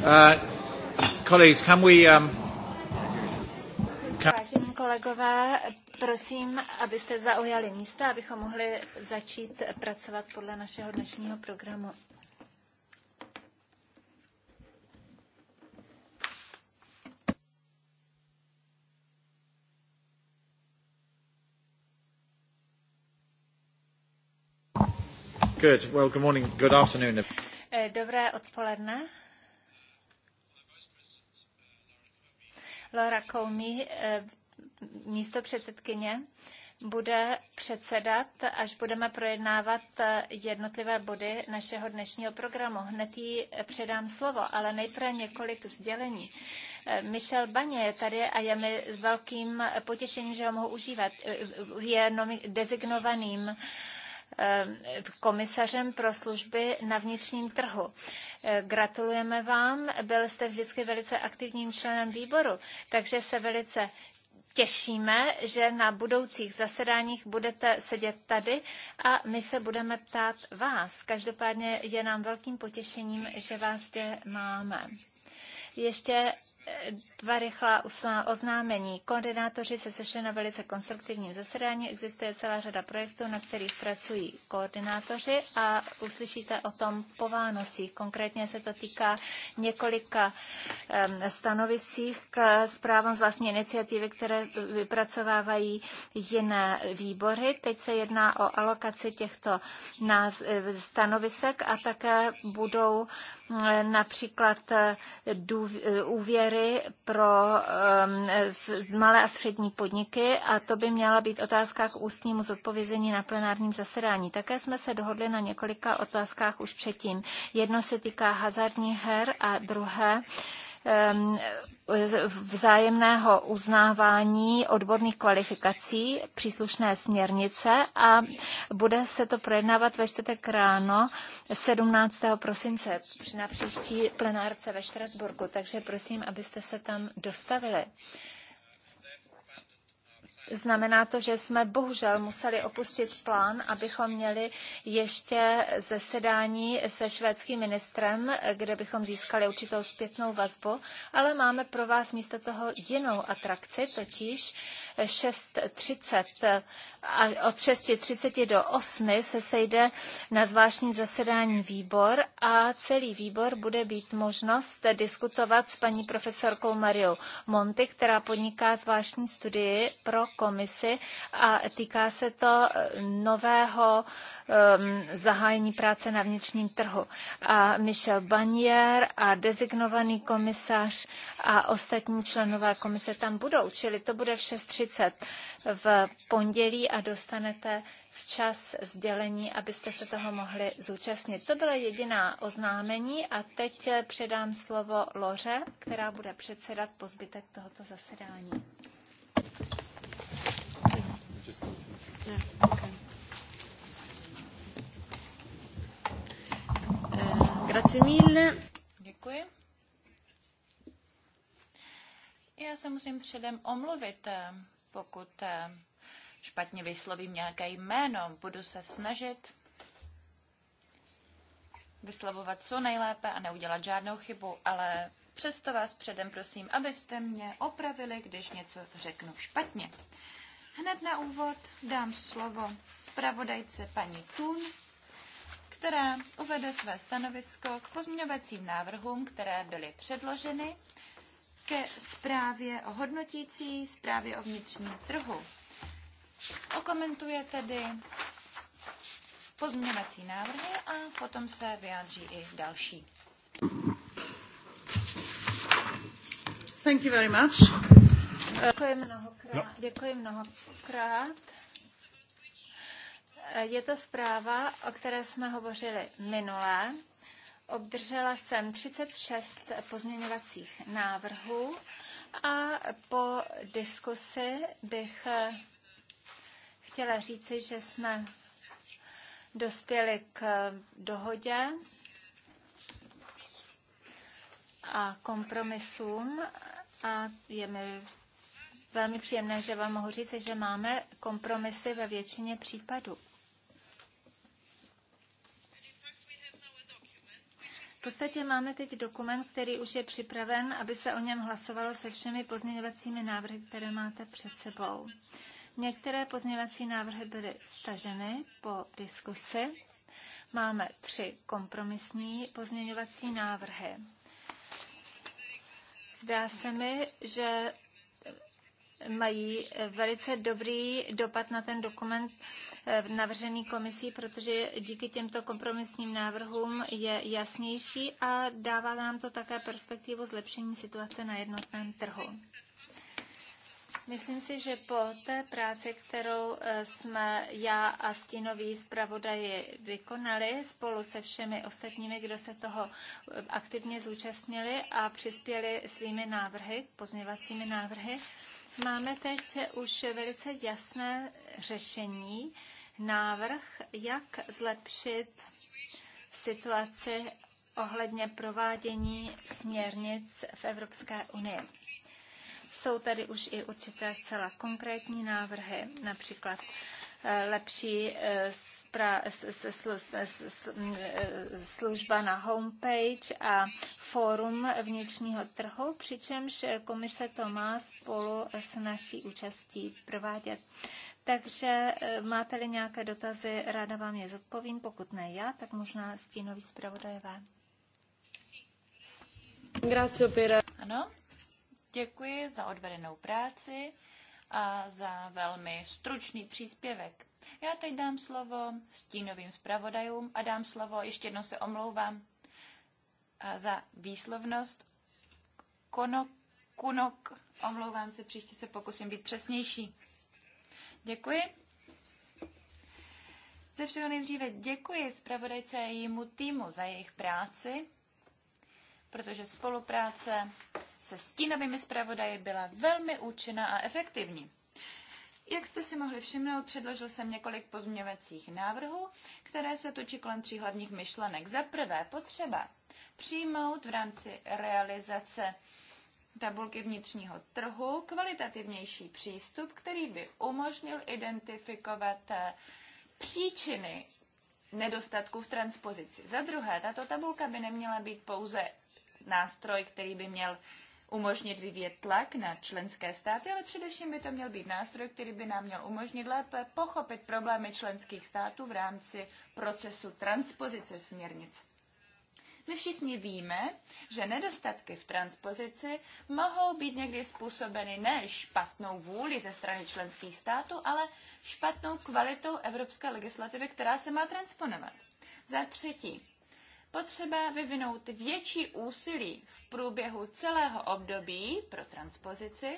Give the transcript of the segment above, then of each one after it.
Uh, colleagues, can we, um, can... Vážení kolegové, prosím, abyste zaujali místa, abychom mohli začít pracovat podle našeho dnešního programu. Good. Well, good morning. Good afternoon. Eh, dobré odpoledne. Laura Comey, eh, místo předsedkyně, bude předsedat, až budeme projednávat eh, jednotlivé body našeho dnešního programu. Hned jí eh, předám slovo, ale nejprve několik sdělení. Michel Baně je tady a je mi velkým potěšením, že ho mohu užívat. Je designovaným Eh, komisařem pro služby na vnitřním trhu. Eh, gratulujeme vám, byl jste vždycky velice aktivním členem výboru, takže se velice těšíme, že na budoucích zasedáních budete sedět tady a my se budeme ptát vás. Každopádně je nám velkým potěšením, že vás zde máme. Ještě dva rychlá oznámení. Koordinátoři se sešli na velice konstruktivním zasedání. Existuje celá řada projektů, na kterých pracují koordinátoři a uslyšíte o tom po Vánocích. Konkrétně se to týká několika stanoviscích k zprávám z vlastní iniciativy, které vypracovávají jiné výbory. Teď se jedná o alokaci těchto stanovisek a také budou například eh, úvěry podpory pro malé a střední podniky a to by měla být otázka k ústnímu zodpovězení na plenárním zasedání. Také jsme se dohodli na několika otázkách už předtím. Jedno se týká hazardních her a druhé Ehm, vzájemného uznávání odborných kvalifikací příslušné směrnice a bude se to projednávat ve čtvrtek ráno 17. prosince na příští plenárce ve Štrasburku, takže prosím, abyste se tam dostavili. Znamená to, že jsme bohužel museli opustit plán, abychom měli ještě zasedání se švédským ministrem, kde bychom získali určitou zpětnou vazbu, ale máme pro vás místo toho jinou atrakci, totiž 6.30 a od 6.30 do 8 se sejde na zvláštním zasedání výbor a celý výbor bude být možnost diskutovat s paní profesorkou Mariou Monty, která podniká zvláštní studii pro komisi a týká se to eh, nového um, zahájení práce na vnitřním trhu. A Michel Banier a designovaný komisař a ostatní členové komise tam budou, čili to bude v 6.30 v pondělí a dostanete včas sdělení, abyste se toho mohli zúčastnit. To byla jediná oznámení a teď eh, předám slovo Loře, která bude předsedat po zbytek tohoto zasedání just go to the system. Yeah, okay. grazie mille. Děkuji. Já se musím předem omluvit, eh, pokud eh, špatně vyslovím nějaké jméno. Budu se snažit vyslovovat co nejlépe a neudělat žádnou chybu, ale přesto vás předem prosím, abyste mě opravili, když něco řeknu špatně. Hned na úvod dám slovo zpravodajce paní Tun, která uvede své stanovisko k pozměňovacím návrhům, které byly předloženy ke zprávě o hodnotící zprávě o vnitřním trhu. Okomentuje tedy pozměňovací návrhy a potom se vyjádří i další. Thank you very much. Děkuji mnohokrát. No. Děkuji mnohokrát. Je to zpráva, o které jsme hovořili minulé. Obdržela jsem 36 pozměňovacích návrhů a po diskusi bych eh, chtěla říci, že jsme dospěli k dohodě a kompromisům a je mi velmi příjemné, že vám mohu říct, že máme kompromisy ve většině případů. V podstatě máme teď dokument, který už je připraven, aby se o něm hlasovalo se všemi pozměňovacími návrhy, které máte před sebou. Některé pozměňovací návrhy byly staženy po diskusi. Máme tři kompromisní pozměňovací návrhy. Zdá se mi, že mají velice dobrý dopad na ten dokument eh, navržený komisí, protože díky těmto kompromisním návrhům je jasnější a dává nám to také perspektivu zlepšení situace na jednotném trhu. Myslím si, že po té práci, kterou eh, jsme já a stínoví zpravodaji vykonali spolu se všemi ostatními, kdo se toho eh, aktivně zúčastnili a přispěli svými návrhy, pozměvacími návrhy, Máme teď už velice jasné řešení, návrh, jak zlepšit situaci ohledně provádění směrnic v Evropské unii. Jsou tady už i určité zcela konkrétní návrhy, například lepší služba na homepage a fórum vnitřního trhu, přičemž komise to má spolu s naší účastí provádět. Takže eh, máte-li nějaké dotazy, ráda vám je zodpovím. Pokud ne já, tak možná stínový zpravodajové. Ano, děkuji za odvedenou práci a za velmi stručný příspěvek. Já teď dám slovo stínovým zpravodajům a dám slovo, ještě jednou se omlouvám, a za výslovnost konok, kunok. Omlouvám se, příště se pokusím být přesnější. Děkuji. Ze všeho nejdříve děkuji zpravodajce a jejímu týmu za jejich práci protože spolupráce se stínovými zpravodaji byla velmi účinná a efektivní. Jak jste si mohli všimnout, předložil jsem několik pozměňovacích návrhů, které se točí kolem tří hlavních myšlenek. Za prvé potřeba přijmout v rámci realizace tabulky vnitřního trhu kvalitativnější přístup, který by umožnil identifikovat eh, příčiny nedostatku v transpozici. Za druhé, tato tabulka by neměla být pouze nástroj, který by měl umožnit vyvíjet tlak na členské státy, ale především by to měl být nástroj, který by nám měl umožnit lépe pochopit problémy členských států v rámci procesu transpozice směrnic. My všichni víme, že nedostatky v transpozici mohou být někdy způsobeny ne špatnou vůli ze strany členských států, ale špatnou kvalitou evropské legislativy, která se má transponovat. Za třetí, potřeba vyvinout větší úsilí v průběhu celého období pro transpozici,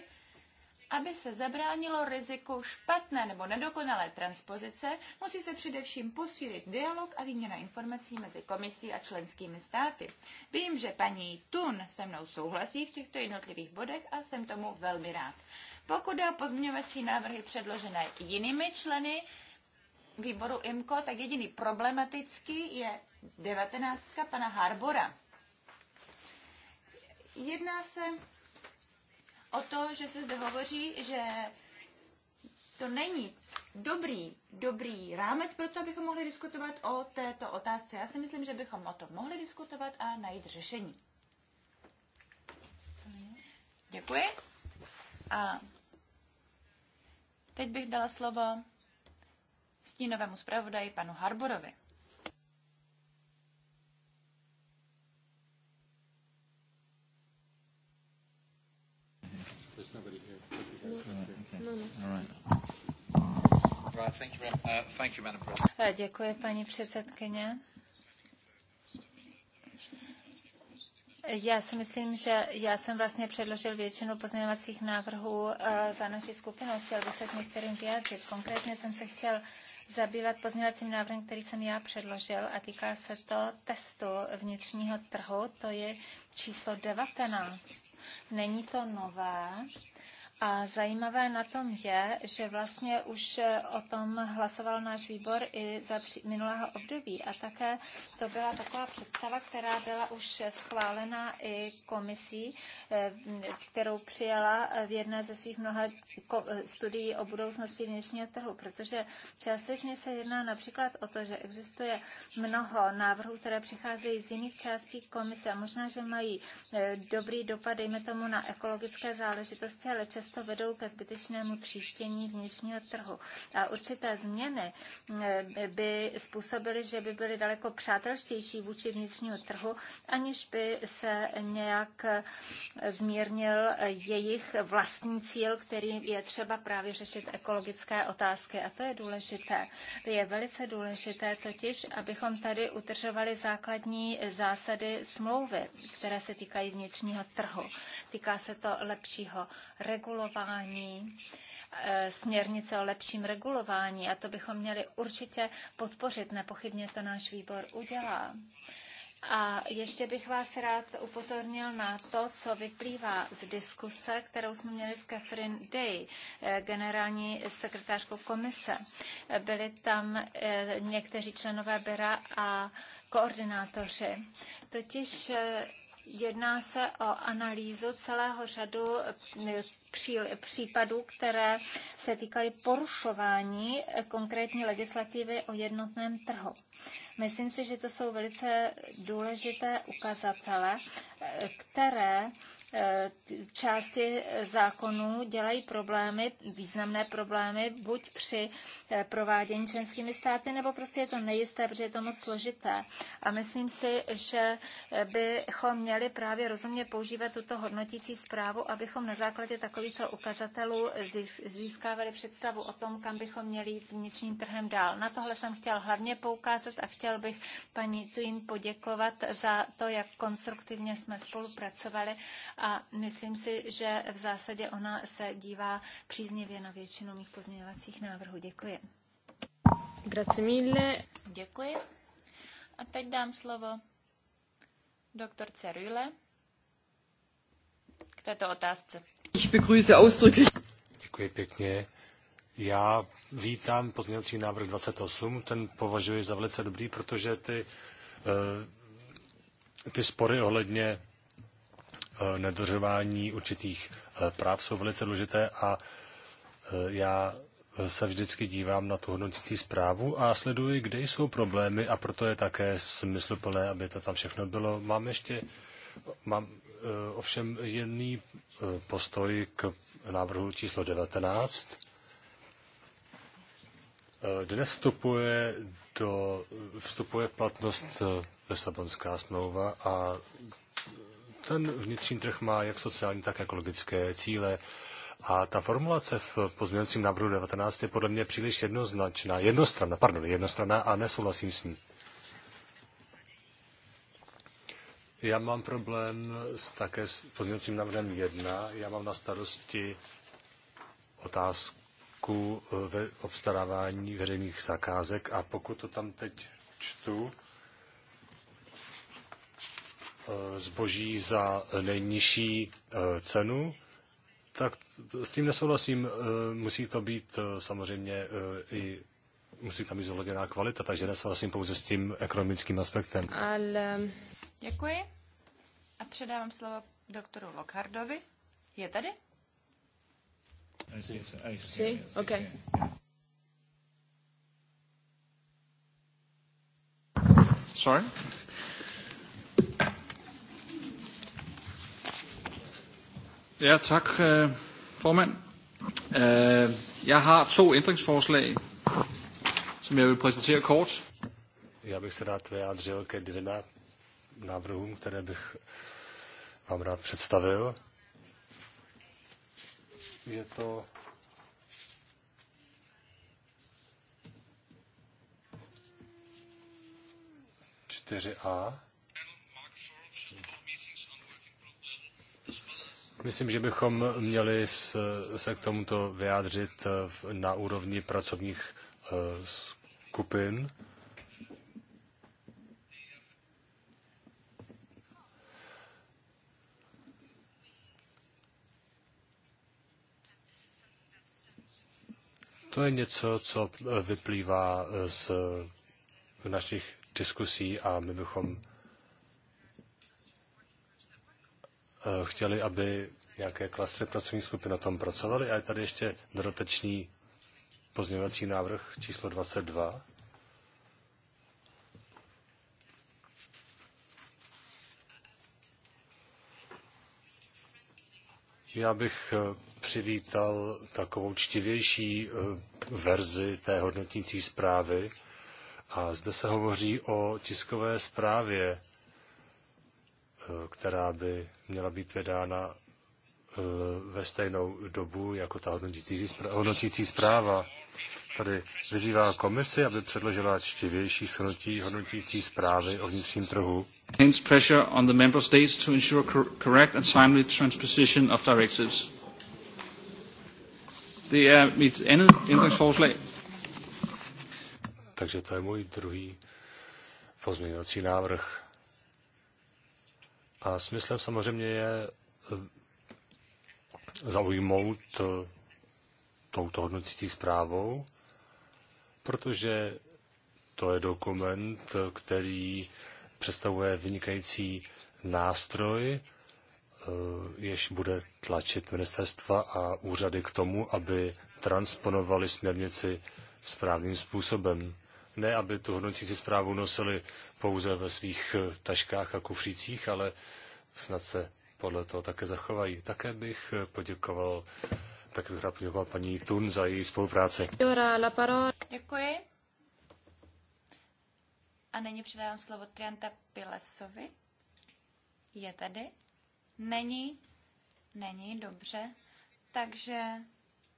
aby se zabránilo riziku špatné nebo nedokonalé transpozice, musí se především posílit dialog a výměna informací mezi komisí a členskými státy. Vím, že paní Tun se mnou souhlasí v těchto jednotlivých bodech a jsem tomu velmi rád. Pokud je o pozměňovací návrhy předložené jinými členy výboru IMCO, tak jediný problematický je Devatenáctka pana Harbora. Jedná se o to, že se zde hovoří, že to není dobrý, dobrý rámec pro to, abychom mohli diskutovat o této otázce. Já si myslím, že bychom o tom mohli diskutovat a najít řešení. Děkuji. A teď bych dala slovo stínovému zpravodaji panu Harborovi. Uh, Děkuji, paní předsedkyně. Já si myslím, že já jsem vlastně předložil většinu pozměňovacích návrhů uh, za naší skupinu. Chtěl bych se k některým vyjádřit. Konkrétně jsem se chtěl zabývat pozměňovacím návrhem, který jsem já předložil a týká se to testu vnitřního trhu, to je číslo 19. Není to nové, a zajímavé na tom je, že vlastně už eh, o tom hlasoval náš výbor i za minulého období. A také to byla taková představa, která byla už schválena i komisí, eh, kterou přijala eh, v jedné ze svých mnoha studií o budoucnosti vnitřního trhu, protože částečně se jedná například o to, že existuje mnoho návrhů, které přicházejí z jiných částí komise a možná, že mají dobrý dopad, dejme tomu, na ekologické záležitosti, ale často často vedou ke zbytečnému tříštění vnitřního trhu. A určité změny eh, by způsobily, že by byly daleko přátelštější vůči vnitřního trhu, aniž by se nějak eh, zmírnil eh, jejich vlastní cíl, který je třeba právě řešit ekologické otázky. A to je důležité. Je velice důležité totiž, abychom tady utržovali základní zásady smlouvy, které se týkají vnitřního trhu. Týká se to lepšího regulování regulování, eh, směrnice o lepším regulování a to bychom měli určitě podpořit. Nepochybně to náš výbor udělá. A ještě bych vás rád upozornil na to, co vyplývá z diskuse, kterou jsme měli s Catherine Day, eh, generální sekretářkou komise. Byli tam eh, někteří členové byra a koordinátoři. Totiž Jedná se o analýzu celého řadu případů, které se týkaly porušování konkrétní legislativy o jednotném trhu. Myslím si, že to jsou velice důležité ukazatele, které eh, části zákonů dělají problémy, významné problémy, buď při eh, provádění členskými státy, nebo prostě je to nejisté, protože je to moc složité. A myslím si, že eh, bychom měli právě rozumně používat tuto hodnotící zprávu, abychom na základě takovýchto ukazatelů získávali představu o tom, kam bychom měli jít s vnitřním trhem dál. Na tohle jsem chtěl hlavně poukázat 2020 a chtěl bych paní Tuin poděkovat za to, jak konstruktivně jsme spolupracovali a myslím si, že v zásadě ona se dívá příznivě na většinu mých pozměňovacích návrhů. Děkuji. Grazie mille. Děkuji. A teď dám slovo doktorce Rühle k této otázce. Děkuji pěkně. Já vítám pozměňovací návrh 28, ten považuji za velice dobrý, protože ty, eh, ty spory ohledně eh, nedržování určitých eh, práv jsou velice důležité a já se vždycky dívám na tu hodnotící zprávu a sleduji, kde jsou problémy a proto je také smysluplné, aby to tam všechno bylo. Mám ještě, mám ovšem jedný postoj k návrhu číslo 19, dnes vstupuje, do, vstupuje v platnost eh, Lisabonská smlouva a ten vnitřní trh má jak sociální, tak ekologické cíle. A ta formulace v pozměňovacím návrhu 19 je podle mě příliš jednoznačná, jednostranná, pardon, jednostranná a nesouhlasím s ní. Já mám problém s, také s pozměňovacím návrhem 1. Já mám na starosti otázku ku eh, ve obstarávání veřejných zakázek a pokud to tam teď čtu, eh, zboží za nejnižší eh, cenu, tak s tím nesouhlasím. Musí to být samozřejmě i musí tam být zohledněná kvalita, takže nesouhlasím pouze s tím ekonomickým aspektem. Ale... Děkuji. A předávám slovo doktoru Lockhardovi. Je tady? Sì, sì, Sorry? Ja, tak, øh, formand. Øh, jeg har to ændringsforslag, som jeg vil præsentere kort. Já bych se rád vyjádřil ke dvěma návrhům, které bych vám rád představil je to čtyři A. Myslím, že bychom měli se k tomuto vyjádřit na úrovni pracovních eh, skupin. To je něco, co vyplývá z našich diskusí a my bychom eh, chtěli, aby nějaké klastry pracovní skupiny na tom pracovaly. A je tady ještě dodatečný pozměňovací návrh číslo 22. Já bych eh, přivítal takovou čtivější eh, verzi té hodnotící zprávy. A zde se hovoří o tiskové zprávě, eh, která by měla být vydána eh, ve stejnou dobu jako ta hodnotící zpráva. Tady vyzývá komisi, aby předložila čtivější shrnutí hodnotící zprávy o vnitřním trhu. Hence pressure on the member states to ensure correct and timely transposition of directives. Det er mit andet ændringsforslag. Takže to je můj druhý pozměňovací návrh. A smyslem samozřejmě je eh, zaujmout eh, touto hodnotící zprávou, protože to je dokument, eh, který představuje vynikající nástroj Eh, jež bude tlačit ministerstva a úřady k tomu, aby transponovali směrnici správným způsobem. Ne, aby tu hodnotící zprávu nosili pouze ve svých eh, taškách a kufřících, ale snad se podle toho také zachovají. Také bych eh, poděkoval, tak bych rád poděkoval paní Tun za její spolupráci. Děkuji. A nyní předávám slovo Trianta Pilesovi. Je tady. Není? Není, dobře. Takže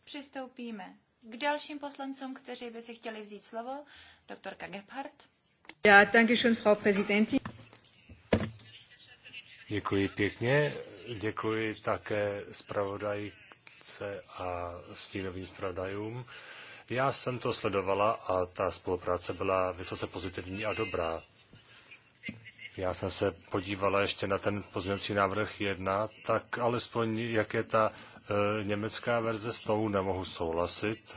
přistoupíme k dalším poslancům, kteří by si chtěli vzít slovo. Doktorka Gebhardt. Ja, danke schön, Frau Präsidentin. Děkuji pěkně. Děkuji také zpravodajce a stínovým zpravodajům. Já jsem to sledovala a ta spolupráce byla vysoce pozitivní a dobrá. Já jsem se podívala ještě na ten pozměňovací návrh 1, tak alespoň jak je ta e, německá verze, s tou nemohu souhlasit,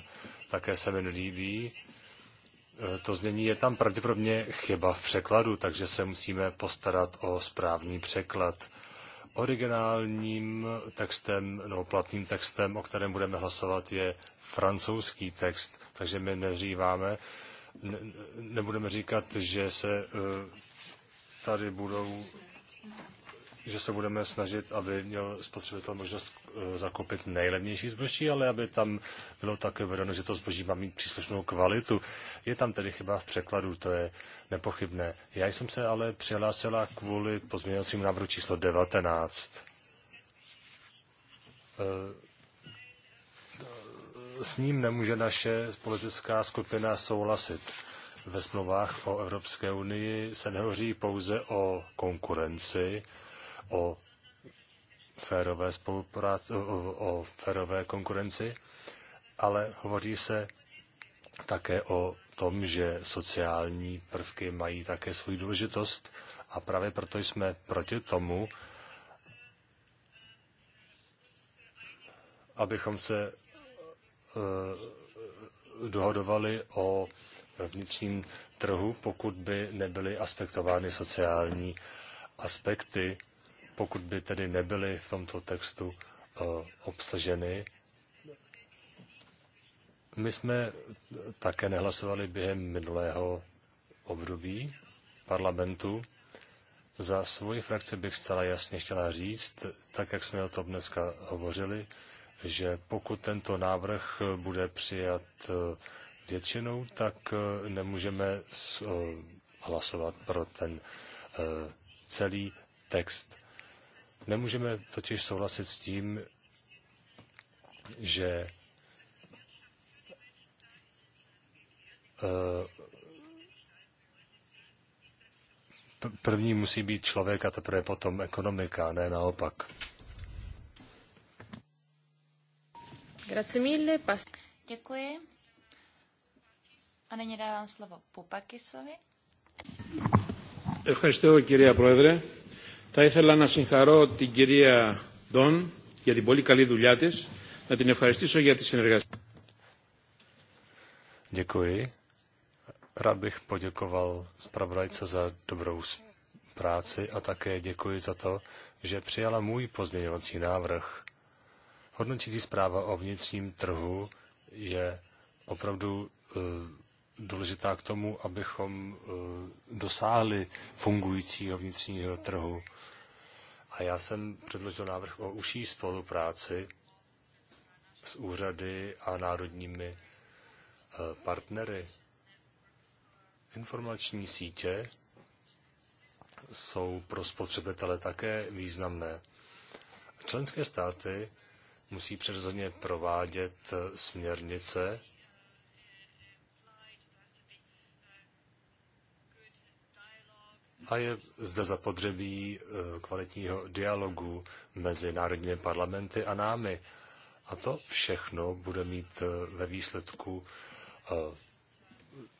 také se mi nelíbí. E, to znění je tam pravděpodobně chyba v překladu, takže se musíme postarat o správný překlad. Originálním textem, nebo platným textem, o kterém budeme hlasovat, je francouzský text, takže my neříváme, ne, nebudeme říkat, že se e, tady budou, že se budeme snažit, aby měl spotřebitel možnost eh, zakoupit nejlevnější zboží, ale aby tam bylo také vedeno, že to zboží má mít příslušnou kvalitu. Je tam tedy chyba v překladu, to je nepochybné. Já jsem se ale přihlásila kvůli pozměňovacímu návrhu číslo 19. Eh, s ním nemůže naše politická skupina souhlasit ve smlouvách o Evropské unii se nehoří pouze o konkurenci, o férové spolupráci, o, o férové konkurenci, ale hovoří se také o tom, že sociální prvky mají také svou důležitost a právě proto jsme proti tomu, abychom se uh, dohodovali o vnitřním trhu, pokud by nebyly aspektovány sociální aspekty, pokud by tedy nebyly v tomto textu eh, obsaženy. My jsme také nehlasovali během minulého období parlamentu. Za svoji frakci bych zcela jasně chtěla říct, tak jak jsme o tom dneska hovořili, že pokud tento návrh bude přijat eh, většinou, tak eh, nemůžeme eh, hlasovat pro ten eh, celý text. Nemůžeme totiž souhlasit s tím, že první musí být člověk a teprve potom ekonomika, ne naopak. Grazie mille. Děkuji nyní dávám slovo Pupakisovi. Θα ήθελα να συγχαρώ την κυρία Ντόν για την πολύ καλή δουλειά της, να την ευχαριστήσω για τη συνεργασία. Děkuji. Rád bych poděkoval zpravodajce za dobrou práci a také děkuji za to, že přijala můj pozměňovací návrh. Hodnotící zpráva o vnitřním trhu je opravdu eh, důležitá k tomu, abychom eh, dosáhli fungujícího vnitřního trhu. A já jsem předložil návrh o užší spolupráci s úřady a národními eh, partnery. Informační sítě jsou pro spotřebitele také významné. Členské státy musí přirozeně provádět eh, směrnice a je zde zapotřebí eh, kvalitního dialogu mezi národními parlamenty a námi. A to všechno bude mít eh, ve výsledku eh,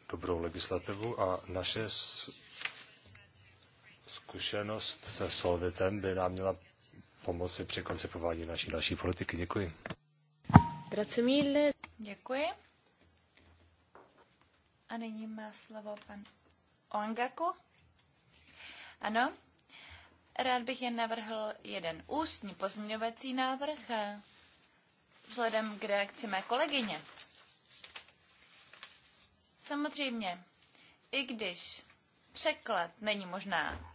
dobrou legislativu a naše zkušenost se Solvitem by nám měla pomoci při koncipování naší další politiky. Děkuji. Děkuji. A nyní má slovo pan Ongaku. Ano? Rád bych jen navrhl jeden ústní pozměňovací návrh eh, vzhledem k reakci mé kolegyně. Samozřejmě, i když překlad není možná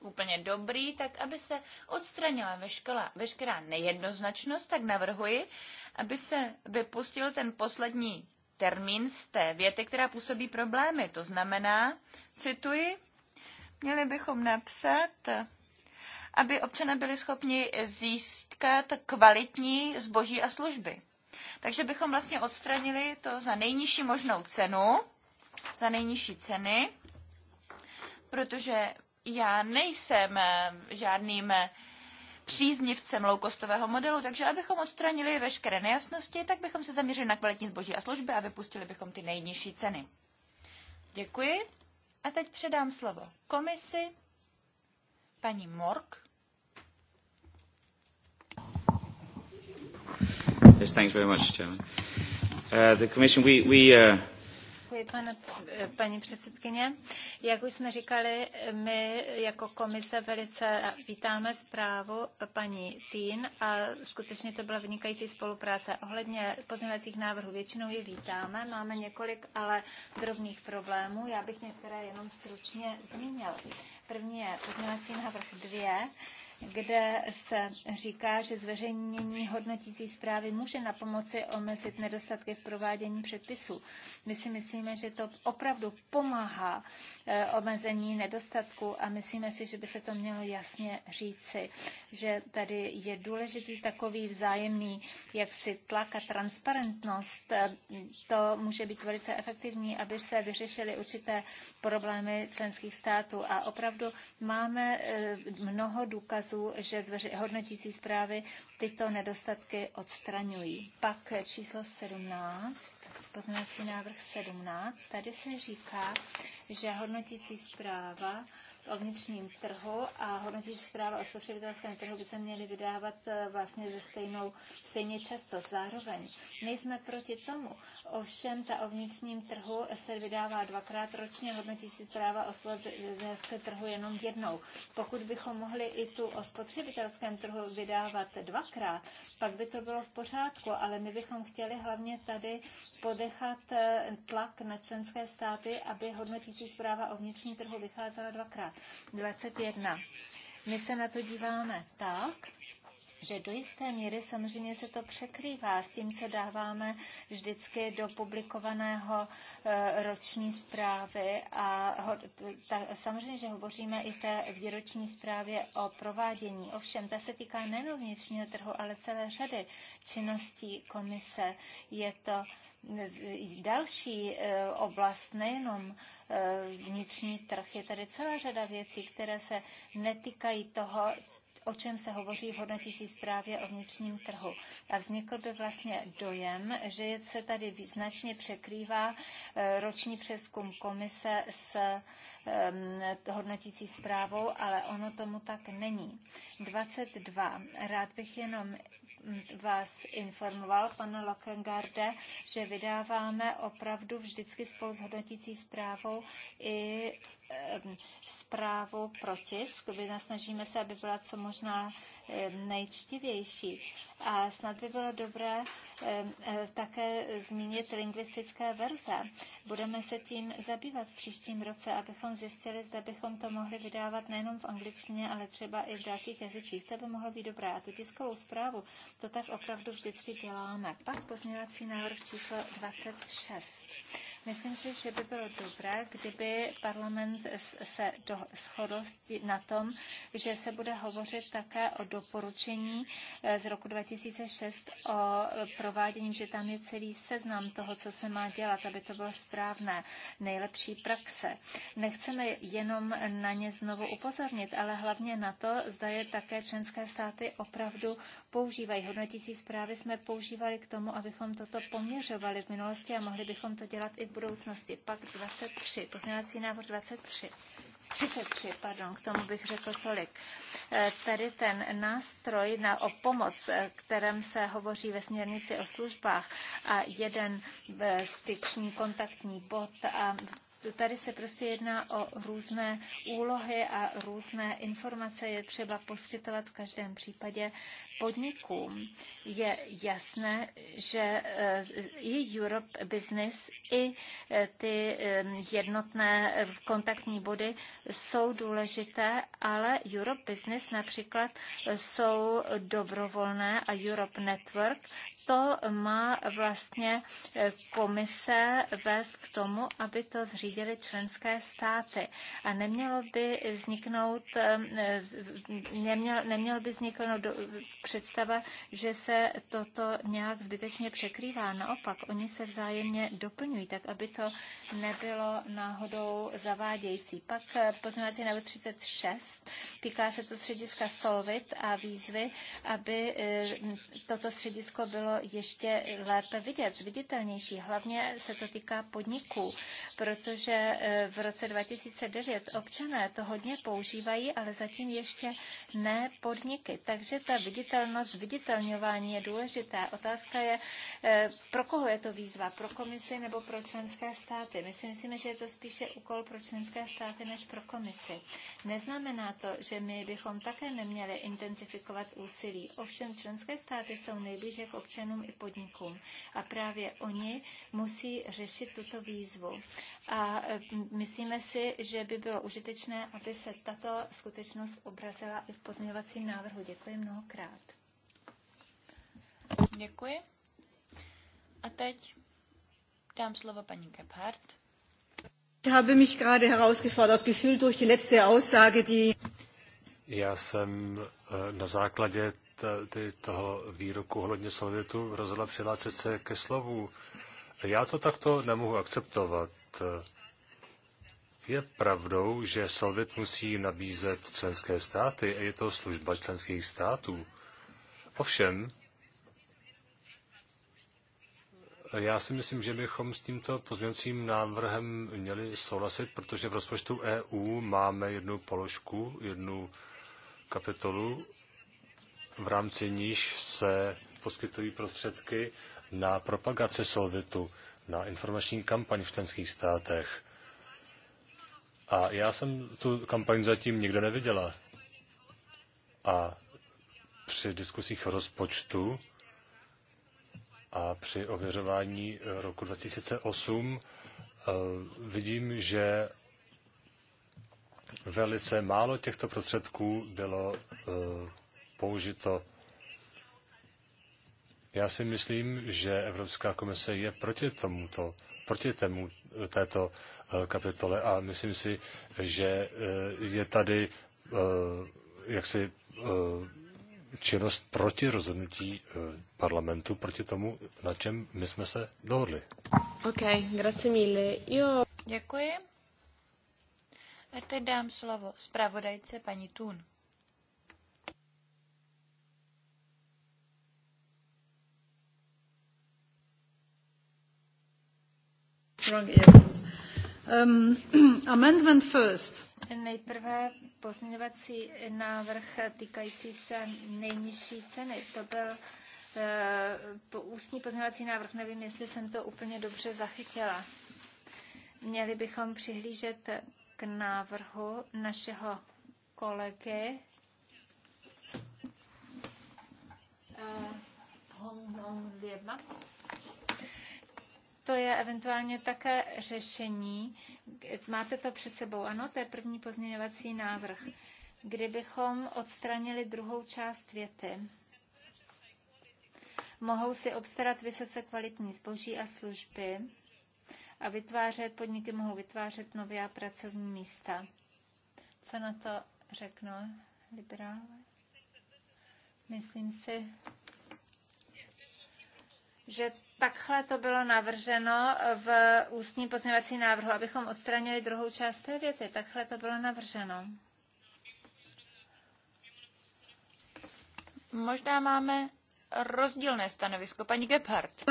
úplně dobrý, tak aby se odstranila veškerá, veškerá nejednoznačnost, tak navrhuji, aby se vypustil ten poslední termín z té věty, která působí problémy. To znamená, cituji, Měli bychom napsat, aby občané byli schopni získat kvalitní zboží a služby. Takže bychom vlastně odstranili to za nejnižší možnou cenu, za nejnižší ceny, protože já nejsem eh, žádným eh, příznivcem loukostového modelu, takže abychom odstranili veškeré nejasnosti, tak bychom se zaměřili na kvalitní zboží a služby a vypustili bychom ty nejnižší ceny. Děkuji. A teď předám slovo komisi, paní Mork. Yes, thanks very much, Chairman. Uh, the Commission, we, we uh, Děkuji, pane, paní předsedkyně. Jak už jsme říkali, my jako komise velice vítáme zprávu paní Týn a skutečně to byla vynikající spolupráce. Ohledně pozměňovacích návrhů většinou je vítáme, máme několik ale drobných problémů. Já bych některé jenom stručně zmínil. První je pozměňovací návrh 2 kde se říká, že zveřejnění hodnotící zprávy může na pomoci omezit nedostatky v provádění předpisů. My si myslíme, že to opravdu pomáhá eh, omezení nedostatku a myslíme si, že by se to mělo jasně říci, že tady je důležitý takový vzájemný jaksi tlak a transparentnost. Eh, to může být velice efektivní, aby se vyřešily určité problémy členských států a opravdu máme eh, mnoho důkazů, důkazů, že zveři- hodnotící zprávy tyto nedostatky odstraňují. Pak číslo 17, poznací návrh 17, tady se říká, že hodnotící zpráva o vnitřním trhu a hodnotící zpráva o spotřebitelském trhu by se měly vydávat eh, vlastně ze stejnou, stejně často zároveň. Nejsme proti tomu, ovšem ta o vnitřním trhu se vydává dvakrát ročně, hodnotící zpráva o spotřebitelském trhu jenom jednou. Pokud bychom mohli i tu o spotřebitelském trhu vydávat dvakrát, pak by to bylo v pořádku, ale my bychom chtěli hlavně tady podechat eh, tlak na členské státy, aby hodnotící zpráva o vnitřním trhu vycházela dvakrát. 21. My se na to díváme tak, že do jisté míry samozřejmě se to překrývá s tím, co dáváme vždycky do publikovaného eh, roční zprávy a samozřejmě, že hovoříme i v té výroční zprávě o provádění. Ovšem, ta se týká nejen vnitřního trhu, ale celé řady činností komise. Je to eh, další eh, oblast, nejenom vnitřní trh. Je tady celá řada věcí, které se netýkají toho, o čem se hovoří v hodnotící zprávě o vnitřním trhu. A vznikl by vlastně dojem, že se tady značně překrývá eh, roční přeskum komise s ehm, hodnotící zprávou, ale ono tomu tak není. 22. Rád bych jenom vás informoval, pane Lockengarde, že vydáváme opravdu vždycky spolu s hodnotící zprávou i zprávu pro tisk. Snažíme se, aby byla co možná nejčtivější. A snad by bylo dobré, E, také zmínit lingvistické verze. Budeme se tím zabývat v příštím roce, abychom zjistili, zda bychom to mohli vydávat nejenom v angličtině, ale třeba i v dalších jazycích. To by mohlo být dobré. A tu tiskovou zprávu to tak opravdu vždycky děláme. Pak pozměňovací návrh číslo 26. Myslím si, že by bylo dobré, kdyby parlament se shodl na tom, že se bude hovořit také o doporučení eh, z roku 2006 o provádění, že tam je celý seznam toho, co se má dělat, aby to bylo správné, nejlepší praxe. Nechceme jenom na ně znovu upozornit, ale hlavně na to, zda je také členské státy opravdu používají. Hodnotící zprávy jsme používali k tomu, abychom toto poměřovali v minulosti a mohli bychom to dělat i v budoucnosti. Pak 23, pozměňovací návrh 23. 33, pardon, k tomu bych řekl tolik. Eh, tady ten nástroj na, o pomoc, eh, kterém se hovoří ve směrnici o službách a jeden eh, styční kontaktní bod a tady se prostě jedná o různé úlohy a různé informace je třeba poskytovat v každém případě podnikům. Je jasné, že eh, i Europe Business, i eh, ty eh, jednotné kontaktní body jsou důležité, ale Europe Business například jsou dobrovolné a Europe Network to má vlastně e, komise vést k tomu, aby to zřídili členské státy. A nemělo by vzniknout, e, e, neměl, nemělo by vzniknout představa, že se toto nějak zbytečně překrývá. Naopak, oni se vzájemně doplňují, tak aby to nebylo náhodou zavádějící. Pak poznáte na 36, týká se to střediska Solvit a výzvy, aby toto středisko bylo ještě lépe vidět, viditelnější. Hlavně se to týká podniků, protože e, v roce 2009 občané to hodně používají, ale zatím ještě ne podniky. Takže ta viditelnost, viditelňování je důležité. Otázka je, e, pro koho je to výzva, pro komisi nebo pro členské státy. My si myslíme, že je to spíše úkol pro členské státy než pro komisi. Neznamená to, že my bychom také neměli intenzifikovat úsilí. Ovšem členské státy jsou nejblíže k občanům občanům i podnikům. A právě oni musí řešit tuto výzvu. A e, myslíme si, že by bylo užitečné, aby se tato skutečnost obrazila i v pozměňovacím návrhu. Děkuji mnohokrát. Děkuji. A teď dám slovo paní Gebhardt. Já jsem e, na základě tady toho výroku ohledně Sovětu rozhodla přihlásit se ke slovu. Já to takto nemohu akceptovat. Je pravdou, že Solvit musí nabízet členské státy a je to služba členských států. Ovšem, já si myslím, že bychom s tímto pozměňovacím návrhem měli souhlasit, protože v rozpočtu EU máme jednu položku, jednu kapitolu, v rámci níž se poskytují prostředky na propagaci Solvitu, na informační kampaň v členských státech. A já jsem tu kampaň zatím nikde neviděla. A při diskusích rozpočtu a při ověřování roku 2008 eh, vidím, že velice málo těchto prostředků bylo eh, použito. Já si myslím, že Evropská komise je proti tomuto, proti tému, této eh, kapitole a myslím si, že eh, je tady eh, jaksi činnost proti rozhodnutí parlamentu, proti tomu, na čem my jsme se dohodli. Ok, grazie mille. Jo. Děkuji. A teď dám slovo zpravodajce paní Tun. Um, amendment first. Nejprve pozměňovací návrh týkající se nejnižší ceny. To byl uh, ústní pozměňovací návrh. Nevím, jestli jsem to úplně dobře zachytila. Měli bychom přihlížet k návrhu našeho kolegy. Uh, Hong Hong Vietnam to je eventuálně také řešení. Máte to před sebou, ano, to je první pozměňovací návrh. Kdybychom odstranili druhou část věty, mohou si obstarat vysoce kvalitní zboží a služby a vytvářet, podniky mohou vytvářet nové pracovní místa. Co na to řeknou liberálové? Myslím si, že takhle to bylo navrženo v ústním pozměvací návrhu, abychom odstranili druhou část té věty. Takhle to bylo navrženo. Možná máme rozdílné stanovisko. Paní Gebhardt.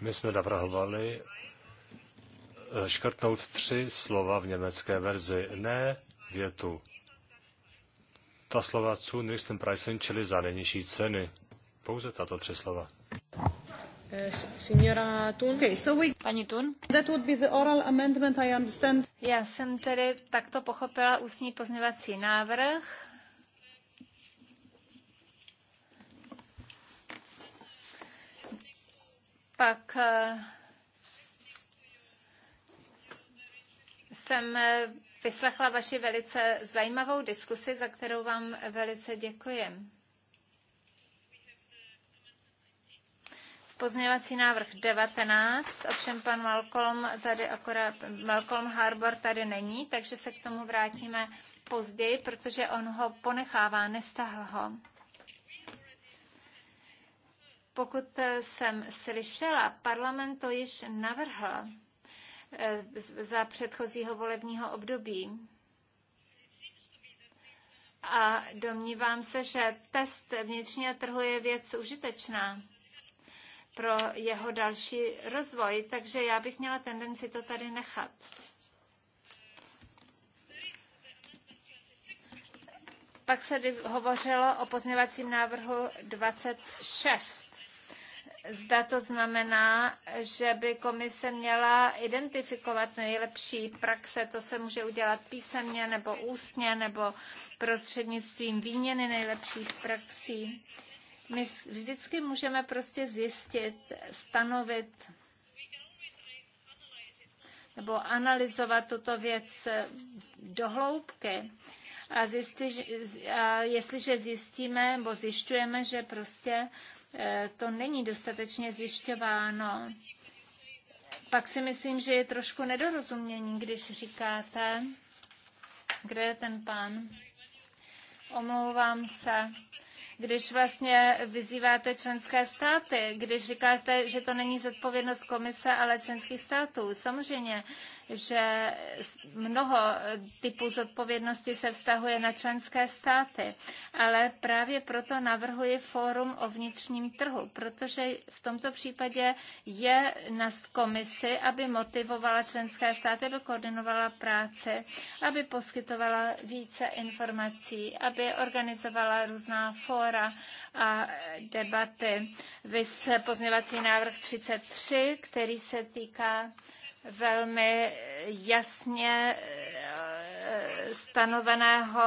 My jsme navrhovali eh, škrtnout tři slova v německé verzi, ne větu. Ta slova zu nächsten Preisen, čili za nejnižší ceny. Pouze tato tři slova. Paní Tun. That would be the oral amendment, I understand. Já jsem tedy takto pochopila ústní pozměvací návrh. Pak eh, jsem eh, vyslechla vaši velice zajímavou diskusi, za kterou vám velice děkuji. Pozměňovací návrh 19, ovšem pan Malcolm, tady akorát, Malcolm Harbour tady není, takže se k tomu vrátíme později, protože on ho ponechává, nestahl ho. Pokud jsem slyšela, parlament to již navrhl eh, za předchozího volebního období. A domnívám se, že test vnitřního trhu je věc užitečná pro jeho další rozvoj, takže já bych měla tendenci to tady nechat. Pak se hovořilo o pozněvacím návrhu 26. Zda to znamená, že by komise měla identifikovat nejlepší praxe, to se může udělat písemně nebo ústně nebo prostřednictvím výměny nejlepších praxí. My vždycky můžeme prostě zjistit, stanovit nebo analyzovat tuto věc eh, do hloubky. A, zjistí, a jestliže zjistíme nebo zjišťujeme, že prostě eh, to není dostatečně zjišťováno, pak si myslím, že je trošku nedorozumění, když říkáte, kde je ten pán. Omlouvám se když vlastně vyzýváte členské státy, když říkáte, že to není zodpovědnost komise, ale členských států. Samozřejmě že mnoho typů zodpovědnosti se vztahuje na členské státy, ale právě proto navrhuji fórum o vnitřním trhu, protože v tomto případě je na komisi, aby motivovala členské státy, aby koordinovala práci, aby poskytovala více informací, aby organizovala různá fóra a debaty. Vys pozměvací návrh 33, který se týká velmi jasně eh, stanoveného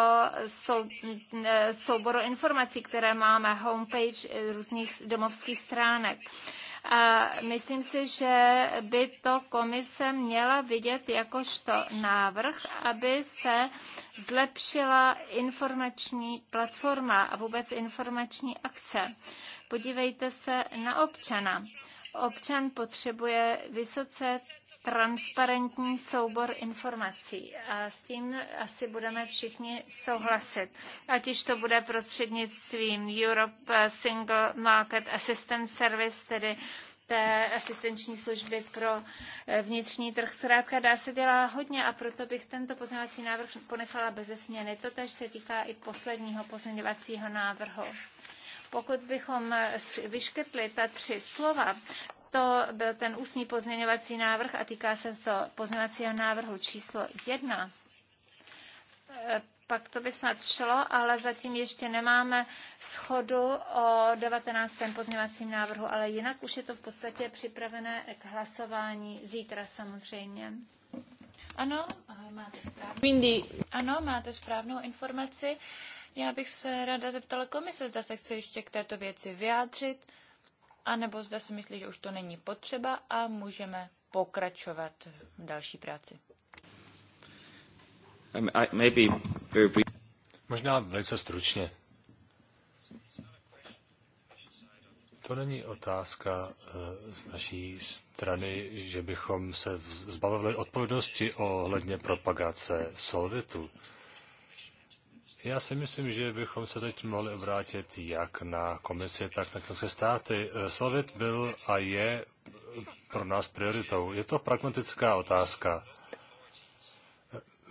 sou, eh, souboru informací, které máme, homepage různých domovských stránek. A myslím si, že by to komise měla vidět jakožto návrh, aby se zlepšila informační platforma a vůbec informační akce. Podívejte se na občana. Občan potřebuje vysoce transparentní soubor informací a s tím asi budeme všichni souhlasit. Ať již to bude prostřednictvím Europe Single Market Assistance Service, tedy té asistenční služby pro eh, vnitřní trh. Zkrátka dá se dělá hodně a proto bych tento pozměňovací návrh ponechala bez změny. To tež se týká i posledního pozměňovacího návrhu pokud bychom eh, vyškrtli ta tři slova, to byl ten ústní pozměňovací návrh a týká se to pozměňovacího návrhu číslo jedna. E, pak to by snad šlo, ale zatím ještě nemáme schodu o 19. pozměňovacím návrhu, ale jinak už je to v podstatě připravené k hlasování zítra samozřejmě. Ano, máte správnou, ano, máte správnou informaci. Já bych se ráda zeptala komise, zda se chce ještě k této věci vyjádřit anebo zda si myslí, že už to není potřeba a můžeme pokračovat v další práci. Um, Možná velice stručně. To není otázka eh, z naší strany, že bychom se zbavili odpovědnosti ohledně propagace solvitu. Já si myslím, že bychom se teď mohli obrátit jak na komisi, tak na se státy. Solvit byl a je pro nás prioritou. Je to pragmatická otázka.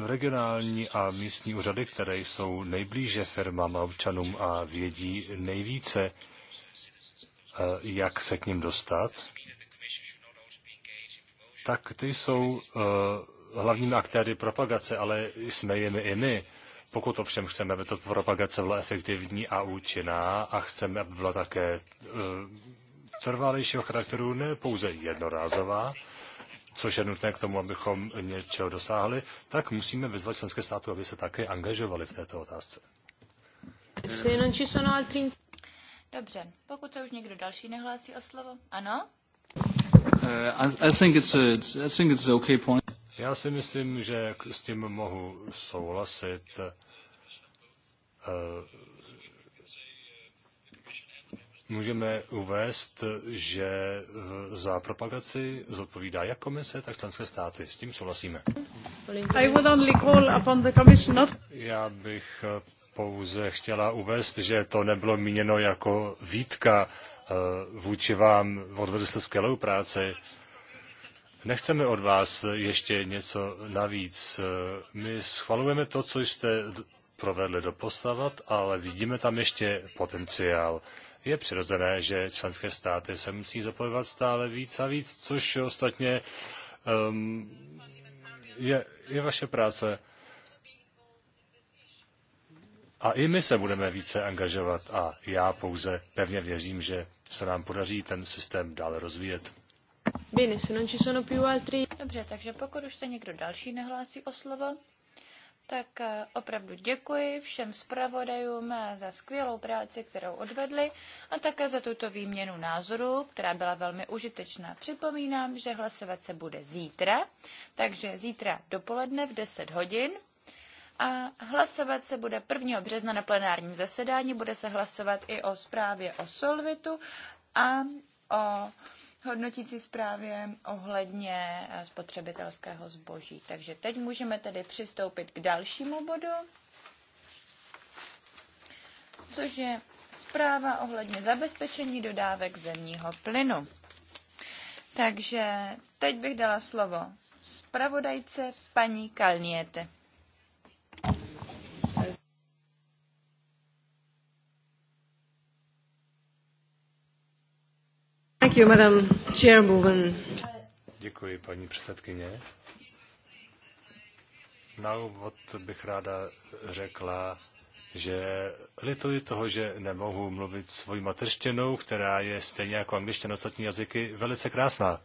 Regionální a místní úřady, které jsou nejblíže firmám a občanům a vědí nejvíce, eh, jak se k ním dostat, tak ty jsou eh, hlavními aktéry propagace, ale jsme jimi i my. Pokud ovšem chceme, aby to propagace byla efektivní a účinná a chceme, aby byla také eh, trvalejšího charakteru, ne pouze jednorázová, což je nutné k tomu, abychom něčeho dosáhli, tak musíme vyzvat členské státy, aby se také angažovali v této otázce. Dobře, pokud se už někdo další nehlásí o slovo. Ano? Já si myslím, že s tím mohu souhlasit. Eh, můžeme uvést, že eh, za propagaci zodpovídá jak komise, tak členské státy. S tím souhlasíme. I would only call upon the commission not... Já bych eh, pouze chtěla uvést, že to nebylo míněno jako výtka vůči vám. Odvedli jste skvělou práci. Nechceme od vás ještě něco navíc. My schvalujeme to, co jste provedli doposavat, ale vidíme tam ještě potenciál. Je přirozené, že členské státy se musí zapojovat stále víc a víc, což ostatně um, je, je vaše práce. A i my se budeme více angažovat a já pouze pevně věřím, že se nám podaří ten systém dále rozvíjet. Bene, se Dobře, takže pokud už se někdo další nehlásí o slovo, tak eh, opravdu děkuji všem zpravodajům eh, za skvělou práci, kterou odvedli a také za tuto výměnu názorů, která byla velmi užitečná. Připomínám, že hlasovat se bude zítra, takže zítra dopoledne v 10 hodin a hlasovat se bude 1. března na plenárním zasedání, bude se hlasovat i o zprávě o Solvitu a o hodnotící zprávě ohledně eh, spotřebitelského zboží. Takže teď můžeme tedy přistoupit k dalšímu bodu, což je zpráva ohledně zabezpečení dodávek zemního plynu. Takže teď bych dala slovo zpravodajce paní Kalniete. Děkuji, paní předsedkyně. Na úvod bych ráda řekla, že lituji toho, že nemohu mluvit svojí mateřštinou, která je stejně jako angličtina ostatní jazyky velice krásná.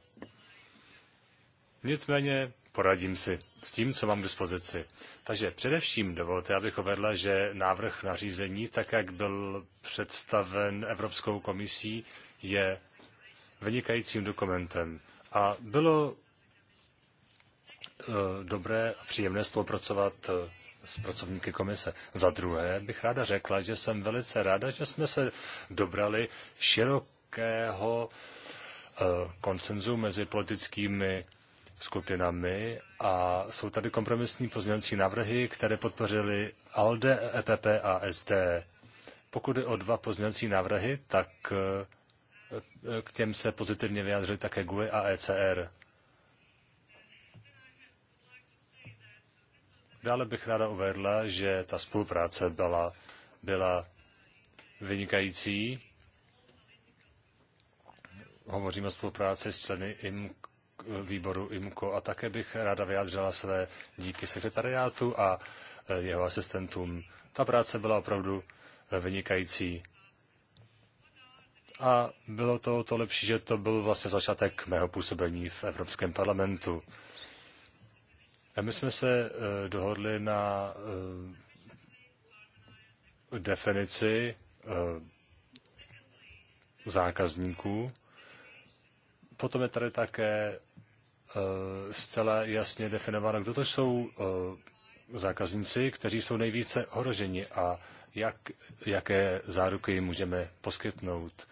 Nicméně poradím si s tím, co mám k dispozici. Takže především dovolte, abych uvedla, že návrh nařízení, tak jak byl představen Evropskou komisí, je vynikajícím dokumentem a bylo eh, dobré a příjemné spolupracovat eh, s pracovníky komise. Za druhé bych ráda řekla, že jsem velice ráda, že jsme se dobrali širokého eh, koncenzu mezi politickými skupinami a jsou tady kompromisní pozměňovací návrhy, které podpořili ALDE, EPP a SD. Pokud je o dva pozměňovací návrhy, tak k těm se pozitivně vyjádřili také GUE a ECR. Dále bych ráda uvedla, že ta spolupráce byla, byla vynikající. Hovořím o spolupráci s členy IM, výboru IMCO a také bych ráda vyjádřila své díky sekretariátu a e, jeho asistentům. Ta práce byla opravdu e, vynikající a bylo to to lepší, že to byl vlastně začátek mého působení v Evropském parlamentu. A my jsme se eh, dohodli na eh, definici eh, zákazníků. Potom je tady také zcela jasně definováno, kdo to jsou zákazníci, kteří jsou nejvíce ohroženi a jak, jaké záruky jim můžeme poskytnout.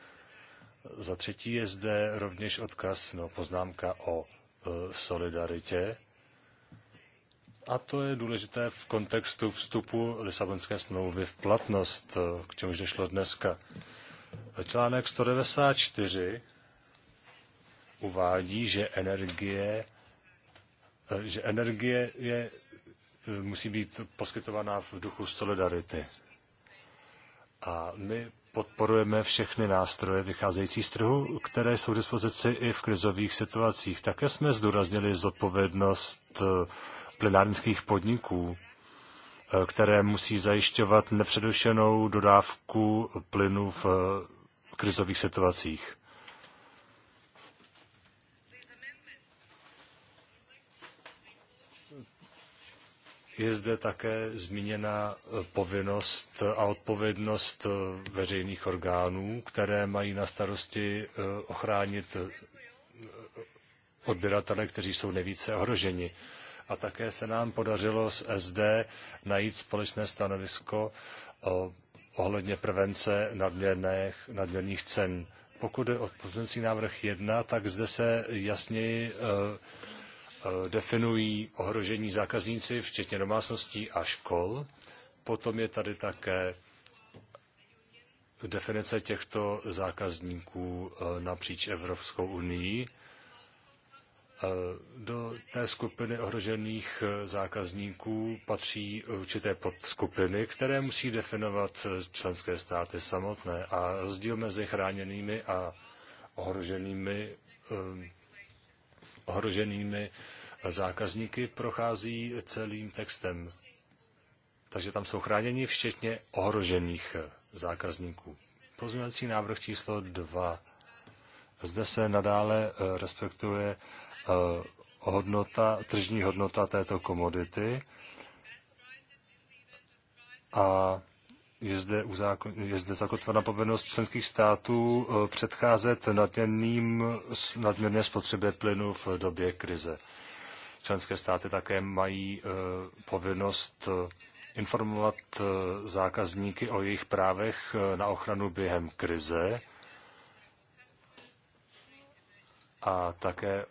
Za třetí je zde rovněž odkaz, no, poznámka o e, solidaritě. A to je důležité v kontextu vstupu Lisabonské smlouvy v platnost, e, k čemuž došlo dneska. Článek 194 uvádí, že energie, e, že energie je, musí být poskytovaná v duchu solidarity. A my podporujeme všechny nástroje vycházející z trhu, které jsou k dispozici i v krizových situacích. Také jsme zdůraznili zodpovědnost eh, plenárnických podniků, eh, které musí zajišťovat nepředušenou dodávku plynu v eh, krizových situacích. Je zde také zmíněna eh, povinnost eh, a odpovědnost eh, veřejných orgánů, které mají na starosti ochránit odběratele, kteří jsou nejvíce ohroženi. A také se nám podařilo s SD najít společné stanovisko ohledně prevence nadměrných cen. Pokud je o pozměňovací návrh 1, tak zde se jasněji Eh, definují ohrožení zákazníci, včetně domácností a škol. Potom je tady také definice těchto zákazníků eh, napříč Evropskou unii. Eh, do té skupiny ohrožených zákazníků patří určité podskupiny, které musí definovat členské státy samotné a rozdíl mezi chráněnými a ohroženými ohroženými zákazníky, prochází celým textem. Takže tam jsou chráněni včetně ohrožených zákazníků. Pozměňovací návrh číslo 2. Zde se nadále eh, respektuje eh, hodnota, tržní hodnota této komodity a je zde, uzákon, je zde zakotvena povinnost členských států eh, předcházet nadměrným, nadměrné spotřebě plynu v době krize. Členské státy také mají eh, povinnost eh, informovat zákazníky o jejich právech na ochranu během krize a také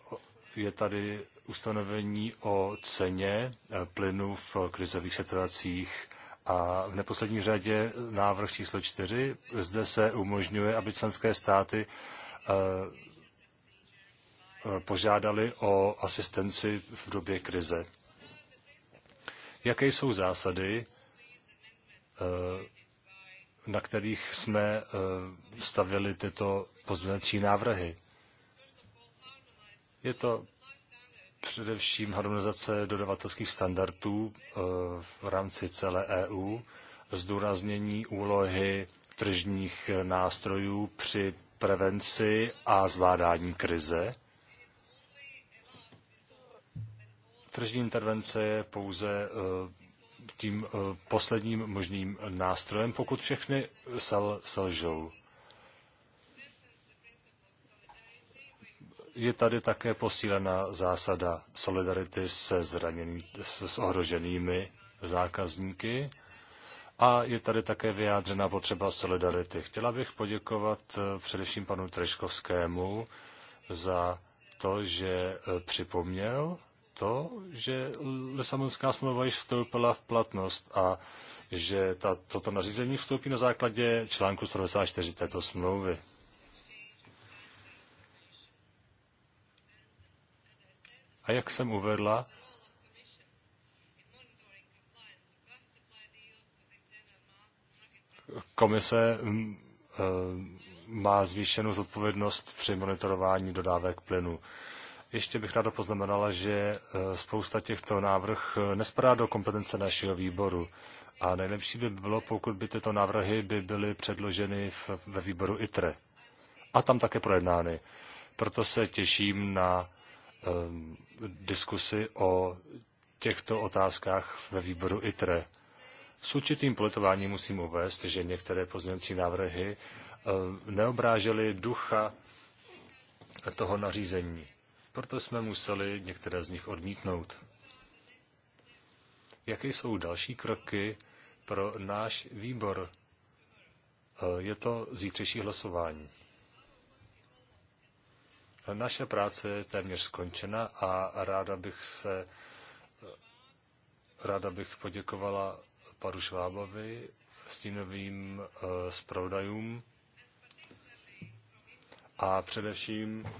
je tady ustanovení o ceně plynu v krizových situacích a v neposlední řadě návrh číslo čtyři. Zde se umožňuje, aby členské státy eh, požádali o asistenci v době krize. Jaké jsou zásady, eh, na kterých jsme eh, stavili tyto pozměňovací návrhy? Je to především harmonizace dodavatelských standardů eh, v rámci celé EU, zdůraznění úlohy tržních nástrojů při prevenci a zvládání krize. Tržní intervence je pouze eh, tím eh, posledním možným nástrojem, pokud všechny sel, selžou. je tady také posílena zásada solidarity se, zraněnými, se s ohroženými zákazníky a je tady také vyjádřena potřeba solidarity. Chtěla bych poděkovat eh, především panu Treškovskému za to, že eh, připomněl to, že Lisabonská smlouva již vstoupila v platnost a že ta, toto nařízení vstoupí na základě článku 194 této smlouvy. A jak jsem uvedla, komise mm, eh, má zvýšenou zodpovědnost při monitorování dodávek plynu. Ještě bych ráda poznamenala, že eh, spousta těchto návrh eh, nespadá do kompetence našeho výboru. A nejlepší by bylo, pokud by tyto návrhy by byly předloženy v, ve výboru ITRE. A tam také projednány. Proto se těším na Eh, diskusi o těchto otázkách ve výboru ITRE. S určitým politováním musím uvést, že některé pozměňovací návrhy eh, neobrážely ducha toho nařízení. Proto jsme museli některé z nich odmítnout. Jaké jsou další kroky pro náš výbor? Eh, je to zítřejší hlasování. Naše práce je téměř skončena a ráda bych se ráda bych poděkovala panu Švábovi, stínovým eh, zpravodajům a především eh,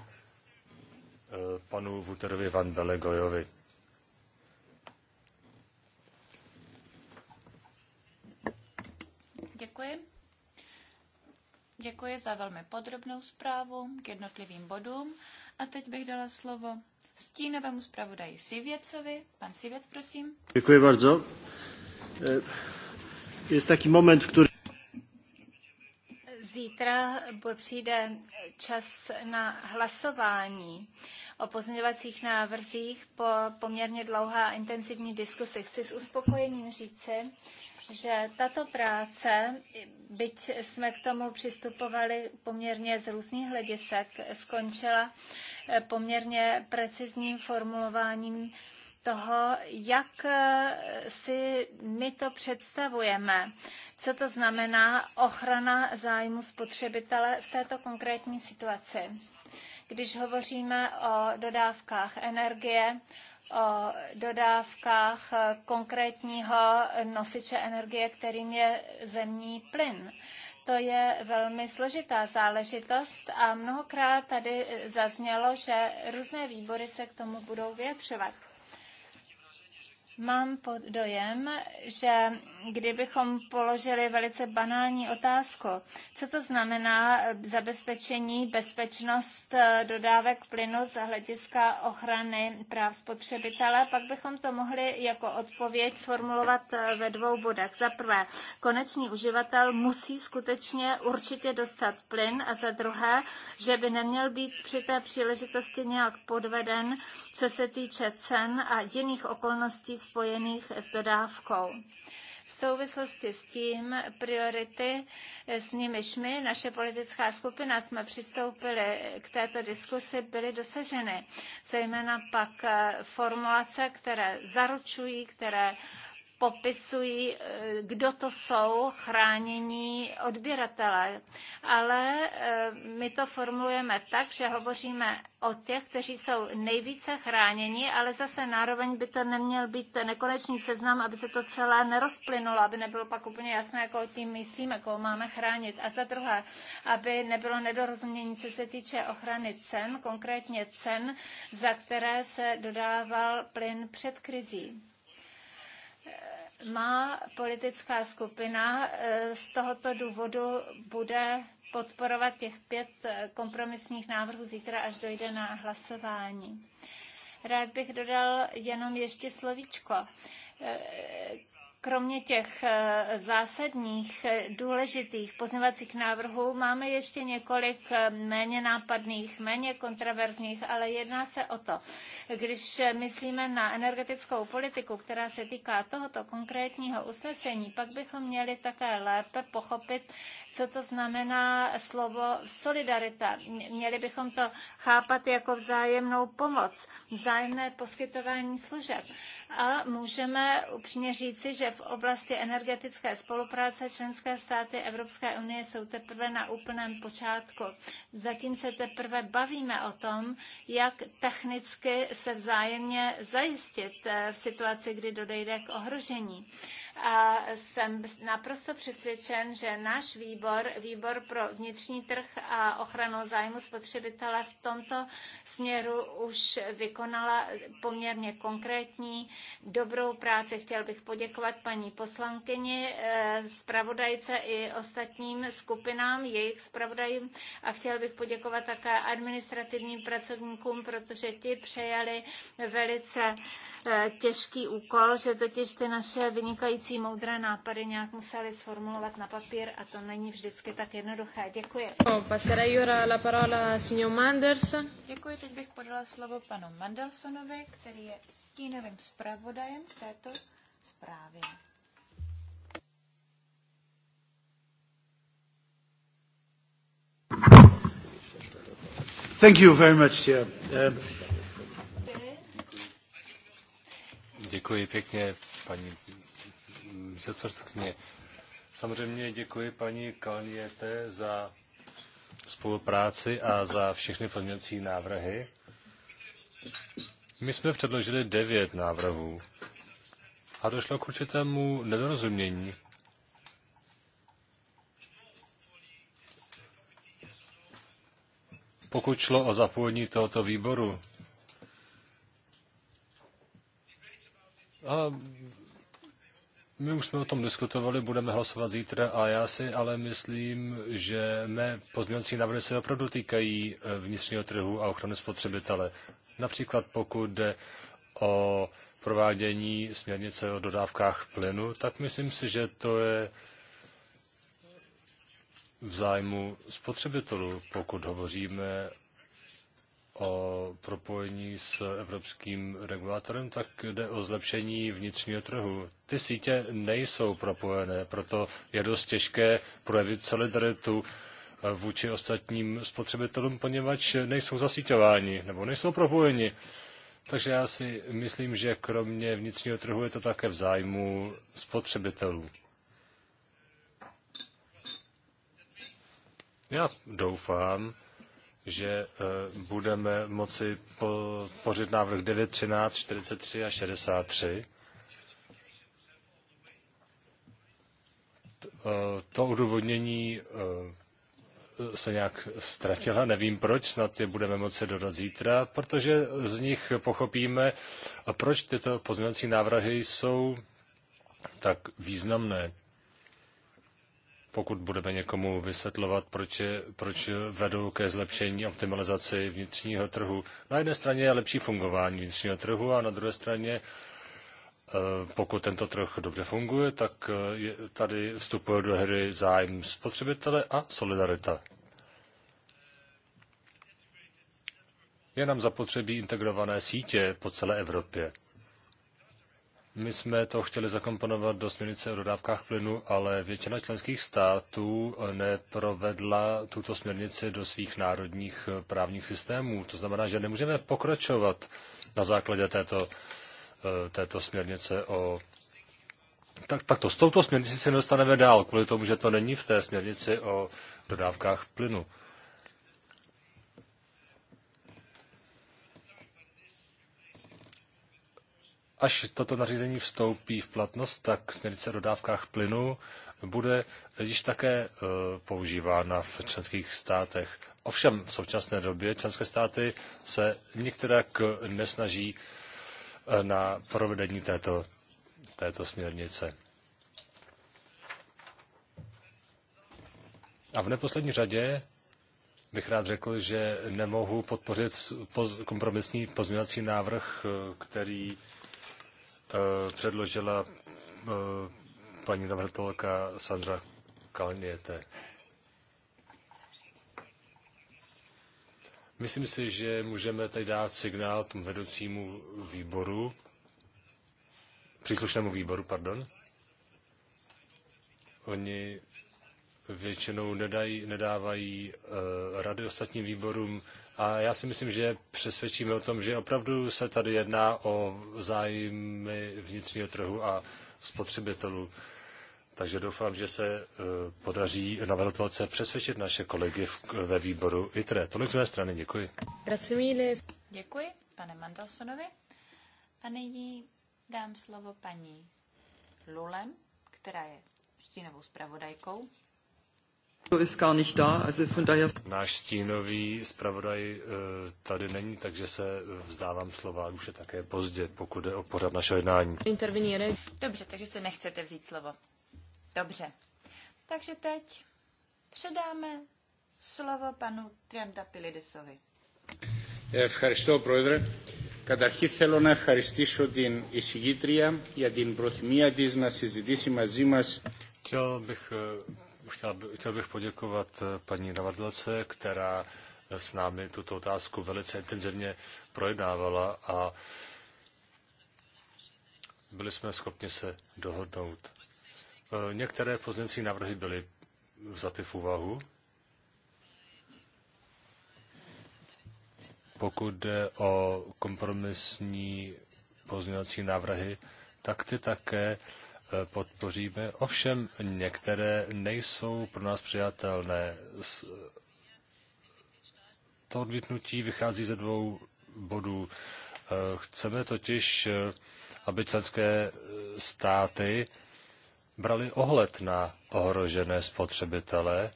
panu Vuterovi van Belegojovi. Děkuji. Děkuji za velmi podrobnou zprávu k jednotlivým bodům. A teď bych dala slovo stínovému zpravodaji Sivěcovi. Pan Sivěc, prosím. Děkuji bardzo. Eh, Je taký moment, který... Zítra přijde čas na hlasování o pozměňovacích návrzích po poměrně dlouhé a intenzivní diskusi. Chci s uspokojením říci, že tato práce, byť jsme k tomu přistupovali poměrně z různých hledisek, skončila eh, poměrně precizním formulováním toho, jak eh, si my to představujeme, co to znamená ochrana zájmu spotřebitele v této konkrétní situaci. Když hovoříme o dodávkách energie, o dodávkách eh, konkrétního nosiče energie, kterým je zemní plyn. To je velmi složitá záležitost a mnohokrát tady zaznělo, že různé výbory se k tomu budou vyjadřovat. Mám pod dojem, že kdybychom položili velice banální otázku, co to znamená zabezpečení bezpečnost eh, dodávek plynu z hlediska ochrany práv spotřebitele, pak bychom to mohli jako odpověď sformulovat eh, ve dvou bodech. Za prvé, konečný uživatel musí skutečně určitě dostat plyn a za druhé, že by neměl být při té příležitosti nějak podveden, co se týče cen a jiných okolností spojených s dodávkou v souvislosti s tím priority, s nimiž my, naše politická skupina, jsme přistoupili k této diskusi, byly dosaženy. Zejména pak eh, formulace, které zaručují, které popisují, eh, kdo to jsou chránění odběratele. Ale eh, my to formulujeme tak, že hovoříme o těch, kteří jsou nejvíce chráněni, ale zase nároveň by to neměl být nekonečný seznam, aby se to celé nerozplynulo, aby nebylo pak úplně jasné, jakou tím myslíme, koho máme chránit. A za druhé, aby nebylo nedorozumění, co se týče ochrany cen, konkrétně cen, za které se dodával plyn před krizí. Má politická skupina eh, z tohoto důvodu bude podporovat těch pět eh, kompromisních návrhů zítra, až dojde na hlasování. Rád bych dodal jenom ještě slovíčko eh, Kromě těch eh, zásadních eh, důležitých pozměňovacích návrhů máme ještě několik eh, méně nápadných, méně kontroverzních, ale jedná se o to, když myslíme na energetickou politiku, která se týká tohoto konkrétního usnesení, pak bychom měli také lépe pochopit, co to znamená slovo solidarita. Měli bychom to chápat jako vzájemnou pomoc, vzájemné poskytování služeb. A můžeme upřímně říci, že v oblasti energetické spolupráce členské státy Evropské unie jsou teprve na úplném počátku. Zatím se teprve bavíme o tom, jak technicky se vzájemně zajistit eh, v situaci, kdy dodejde k ohrožení. A jsem naprosto přesvědčen, že náš výbor, výbor pro vnitřní trh a ochranu zájmu spotřebitele v tomto směru už vykonala poměrně konkrétní dobrou práci. Chtěl bych poděkovat paní poslankyni, eh, zpravodajce i ostatním skupinám, jejich zpravodajům a chtěl bych poděkovat také administrativním pracovníkům, protože ti přejali velice eh, těžký úkol, že totiž ty naše vynikající moudré nápady nějak museli sformulovat na papír a to není vždycky tak jednoduché. Děkuji. No, Děkuji, teď bych podala slovo panu Mandelsonovi, který je stínovým zpravodajem zpravodajem k této zprávě. Thank you very much, dear. Um... Děkuji pěkně, paní místopředsedkyně. Samozřejmě děkuji paní Kalniete za spolupráci a za všechny pozměňovací návrhy. My jsme předložili devět návrhů a došlo k určitému nedorozumění. Pokud šlo o zapojení tohoto výboru, a my už jsme o tom diskutovali, budeme hlasovat zítra a já si ale myslím, že mé pozměňovací návrhy se opravdu týkají eh, vnitřního trhu a ochrany spotřebitele. Například pokud jde o provádění směrnice o dodávkách plynu, tak myslím si, že to je v zájmu spotřebitelů, pokud hovoříme o propojení s evropským regulátorem, tak jde o zlepšení vnitřního trhu. Ty sítě nejsou propojené, proto je dost těžké projevit solidaritu vůči ostatním spotřebitelům, poněvadž nejsou zasíťováni nebo nejsou propojeni. Takže já si myslím, že kromě vnitřního trhu je to také v zájmu spotřebitelů. Já doufám, že eh, budeme moci pořit návrh 9, 13, 43 a 63. Eh, to odůvodnění eh, se nějak ztratila, nevím proč, snad je budeme moci dodat zítra, protože z nich pochopíme, proč tyto pozměňovací návrhy jsou tak významné. Pokud budeme někomu vysvětlovat, proč, je, proč vedou ke zlepšení optimalizaci vnitřního trhu. Na jedné straně je lepší fungování vnitřního trhu a na druhé straně Eh, pokud tento trh dobře funguje, tak eh, je tady vstupuje do hry zájem spotřebitele a solidarita. Je nám zapotřebí integrované sítě po celé Evropě. My jsme to chtěli zakomponovat do směrnice o dodávkách plynu, ale většina členských států neprovedla tuto směrnici do svých národních eh, právních systémů. To znamená, že nemůžeme pokračovat na základě této Eh, této směrnice o tak, tak to s touto směrnicí se nedostaneme dál, kvůli tomu, že to není v té směrnici o dodávkách plynu. Až toto nařízení vstoupí v platnost, tak směrnice o dodávkách plynu bude již také eh, používána v členských státech. Ovšem v současné době členské státy se některak nesnaží na provedení této, této směrnice. A v neposlední řadě bych rád řekl, že nemohu podpořit kompromisní pozměňovací návrh, který eh, předložila eh, paní navrhatelka Sandra Kalněte. Myslím si, že můžeme tady dát signál tomu vedoucímu výboru, příslušnému výboru, pardon. Oni většinou nedají, nedávají uh, rady ostatním výborům a já si myslím, že přesvědčíme o tom, že opravdu se tady jedná o zájmy vnitřního trhu a spotřebitelů. Takže doufám, že se eh, podaří navrhovatelce přesvědčit naše kolegy ve výboru ITRE. Tolik z mé strany, děkuji. Děkuji, pane Mandelsonovi. A nyní dám slovo paní Lulem, která je stínovou zpravodajkou. Náš stínový zpravodaj eh, tady není, takže se eh, vzdávám slova, už je také pozdě, pokud je o pořad našeho jednání. Dobře, takže se nechcete vzít slovo. Dobře. Takže teď předáme slovo panu Pilidesovi. Ευχαριστώ, Πρόεδρε. Καταρχήν θέλω να ευχαριστήσω την εισηγήτρια για την προθυμία της να συζητήσει μαζί μας. Chtěl bych, eh, chtěl, chtěl bych poděkovat eh, paní Navardlece, která eh, s námi tuto otázku velice intenzivně projednávala a byli jsme schopni se dohodnout. Eh, některé pozměňovací návrhy byly vzaty v úvahu. Pokud jde o kompromisní pozměňovací návrhy, tak ty také eh, podpoříme. Ovšem některé nejsou pro nás přijatelné. Eh, to odmítnutí vychází ze dvou bodů. Chceme totiž, aby členské státy brali ohled na ohrožené spotřebitele.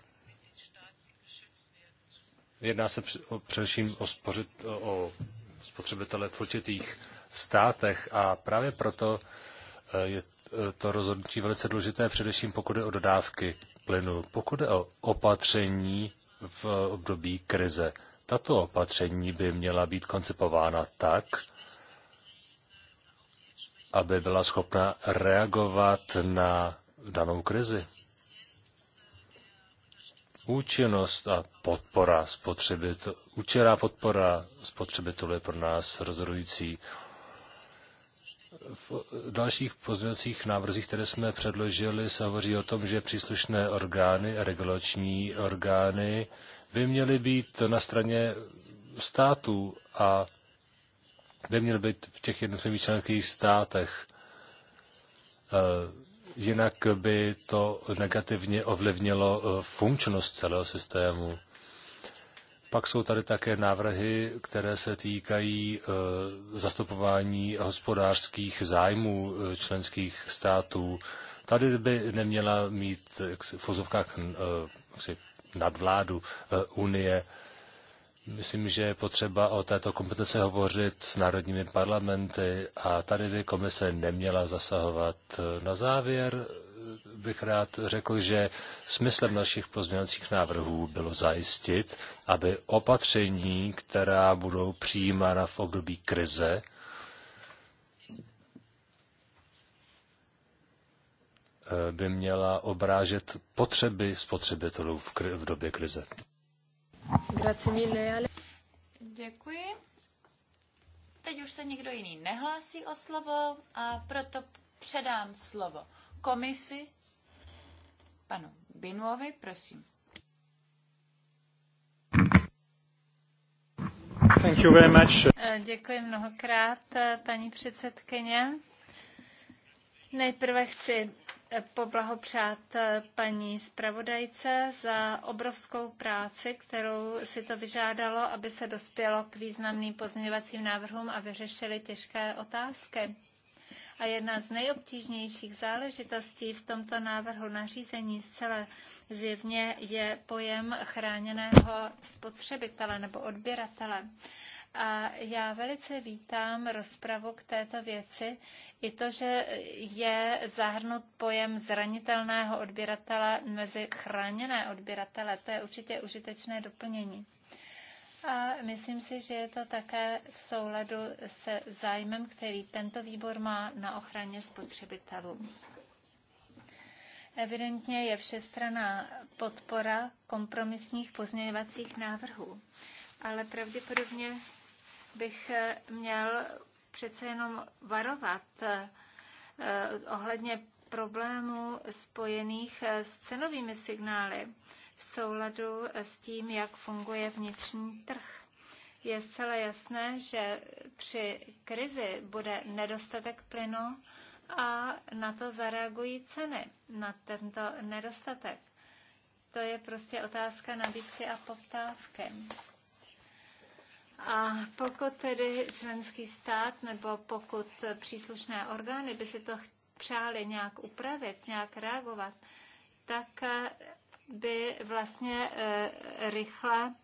Jedná se především o, spořit, o spotřebitele v určitých státech a právě proto eh, je eh, to rozhodnutí velice důležité, především pokud je o dodávky plynu, pokud je o opatření v období krize. Tato opatření by měla být koncipována tak, aby byla schopna reagovat na danou krizi. Účinnost a podpora spotřebitelů, účinná podpora spotřebitelů je pro nás rozhodující. V dalších pozměňovacích návrzích, které jsme předložili, se hovoří o tom, že příslušné orgány, regulační orgány, by měly být na straně států a by měl být v těch jednotlivých členských státech. Eh, jinak by to negativně ovlivnilo eh, funkčnost celého systému. Pak jsou tady také návrhy, které se týkají eh, zastupování hospodářských zájmů členských států. Tady by neměla mít v fozovkách nadvládu Unie. Myslím, že je potřeba o této kompetenci hovořit s národními parlamenty a tady by komise neměla zasahovat. Na závěr bych rád řekl, že smyslem našich pozměňovacích návrhů bylo zajistit, aby opatření, která budou přijímána v období krize, eh, by měla obrážet potřeby spotřebitelů v, v době krize. Grazie mille, Ale. Děkuji. Teď už se nikdo jiný nehlásí o slovo a proto předám slovo komisi panu Binuovi, prosím. Thank you very much. Eh, děkuji mnohokrát, eh, paní předsedkyně. Nejprve chci poblahopřát eh, paní zpravodajce za obrovskou práci, kterou si to vyžádalo, aby se dospělo k významným pozměňovacím návrhům a vyřešili těžké otázky. A jedna z nejobtížnějších záležitostí v tomto návrhu nařízení zcela zjevně je pojem chráněného spotřebitele nebo odběratele. A já velice vítám rozpravu k této věci i to, že je zahrnut pojem zranitelného odběratele mezi chráněné odběratele. To je určitě užitečné doplnění. A myslím si, že je to také v souladu se zájmem, který tento výbor má na ochraně spotřebitelů. Evidentně je všestraná podpora kompromisních pozměňovacích návrhů, ale pravděpodobně bych eh, měl přece jenom varovat eh, eh, ohledně problémů spojených s cenovými signály v souladu s tím, jak funguje vnitřní trh. Je zcela jasné, že při krizi bude nedostatek plynu a na to zareagují ceny, na tento nedostatek. To je prostě otázka nabídky a poptávky. A pokud tedy členský stát nebo pokud příslušné orgány by si to přáli nějak upravit, nějak reagovat, tak eh, by vlastně eh, rychle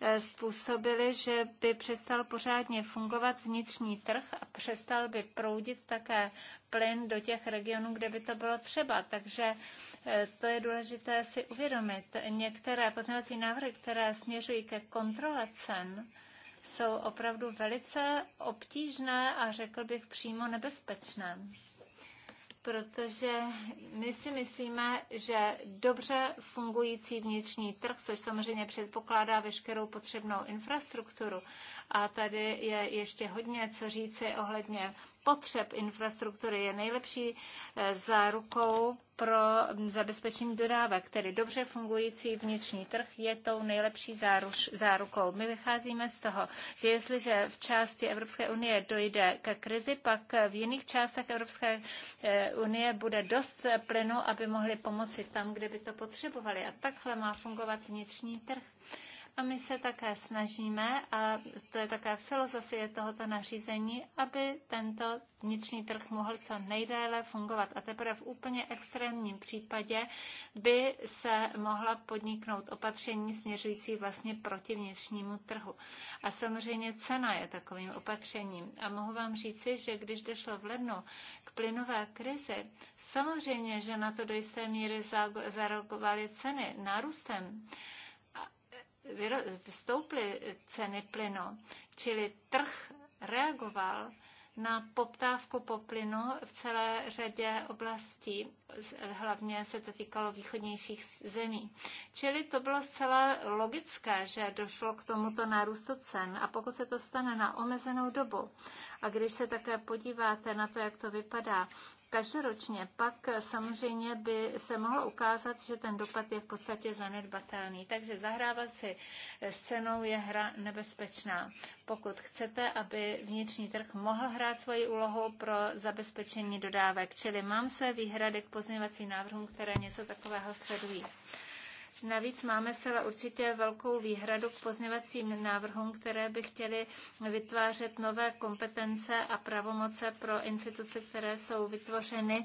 eh, způsobili, že by přestal pořádně fungovat vnitřní trh a přestal by proudit také plyn do těch regionů, kde by to bylo třeba. Takže to je důležité si uvědomit. Některé poznávací návrhy, které směřují ke kontrole cen, jsou opravdu velice obtížné a řekl bych přímo nebezpečné protože my si myslíme, že dobře fungující vnitřní trh, což samozřejmě předpokládá veškerou potřebnou infrastrukturu, a tady je ještě hodně co říci ohledně potřeb infrastruktury, je nejlepší eh, zárukou pro zabezpečení dodávek, tedy dobře fungující vnitřní trh, je tou nejlepší záruš, zárukou. My vycházíme z toho, že jestliže v části Evropské unie dojde ke krizi, pak v jiných částech Evropské eh, unie bude dost plynu, aby mohli pomoci tam, kde by to potřebovali. A takhle má fungovat vnitřní trh. A my se také snažíme, a to je také filozofie tohoto nařízení, aby tento vnitřní trh mohl co nejdéle fungovat. A teprve v úplně extrémním případě by se mohla podniknout opatření směřující vlastně proti vnitřnímu trhu. A samozřejmě cena je takovým opatřením. A mohu vám říci, že když došlo v lednu k plynové krizi, samozřejmě, že na to do jisté míry zareagovaly ceny nárůstem vstouply ceny plynu, čili trh reagoval na poptávku po plynu v celé řadě oblastí. Hlavně se to týkalo východnějších zemí. Čili to bylo zcela logické, že došlo k tomuto nárůstu cen. A pokud se to stane na omezenou dobu, a když se také podíváte na to, jak to vypadá každoročně, pak eh, samozřejmě by se mohlo ukázat, že ten dopad je v podstatě zanedbatelný. Takže zahrávat si eh, scénou je hra nebezpečná. Pokud chcete, aby vnitřní trh mohl hrát svoji úlohu pro zabezpečení dodávek, čili mám své výhrady k pozměňovacím návrhům, které něco takového sledují. Navíc máme celá určitě velkou výhradu k pozněvacím návrhům, které by chtěly vytvářet nové kompetence a pravomoce pro instituce, které jsou vytvořeny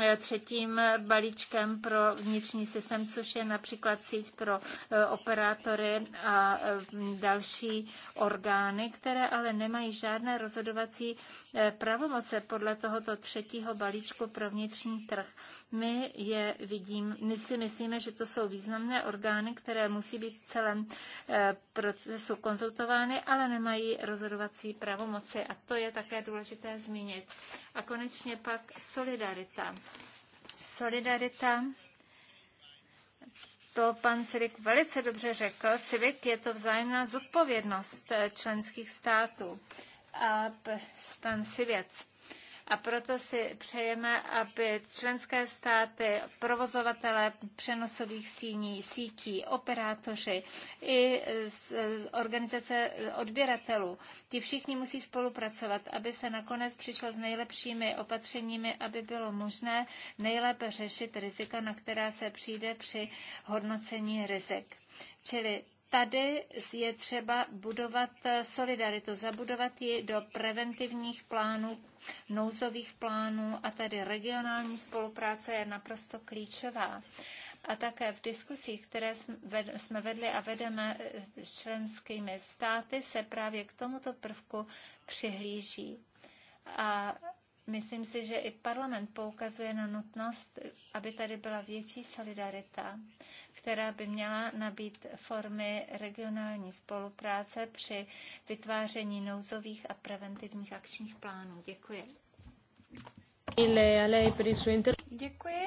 eh, třetím balíčkem pro vnitřní systém, což je například síť pro eh, operátory a eh, další orgány, které ale nemají žádné rozhodovací pravomoce podle tohoto třetího balíčku pro vnitřní trh. My je vidím, my si myslíme, že to jsou významné dotčené orgány, které musí být v celém eh, procesu konzultovány, ale nemají rozhodovací pravomoci. A to je také důležité zmínit. A konečně pak solidarita. Solidarita to pan Sirik velice dobře řekl. Civik je to vzájemná zodpovědnost eh, členských států. A pan Sivěc a proto si přejeme, aby členské státy, provozovatele přenosových síní, sítí, operátoři i organizace odběratelů, ti všichni musí spolupracovat, aby se nakonec přišlo s nejlepšími opatřeními, aby bylo možné nejlépe řešit rizika, na která se přijde při hodnocení rizik. Čili tady je třeba budovat eh, solidaritu, zabudovat ji do preventivních plánů, nouzových plánů a tady regionální spolupráce je naprosto klíčová. A také v diskusích, které jsme vedli a vedeme eh, s členskými státy, se právě k tomuto prvku přihlíží. A Myslím si, že i parlament poukazuje na nutnost, aby tady byla větší solidarita, která by měla nabít formy regionální spolupráce při vytváření nouzových a preventivních akčních plánů. Děkuji. Děkuji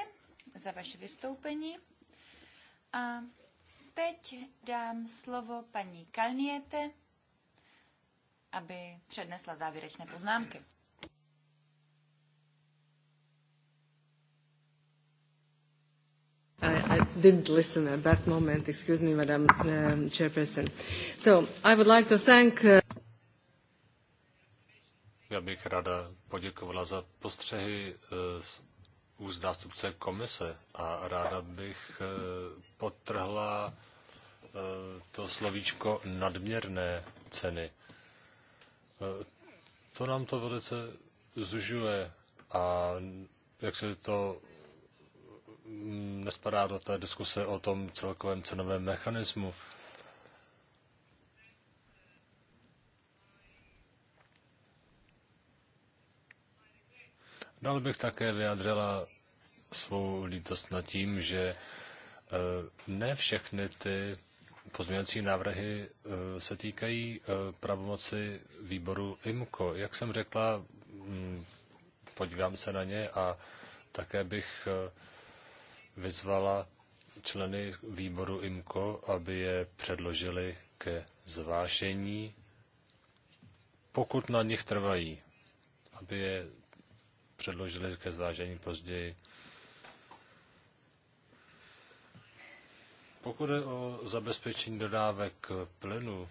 za vaše vystoupení. A teď dám slovo paní Kalniete, aby přednesla závěrečné poznámky. I, I didn't listen at that moment. Excuse me, Madam um, Chairperson. So I would like to thank. Uh... Já bych ráda poděkovala za postřehy z eh, úst zástupce komise a ráda bych eh, potrhla eh, to slovíčko nadměrné ceny. To nám to velice zužuje a jak se to Mm, nespadá do té diskuse o tom celkovém cenovém mechanismu. Dále bych také vyjadřila svou lítost nad tím, že e, ne všechny ty pozměňovací návrhy e, se týkají e, pravomoci výboru IMCO. Jak jsem řekla, mm, podívám se na ně a také bych vyzvala členy výboru IMCO, aby je předložili ke zvášení, pokud na nich trvají, aby je předložili ke zvážení později. Pokud je o zabezpečení dodávek plynu,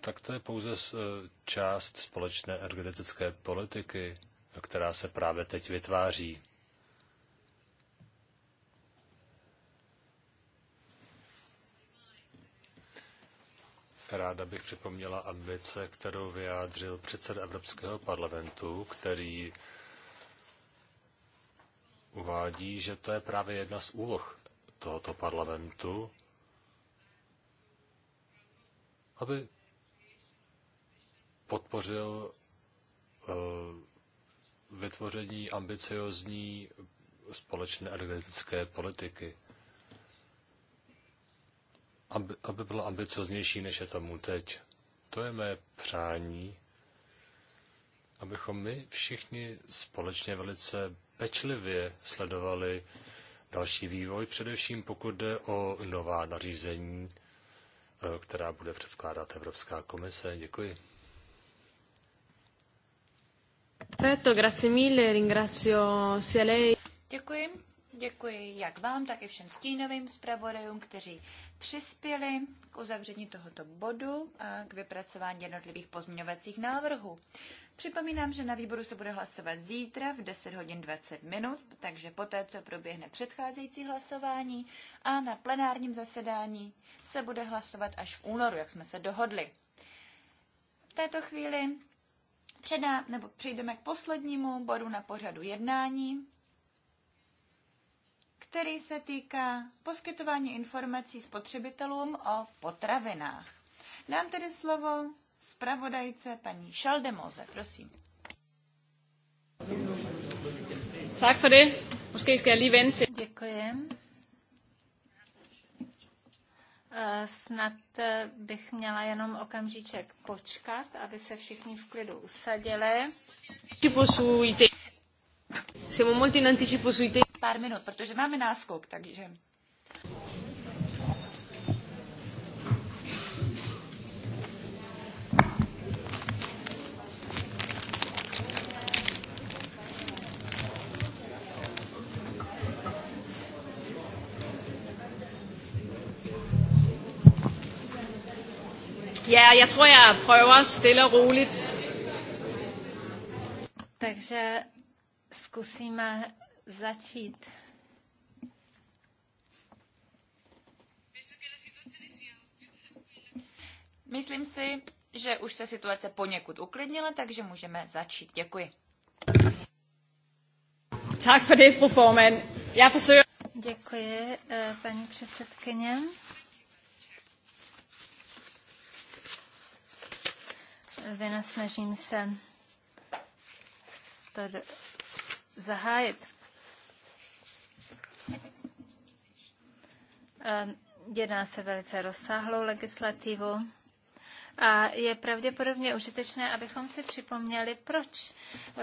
tak to je pouze e, část společné energetické politiky která se právě teď vytváří. Ráda bych připomněla ambice, kterou vyjádřil předseda Evropského parlamentu, který uvádí, že to je právě jedna z úloh tohoto parlamentu, aby podpořil uh, vytvoření ambiciozní společné energetické politiky, aby, aby byla ambicioznější, než je tomu teď. To je mé přání, abychom my všichni společně velice pečlivě sledovali další vývoj, především pokud jde o nová nařízení, eh, která bude předkládat Evropská komise. Děkuji. Perfetto, grazie mille, ringrazio sia lei. Děkuji. Děkuji jak vám, tak i všem stínovým zpravodajům, kteří přispěli k uzavření tohoto bodu a k vypracování jednotlivých pozměňovacích návrhů. Připomínám, že na výboru se bude hlasovat zítra v 10 hodin 20 minut, takže poté, co proběhne předcházející hlasování a na plenárním zasedání se bude hlasovat až v únoru, jak jsme se dohodli. V této chvíli Předá, nebo přejdeme k poslednímu bodu na pořadu jednání, který se týká poskytování informací spotřebitelům o potravinách. Dám tedy slovo zpravodajce paní Šaldemoze, prosím. Tak for det. Måske skal jeg lige vente til. Děkuji. Eh, snad eh, bych měla jenom okamžíček počkat, aby se všichni v klidu usadili. Pár minut, protože máme náskok, takže... Ja, jeg tror, jeg prøver stille og roligt. Takže zkusíme začít. Myslím si, že už se situace poněkud uklidnila, takže můžeme začít. Děkuji. Tak for det, fru formand. Jeg forsøger... Děkuji, eh, paní předsedkyně. snažím se to zahájit. Ehm, jedná se velice rozsáhlou legislativu a je pravděpodobně užitečné, abychom si připomněli, proč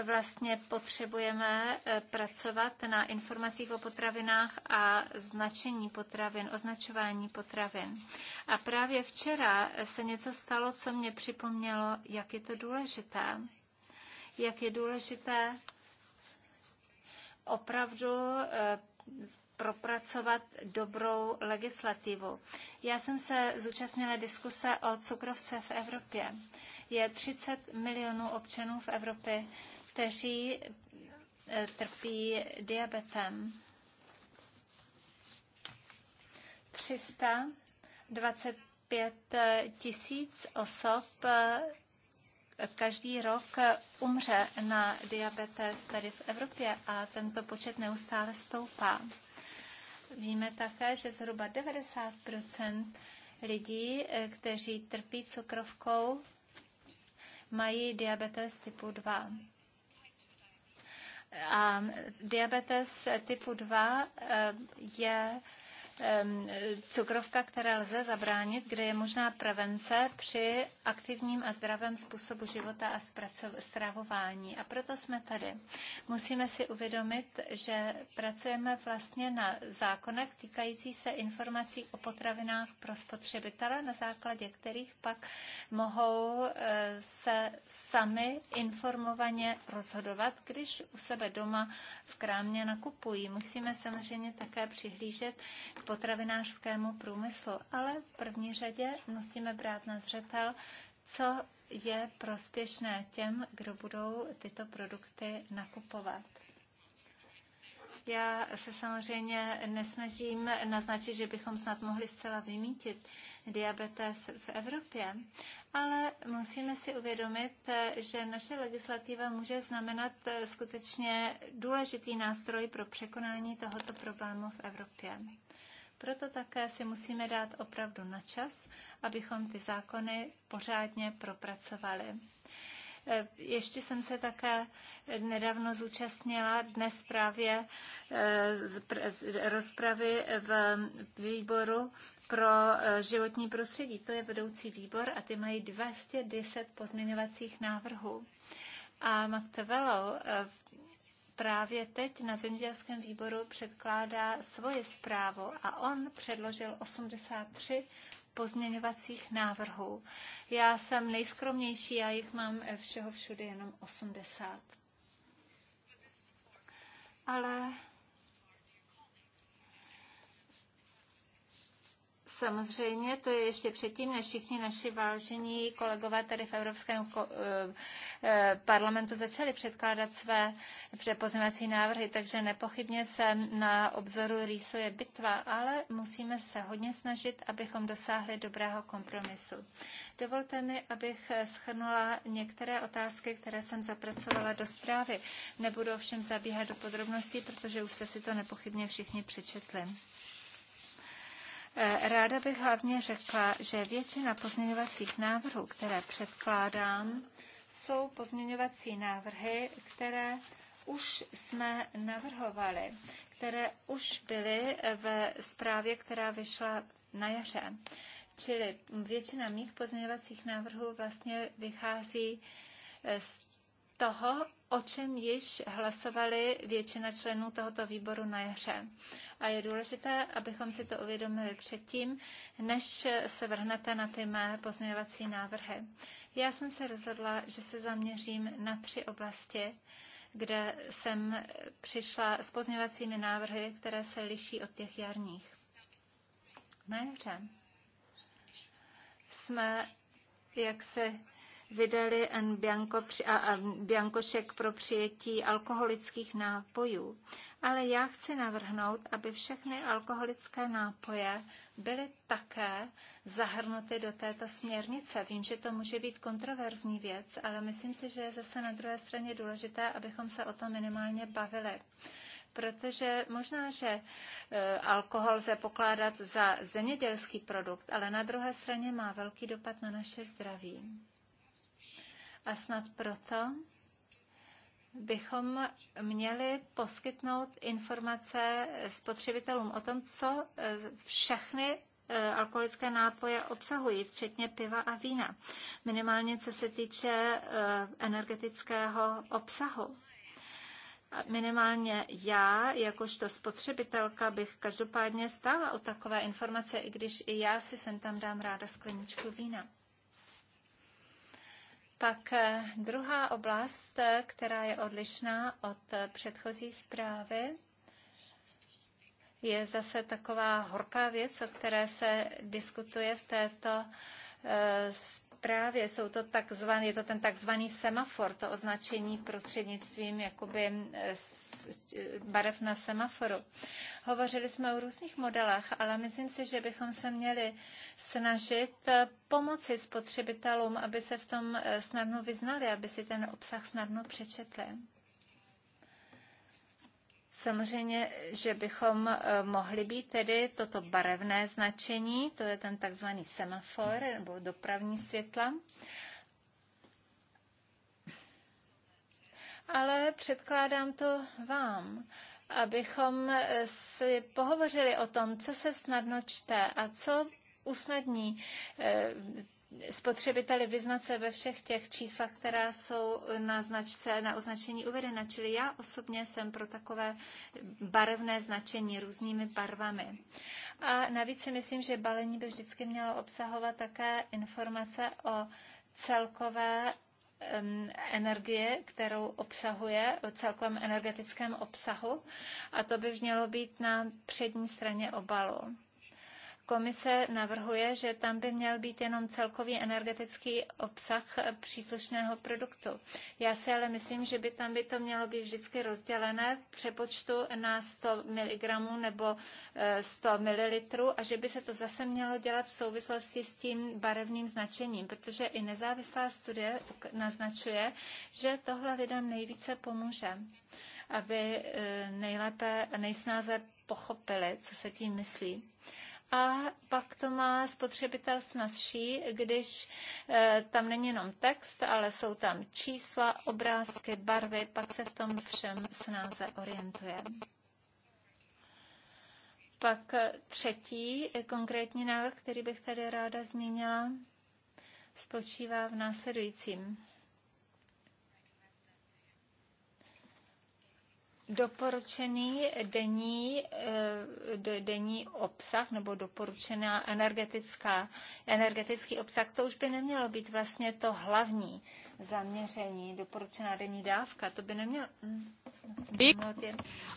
vlastně potřebujeme eh, pracovat na informacích o potravinách a značení potravin, označování potravin. A právě včera eh, se něco stalo, co mě připomnělo, jak je to důležité. Jak je důležité opravdu eh, propracovat dobrou legislativu. Já jsem se zúčastnila diskuse o cukrovce v Evropě. Je 30 milionů občanů v Evropě, kteří eh, trpí diabetem. 325 eh, tisíc osob eh, každý rok umře na diabetes tady v Evropě a tento počet neustále stoupá. Víme také, že zhruba 90 lidí, eh, kteří trpí cukrovkou, mají diabetes typu 2. A diabetes typu 2 eh, je cukrovka, které lze zabránit, kde je možná prevence při aktivním a zdravém způsobu života a stravování. A proto jsme tady. Musíme si uvědomit, že pracujeme vlastně na zákonech týkající se informací o potravinách pro spotřebitele, na základě kterých pak mohou eh, se sami informovaně rozhodovat, když u sebe doma v krámě nakupují. Musíme samozřejmě také přihlížet potravinářskému průmyslu, ale v první řadě musíme brát na zřetel, co je prospěšné těm, kdo budou tyto produkty nakupovat. Já se samozřejmě nesnažím naznačit, že bychom snad mohli zcela vymítit diabetes v Evropě, ale musíme si uvědomit, že naše legislativa může znamenat skutečně důležitý nástroj pro překonání tohoto problému v Evropě. Proto také si musíme dát opravdu na čas, abychom ty zákony pořádně propracovali. E, ještě jsem se také nedávno zúčastnila dnes právě e, rozpravy v výboru pro e, životní prostředí. To je vedoucí výbor a ty mají 210 pozměňovacích návrhů. A Magtevelo právě teď na zemědělském výboru předkládá svoje zprávu a on předložil 83 pozměňovacích návrhů. Já jsem nejskromnější, já jich mám všeho všude jenom 80. Ale Samozřejmě to je ještě předtím, než všichni naši vážení kolegové tady v Evropském eh, eh, parlamentu začali předkládat své pozměňovací návrhy, takže nepochybně se na obzoru rýsuje bitva, ale musíme se hodně snažit, abychom dosáhli dobrého kompromisu. Dovolte mi, abych schrnula některé otázky, které jsem zapracovala do zprávy. Nebudu ovšem zabíhat do podrobností, protože už jste si to nepochybně všichni přečetli. Eh, ráda bych hlavně řekla, že většina pozměňovacích návrhů, které předkládám, jsou pozměňovací návrhy, které už jsme navrhovali, které už byly eh, ve zprávě, která vyšla na jaře. Čili většina mých pozměňovacích návrhů vlastně vychází eh, z toho, o čem již hlasovali většina členů tohoto výboru na jaře. A je důležité, abychom si to uvědomili předtím, než se vrhnete na ty mé pozměňovací návrhy. Já jsem se rozhodla, že se zaměřím na tři oblasti, kde jsem přišla s pozměňovacími návrhy, které se liší od těch jarních. Na jaře jsme jak se vydali en Bianco, a, Biankošek pro přijetí alkoholických nápojů. Ale já chci navrhnout, aby všechny alkoholické nápoje byly také zahrnuty do této směrnice. Vím, že to může být kontroverzní věc, ale myslím si, že je zase na druhé straně důležité, abychom se o tom minimálně bavili protože možná, že e, alkohol lze pokládat za zemědělský produkt, ale na druhé straně má velký dopad na naše zdraví. A snad proto bychom měli poskytnout informace spotřebitelům o tom, co eh, všechny eh, alkoholické nápoje obsahují, včetně piva a vína. Minimálně co se týče eh, energetického obsahu. Minimálně já, jakožto spotřebitelka, bych každopádně stála o takové informace, i když i já si sem tam dám ráda skleničku vína. Pak eh, druhá oblast, eh, která je odlišná od eh, předchozí zprávy, je zase taková horká věc, o které se diskutuje v této právě jsou to takzvaný, je to ten takzvaný semafor, to označení prostřednictvím jakoby eh, eh, barev na semaforu. Hovořili jsme o různých modelech, ale myslím si, že bychom se měli snažit eh, pomoci spotřebitelům, aby se v tom snadno vyznali, aby si ten obsah snadno přečetli. Samozřejmě, že bychom eh, mohli být tedy toto barevné značení, to je ten takzvaný semafor nebo dopravní světla. Ale předkládám to vám, abychom eh, si pohovořili o tom, co se snadno čte a co usnadní eh, spotřebiteli vyznat se ve všech těch číslech, která jsou na, značce, na označení uvedena. Čili já osobně jsem pro takové barevné značení různými barvami. A navíc si myslím, že balení by vždycky mělo obsahovat také informace o celkové energie, kterou obsahuje, o celkovém energetickém obsahu a to by mělo být na přední straně obalu. Komise navrhuje, že tam by měl být jenom celkový energetický obsah příslušného produktu. Já si ale myslím, že by tam by to mělo být vždycky rozdělené v přepočtu na 100 mg nebo 100 eh, ml a že by se to zase mělo dělat v souvislosti s tím barevným značením, protože i nezávislá studie naznačuje, že tohle lidem nejvíce pomůže, aby eh, nejlépe a nejsnáze pochopili, co se tím myslí a pak to má spotřebitel snazší, když eh, tam není jenom text, ale jsou tam čísla, obrázky, barvy, pak se v tom všem snáze orientuje. Pak eh, třetí eh, konkrétní návrh, který bych tady ráda zmínila, spočívá v následujícím. doporučený denní, eh, denní obsah nebo doporučená energetická, energetický obsah, to už by nemělo být vlastně to hlavní zaměření, doporučená denní dávka, to by nemělo... Hm,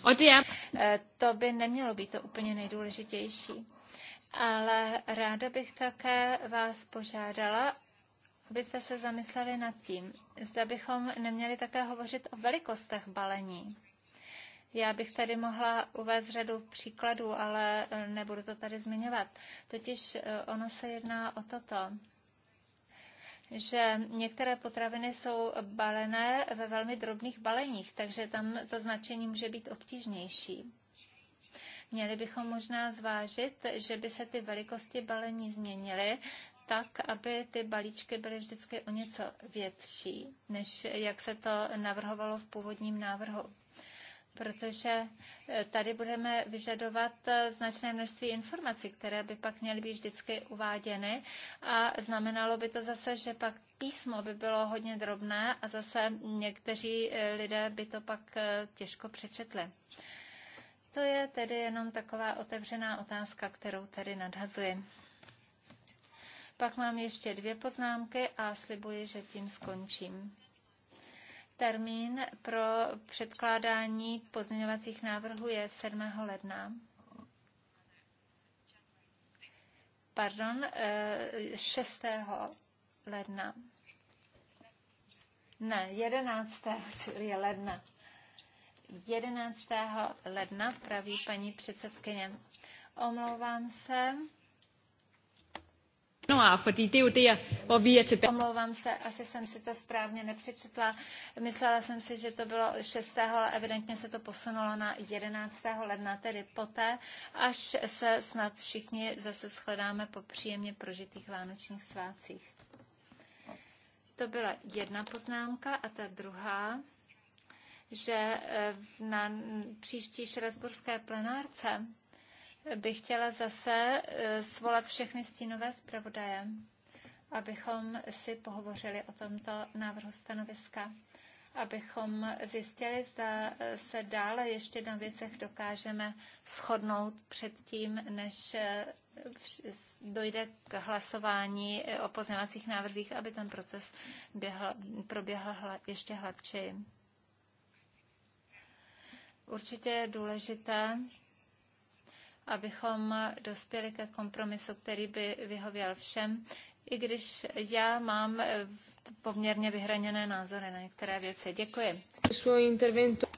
vlastně eh, to by nemělo být to úplně nejdůležitější. Ale ráda bych také vás požádala, abyste se zamysleli nad tím, zda bychom neměli také hovořit o velikostech balení já bych tady mohla uvést řadu příkladů, ale eh, nebudu to tady zmiňovat. Totiž eh, ono se jedná o toto že některé potraviny jsou balené ve velmi drobných baleních, takže tam to značení může být obtížnější. Měli bychom možná zvážit, že by se ty velikosti balení změnily, tak, aby ty balíčky byly vždycky o něco větší, než jak se to navrhovalo v původním návrhu protože eh, tady budeme vyžadovat eh, značné množství informací, které by pak měly být vždycky uváděny a znamenalo by to zase, že pak písmo by bylo hodně drobné a zase někteří eh, lidé by to pak těžko přečetli. To je tedy jenom taková otevřená otázka, kterou tady nadhazuji. Pak mám ještě dvě poznámky a slibuji, že tím skončím. Termín pro předkládání pozměňovacích návrhů je 7. ledna. Pardon, 6. Eh, ledna. Ne, 11. čili je ledna. 11. ledna, praví paní předsedkyně. Omlouvám se. No er er Omlouvám se, asi jsem si to správně nepřečetla. Myslela jsem si, že to bylo 6. ale evidentně se to posunulo na 11. ledna, tedy poté, až se snad všichni zase shledáme po příjemně prožitých vánočních svácích. To byla jedna poznámka a ta druhá, že eh, na příští šrasburské plenárce bych chtěla zase eh, svolat všechny stínové zpravodaje, abychom si pohovořili o tomto návrhu stanoviska, abychom zjistili, zda eh, se dále ještě na věcech dokážeme shodnout předtím, než eh, dojde k hlasování o poznávacích návrzích, aby ten proces běhl, proběhl ještě hladčeji. Určitě je důležité, abychom dospěli ke kompromisu, který by vyhověl všem, i když já mám eh, poměrně vyhraněné názory na některé věci. Děkuji.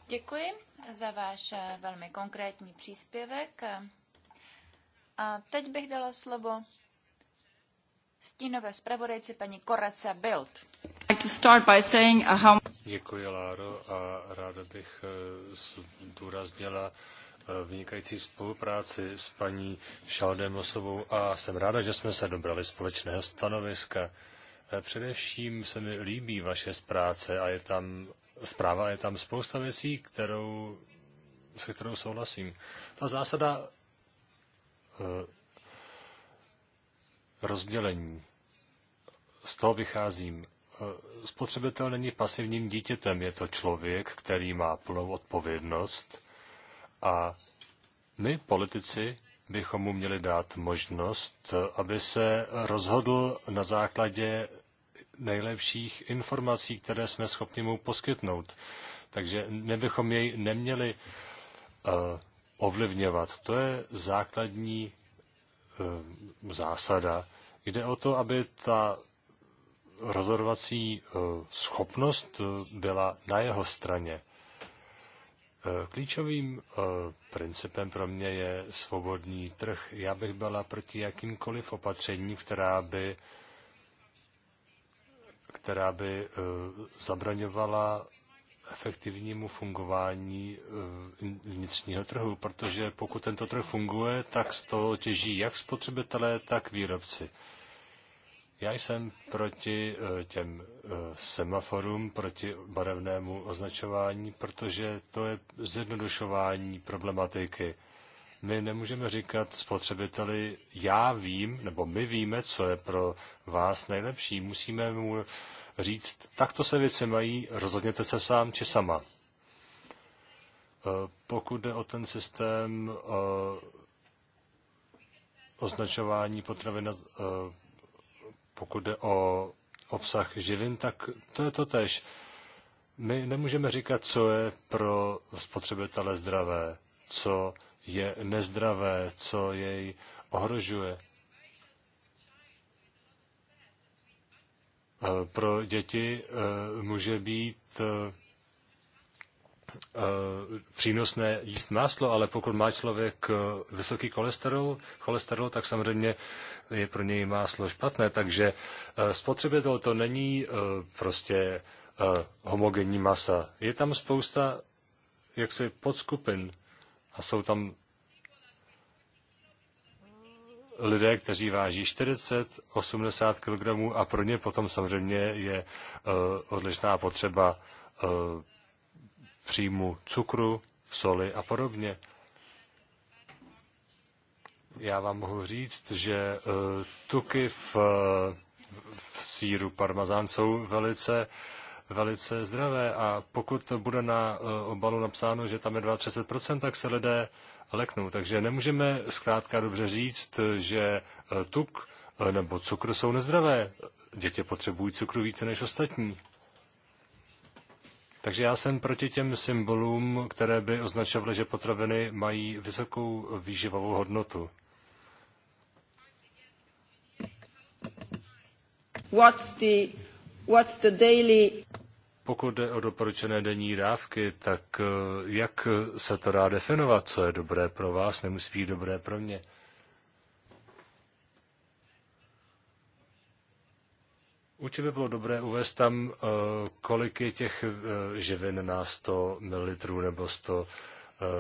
Děkuji za váš eh, velmi konkrétní příspěvek. A teď bych dala slovo stínové zpravodajci paní Korace Bild. Uh, Děkuji, Láro, a ráda bych eh, zdůraznila, Eh, vynikající spolupráci s paní Šaldemosovou a jsem ráda, že jsme se dobrali společného stanoviska. Eh, především se mi líbí vaše zpráce a je tam zpráva, je tam spousta věcí, kterou, se kterou souhlasím. Ta zásada eh, rozdělení. Z toho vycházím. Spotřebitel není pasivním dítětem, je to člověk, který má plnou odpovědnost a my, politici, bychom mu měli dát možnost, aby se rozhodl na základě nejlepších informací, které jsme schopni mu poskytnout. Takže my bychom jej neměli uh, ovlivňovat. To je základní uh, zásada. Jde o to, aby ta rozhodovací eh, schopnost byla na jeho straně. Klíčovým eh, principem pro mě je svobodný trh. Já bych byla proti jakýmkoliv opatření, která by, která by eh, zabraňovala efektivnímu fungování eh, vnitřního trhu, protože pokud tento trh funguje, tak z toho těží jak spotřebitelé, tak výrobci. Já jsem proti eh, těm eh, semaforům, proti barevnému označování, protože to je zjednodušování problematiky. My nemůžeme říkat spotřebiteli, já vím, nebo my víme, co je pro vás nejlepší. Musíme mu říct, takto se věci mají, rozhodněte se sám či sama. Eh, pokud jde o ten systém označování potravin pokud jde o obsah živin, tak to je to tež. My nemůžeme říkat, co je pro spotřebitele zdravé, co je nezdravé, co jej ohrožuje. Eh, pro děti eh, může být eh, přínosné jíst máslo, ale pokud má člověk vysoký cholesterol, cholesterol tak samozřejmě je pro něj máslo špatné, takže eh, spotřebitel to není eh, prostě eh, homogenní masa. Je tam spousta jaksi podskupin a jsou tam lidé, kteří váží 40, 80 kg a pro ně potom samozřejmě je odlišná potřeba příjmu cukru, soli a podobně já vám mohu říct, že eh, tuky v, v síru parmazán jsou velice velice zdravé a pokud bude na eh, obalu napsáno, že tam je 32%, tak se lidé leknou. Takže nemůžeme zkrátka dobře říct, že eh, tuk nebo cukr jsou nezdravé. Děti potřebují cukru více než ostatní. Takže já jsem proti těm symbolům, které by označovaly, že potraviny mají vysokou výživovou hodnotu. Pokud jde o doporučené denní dávky, tak eh, jak se to dá definovat, co je dobré pro vás, nemusí být dobré pro mě? Určitě by bylo dobré uvést tam, eh, kolik je těch eh, živin na 100 ml nebo 100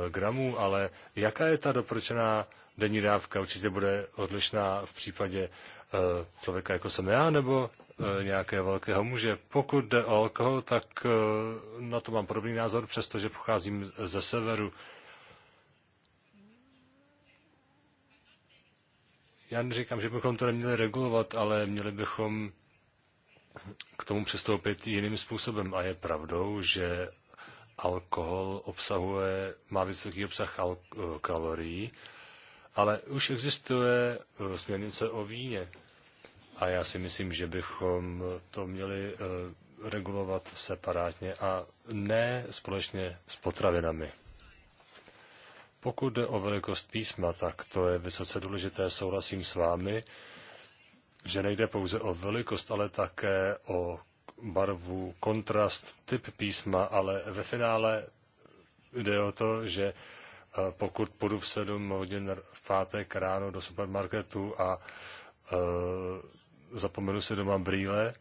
gramů, ale jaká je ta doporučená denní dávka? Určitě bude odlišná v případě Eh, člověka jako jsem já, nebo eh, nějaké velkého muže. Pokud jde o alkohol, tak eh, na to mám podobný názor, přestože pocházím ze severu. Já neříkám, že bychom to neměli regulovat, ale měli bychom k tomu přistoupit jiným způsobem. A je pravdou, že alkohol obsahuje, má vysoký obsah kalorií, ale už existuje směrnice o víně. A já si myslím, že bychom to měli eh, regulovat separátně a ne společně s potravinami. Pokud jde o velikost písma, tak to je vysoce důležité, souhlasím s vámi, že nejde pouze o velikost, ale také o barvu, kontrast, typ písma, ale ve finále jde o to, že eh, pokud půjdu v 7 hodin v pátek ráno do supermarketu a eh, zapomenu si doma brýle.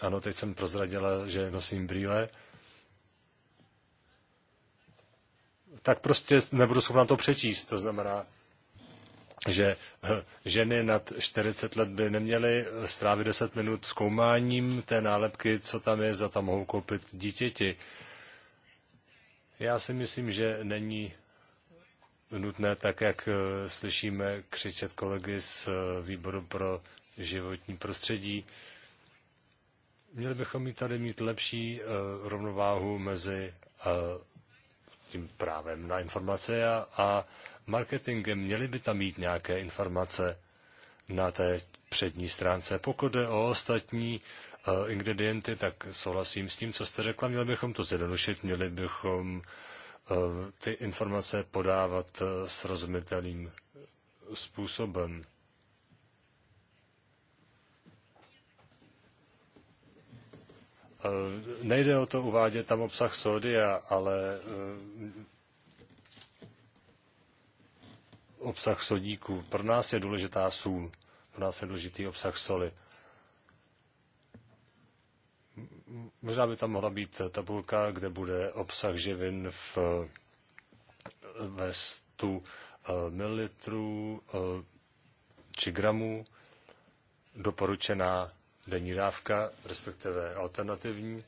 Ano, teď jsem prozradila, že nosím brýle. Tak prostě nebudu schopna to přečíst. To znamená, že eh, ženy nad 40 let by neměly strávit 10 minut zkoumáním té nálepky, co tam je, za tam mohou koupit dítěti. Já si myslím, že není nutné, tak jak eh, slyšíme křičet kolegy z eh, výboru pro životní prostředí. Měli bychom mít tady mít lepší eh, rovnováhu mezi tím právem na informace a, a marketingem. Měli by tam mít nějaké informace na té přední stránce. Pokud jde o ostatní ingredienty, tak souhlasím s tím, co jste řekla. Měli bychom to zjednodušit, měli bychom Eh, ty informace podávat eh, srozumitelným způsobem. Eh, nejde o to uvádět tam obsah sódia, ale obsah sodíku. Pro nás je důležitá sůl, pro nás je důležitý obsah soli. možná by tam mohla být tabulka, kde bude obsah živin v, ve 100 eh, ml eh, či gramů, doporučená denní dávka, respektive alternativní.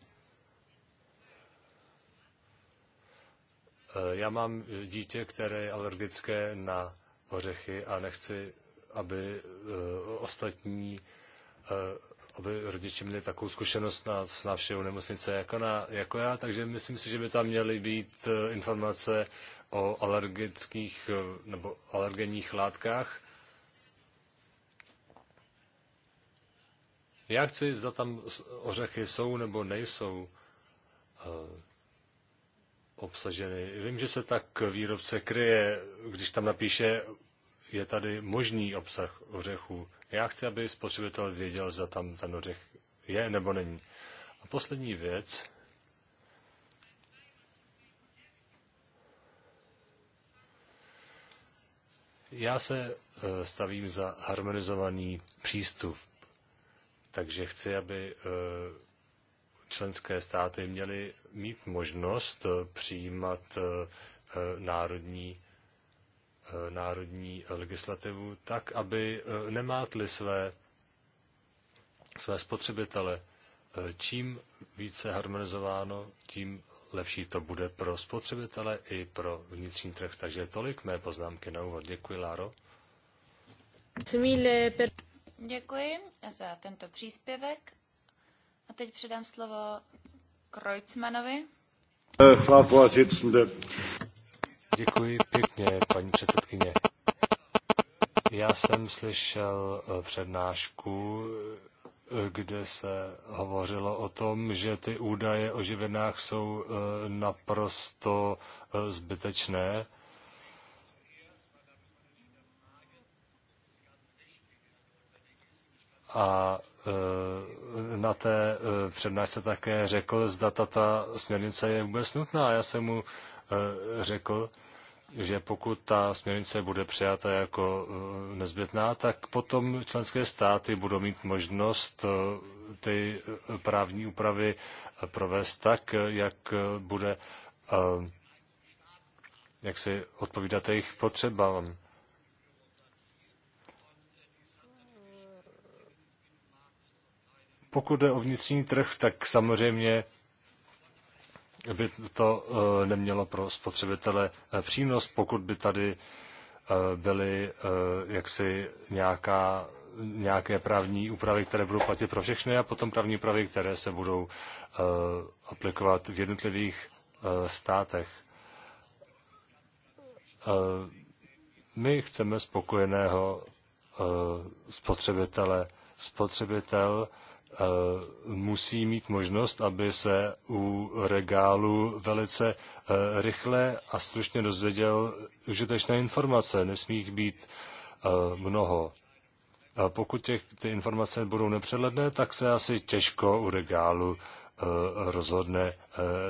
Eh, já mám dítě, které je alergické na ořechy a nechci, aby ostatní aby rodiče měli takovou zkušenost na, s návštěvou nemocnice jako, na, jako já, takže myslím si, že by tam měly být eh, informace o alergických eh, nebo alergenních látkách. Já chci, zda tam ořechy jsou nebo nejsou eh, obsaženy. Vím, že se tak výrobce kryje, když tam napíše, je tady možný obsah ořechů. Já chci, aby spotřebitel věděl, zda tam ten ořech je nebo není. A poslední věc. Já se eh, stavím za harmonizovaný přístup, takže chci, aby eh, členské státy měly mít možnost eh, přijímat národní Eh, národní legislativu tak, aby eh, nemátli své, své spotřebitele. Eh, čím více harmonizováno, tím lepší to bude pro spotřebitele i pro vnitřní trh. Takže tolik mé poznámky na úvod. Děkuji, Láro. Děkuji za tento příspěvek. A teď předám slovo Kreuzmanovi. Frau Vorsitzende. Děkuji pěkně, paní předsedkyně. Já jsem slyšel eh, přednášku, eh, kde se hovořilo o tom, že ty údaje o živinách jsou eh, naprosto zbytečné. A na té přednášce také řekl, zda ta směrnice je vůbec nutná. Já jsem mu Eh, řekl, že pokud ta směrnice bude přijata jako eh, nezbytná, tak potom členské státy budou mít možnost eh, ty právní úpravy provést tak, jak bude jak si odpovídat jejich potřebám. Pokud jde o vnitřní trh, tak samozřejmě by to eh, nemělo pro spotřebitele eh, přínos, pokud by tady eh, byly jaksi nějaká, nějaké právní úpravy, které budou platit pro všechny a potom právní úpravy, které se budou aplikovat v jednotlivých státech. My chceme spokojeného spotřebitele. Spotřebitel Eh, musí mít možnost, aby se u regálu velice eh, rychle a stručně dozvěděl užitečné informace. Nesmí jich být eh, mnoho. A pokud těch, ty informace budou nepřehledné, tak se asi těžko u regálu rozhodne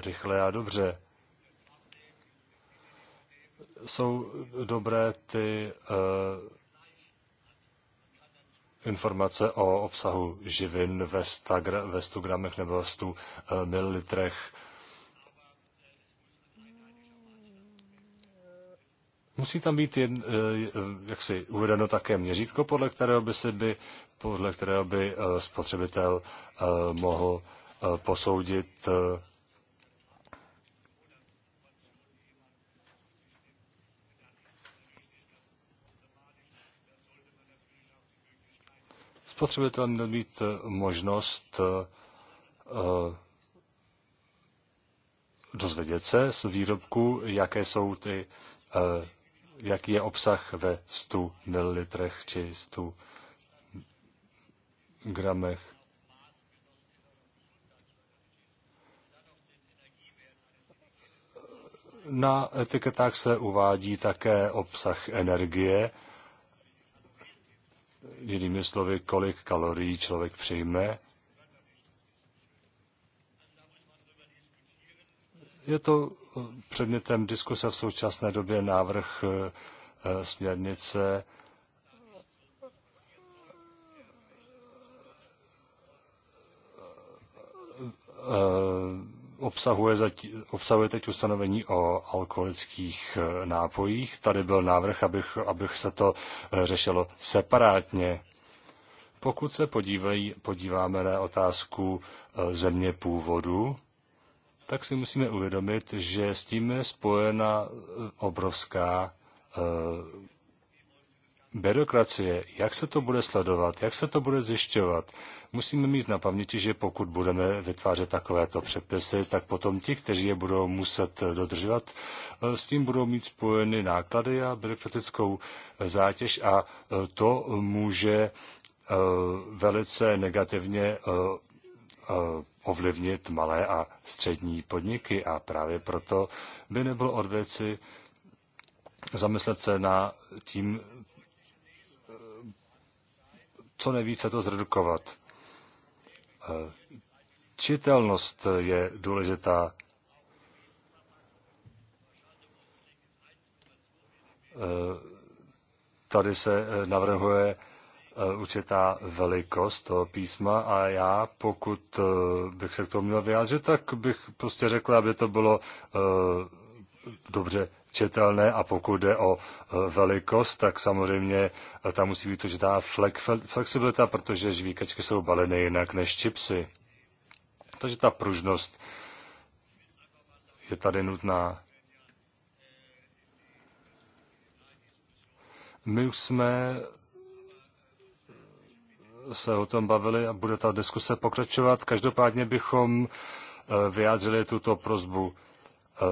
rychle a dobře. Jsou dobré ty informace o obsahu živin ve, 100, ve 100 gramech nebo ve eh, 100 mililitrech. Musí tam být jak eh, jaksi uvedeno také měřítko, podle kterého by, si by, podle kterého by eh, spotřebitel mohl posoudit spotřebitel měl mít eh, možnost eh, eh, dozvědět se z výrobku, jaké jsou ty, jaký je obsah ve 100 ml či 100 gramech. Na etiketách se uvádí také obsah energie, jinými slovy, kolik kalorií člověk přijme. Je to eh, předmětem diskuse v současné době návrh eh, eh, směrnice obsahuje, obsahuje teď ustanovení o alkoholických eh, nápojích. Tady byl návrh, abych, abych se to eh, řešilo separátně. Pokud se podívají, podíváme na otázku eh, země původu, tak si musíme uvědomit, že s tím je spojena obrovská byrokracie, jak se to bude sledovat, jak se to bude zjišťovat. Musíme mít na paměti, že pokud budeme vytvářet takovéto předpisy, tak potom ti, kteří je budou muset dodržovat, eh, s tím budou mít spojeny náklady a byrokratickou eh, zátěž a eh, to může velice negativně ovlivnit malé a střední podniky a právě proto by nebylo od věci zamyslet se na tím, co nejvíce to zredukovat. E, čitelnost je důležitá. E, tady se e, navrhuje určitá velikost toho písma a já, pokud bych se k tomu měl vyjádřit, tak bych prostě řekl, aby to bylo dobře čitelné a pokud jde o e, velikost, tak samozřejmě e, tam musí být určitá flexibilita, protože žvíkačky jsou baleny jinak než čipsy. Takže ta pružnost je tady nutná. My už jsme se o tom bavili a bude ta diskuse pokračovat. Každopádně bychom e, vyjádřili tuto prozbu Eh,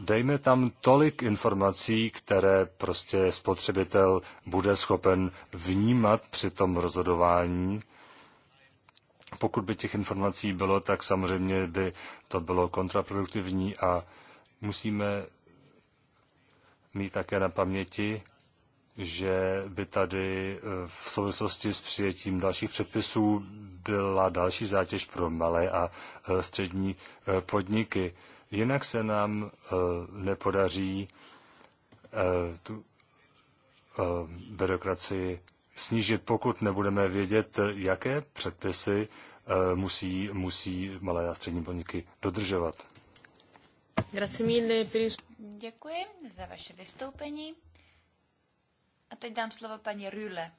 dejme tam tolik informací, které prostě spotřebitel bude schopen vnímat při tom rozhodování. Pokud by těch informací bylo, tak samozřejmě by to bylo kontraproduktivní a musíme mít také na paměti, že by tady eh, v souvislosti s přijetím dalších předpisů byla další zátěž pro malé a eh, střední podniky. Jinak se nám eh, nepodaří eh, tu eh, byrokracii snížit, pokud nebudeme vědět, jaké předpisy musí, musí malé a střední podniky dodržovat. Děkuji za vaše vystoupení. A teď dám slovo paní Rüle.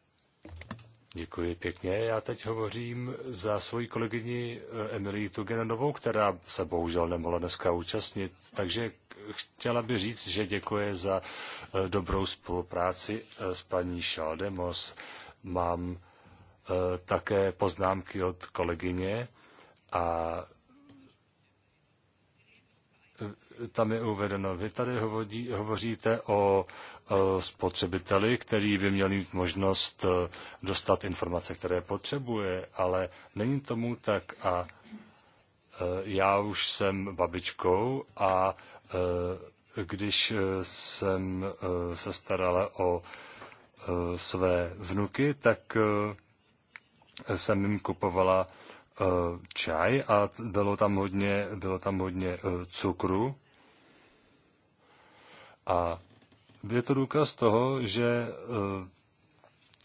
Děkuji pěkně. Já teď hovořím za svoji kolegyni eh, Emilii Tugenovou, která se bohužel nemohla dneska účastnit. Takže chtěla by říct, že děkuji za eh, dobrou spolupráci eh, s paní Šaldemos. Mám také poznámky od kolegyně a tam je uvedeno, vy tady hovoří, hovoříte o Eh, spotřebiteli, který by měl mít možnost eh, dostat informace, které potřebuje, ale není tomu tak a eh, já už jsem babičkou a když jsem se starala o své vnuky, tak jsem jim kupovala čaj a bylo tam hodně, bylo tam hodně cukru. A je to důkaz toho, že eh,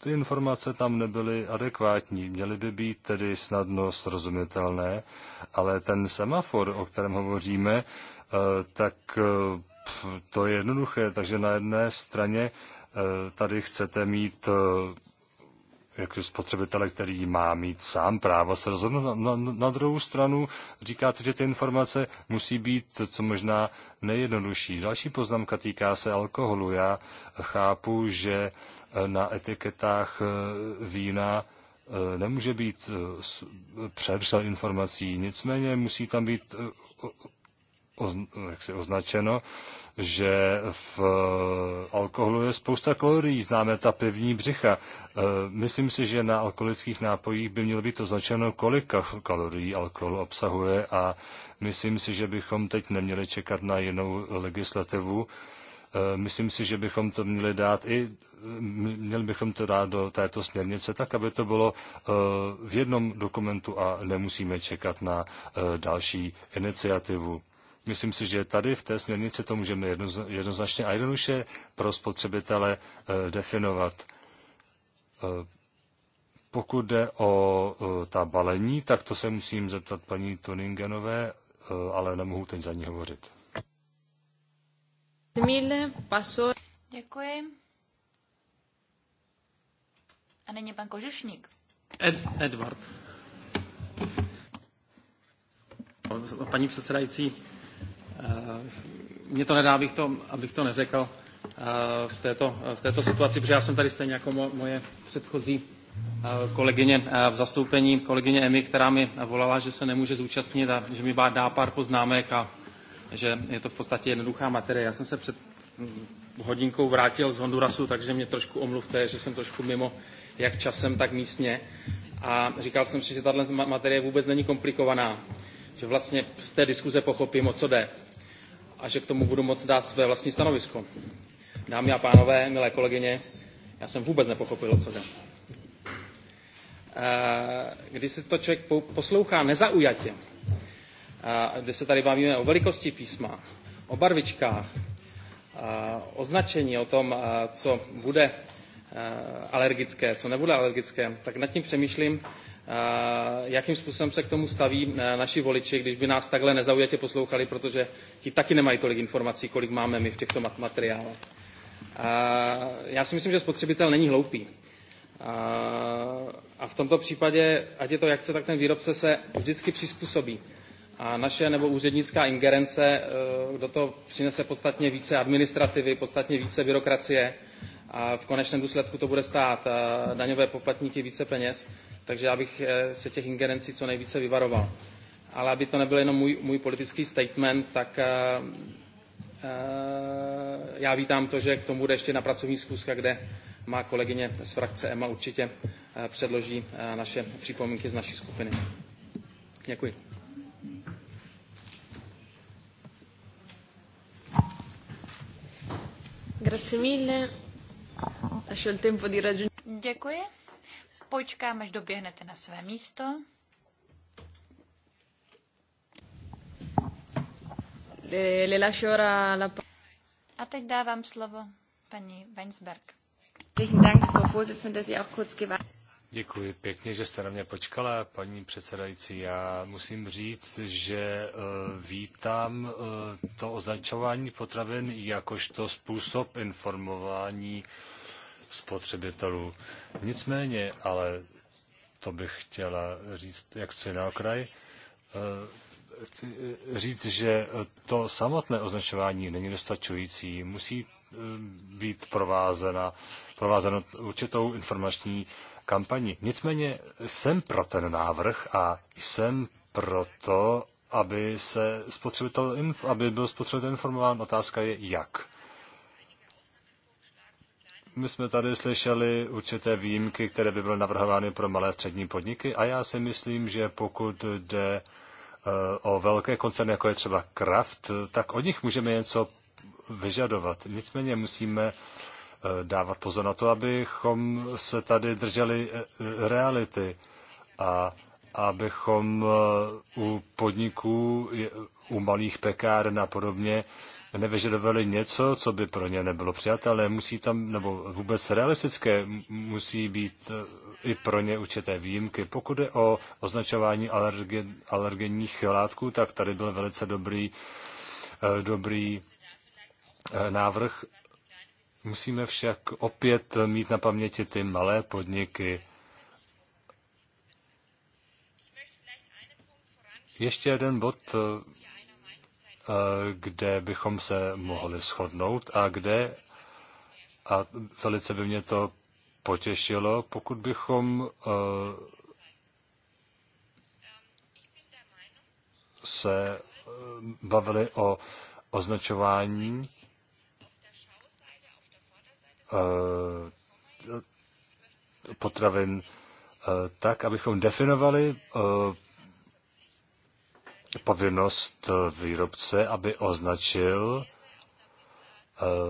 ty informace tam nebyly adekvátní, měly by být tedy snadno srozumitelné, ale ten semafor, o kterém hovoříme, eh, tak eh, to je jednoduché, takže na jedné straně tady chcete mít jaksi spotřebitele, který má mít sám právo se rozhodnout. Na, na, na druhou stranu říkáte, že ty informace musí být co možná nejjednodušší. Další poznámka týká se alkoholu. Já chápu, že eh, na etiketách eh, vína eh, nemůže být přeřel informací, nicméně musí tam být jaksi označeno, že v eh, alkoholu je spousta kalorií, známe ta pevní břicha. Eh, myslím si, že na alkoholických nápojích by mělo být označeno, kolik kalorií alkohol obsahuje a myslím si, že bychom teď neměli čekat na jinou legislativu. Eh, myslím si, že bychom to měli dát i, měli bychom to dát do této směrnice tak, aby to bylo v jednom dokumentu a nemusíme čekat na další iniciativu. Myslím si, že tady v té směrnici to můžeme jednoznačně a jednoduše pro spotřebitele eh, definovat. Eh, pokud jde o eh, ta balení, tak to se musím zeptat paní Toningenové, ale nemohu teď za ní hovořit. Děkuji. A není pan Kožešník. Ed, Edward. Paní předsedající, Eh, mně to nedá, abych to, abych to neřekl eh, v této, v této situaci, protože já jsem tady stejně jako moje předchozí eh, kolegyně v zastoupení, kolegyně Emy, která mi volala, že se nemůže zúčastnit a že mi dá pár poznámek a že je to v podstatě jednoduchá materie. Já jsem se před hm, hodinkou vrátil z Hondurasu, takže mě trošku omluvte, že jsem trošku mimo jak časem, tak místně. A říkal jsem si, že tahle materie vůbec není komplikovaná, že vlastně z té diskuze pochopím, o co jde a že k tomu budu moc dát své vlastní stanovisko. Dámy a pánové, milé kolegyně, já jsem vůbec nepochopil, co jde. Eh, když se to člověk poslouchá nezaujatě, eh, když se tady bavíme o velikosti písma, o barvičkách, eh, o značení, o tom, co bude alergické, co nebude alergické, tak nad tím přemýšlím, jakým způsobem se k tomu staví eh, naši voliči, když by nás takhle nezaujatě poslouchali, protože ti taky nemají tolik informací, kolik máme my v těchto materiálech. Já si myslím, že spotřebitel není hloupý. A v tomto případě, ať je to jak se, tak ten výrobce se vždycky přizpůsobí. A naše nebo úřednická ingerence eh, do toho přinese podstatně více administrativy, podstatně více byrokracie a v konečném důsledku to bude stát eh, daňové poplatníky více peněz, takže já bych eh, se těch ingerencí co nejvíce vyvaroval. Ale aby to nebyl jenom můj, můj politický statement, tak eh, já vítám to, že k tomu bude ještě na pracovní zkuska, kde má kolegyně z frakce EMA určitě předloží naše připomínky z naší skupiny. Děkuji. Grazie mille. Děkuji. Počkám, až doběhnete na své místo. A teď dávám slovo paní Weinsberg. Děkuji, Dank, Frau Vorsitzende, dass Sie auch kurz gewartet Děkuji pěkně, že jste na mě počkala, paní předsedající. Já musím říct, že e, vítám e, to označování potravin jakožto způsob informování spotřebitelů. Nicméně, ale to bych chtěla říct, jak chci na okraj, e, chci říct, že to samotné označování není dostačující. Musí být provázena, provázeno určitou informační kampani. Nicméně jsem pro ten návrh a jsem pro to, aby, se spotřebitel, aby byl spotřebitel informován. Otázka je, jak. My jsme tady slyšeli určité výjimky, které by byly navrhovány pro malé a střední podniky a já si myslím, že pokud jde eh, o velké koncerny, jako je třeba Kraft, tak od nich můžeme něco vyžadovat. Nicméně musíme Eh, dávat pozor na to, abychom se tady drželi eh, reality a abychom eh, u podniků, u malých pekáren a podobně nevyžadovali něco, co by pro ně nebylo přijatelné. Musí tam, nebo vůbec realistické, musí být i pro ně určité výjimky. Pokud je o označování alergen, alergenních látků, tak tady byl velice dobrý, dobrý návrh Musíme však opět mít na paměti ty malé podniky. Ještě jeden bod, eh, kde bychom se mohli shodnout a kde, a velice by mě to potěšilo, pokud bychom eh, se eh, bavili o označování Eh, potravin eh, tak, abychom definovali eh, povinnost výrobce, aby označil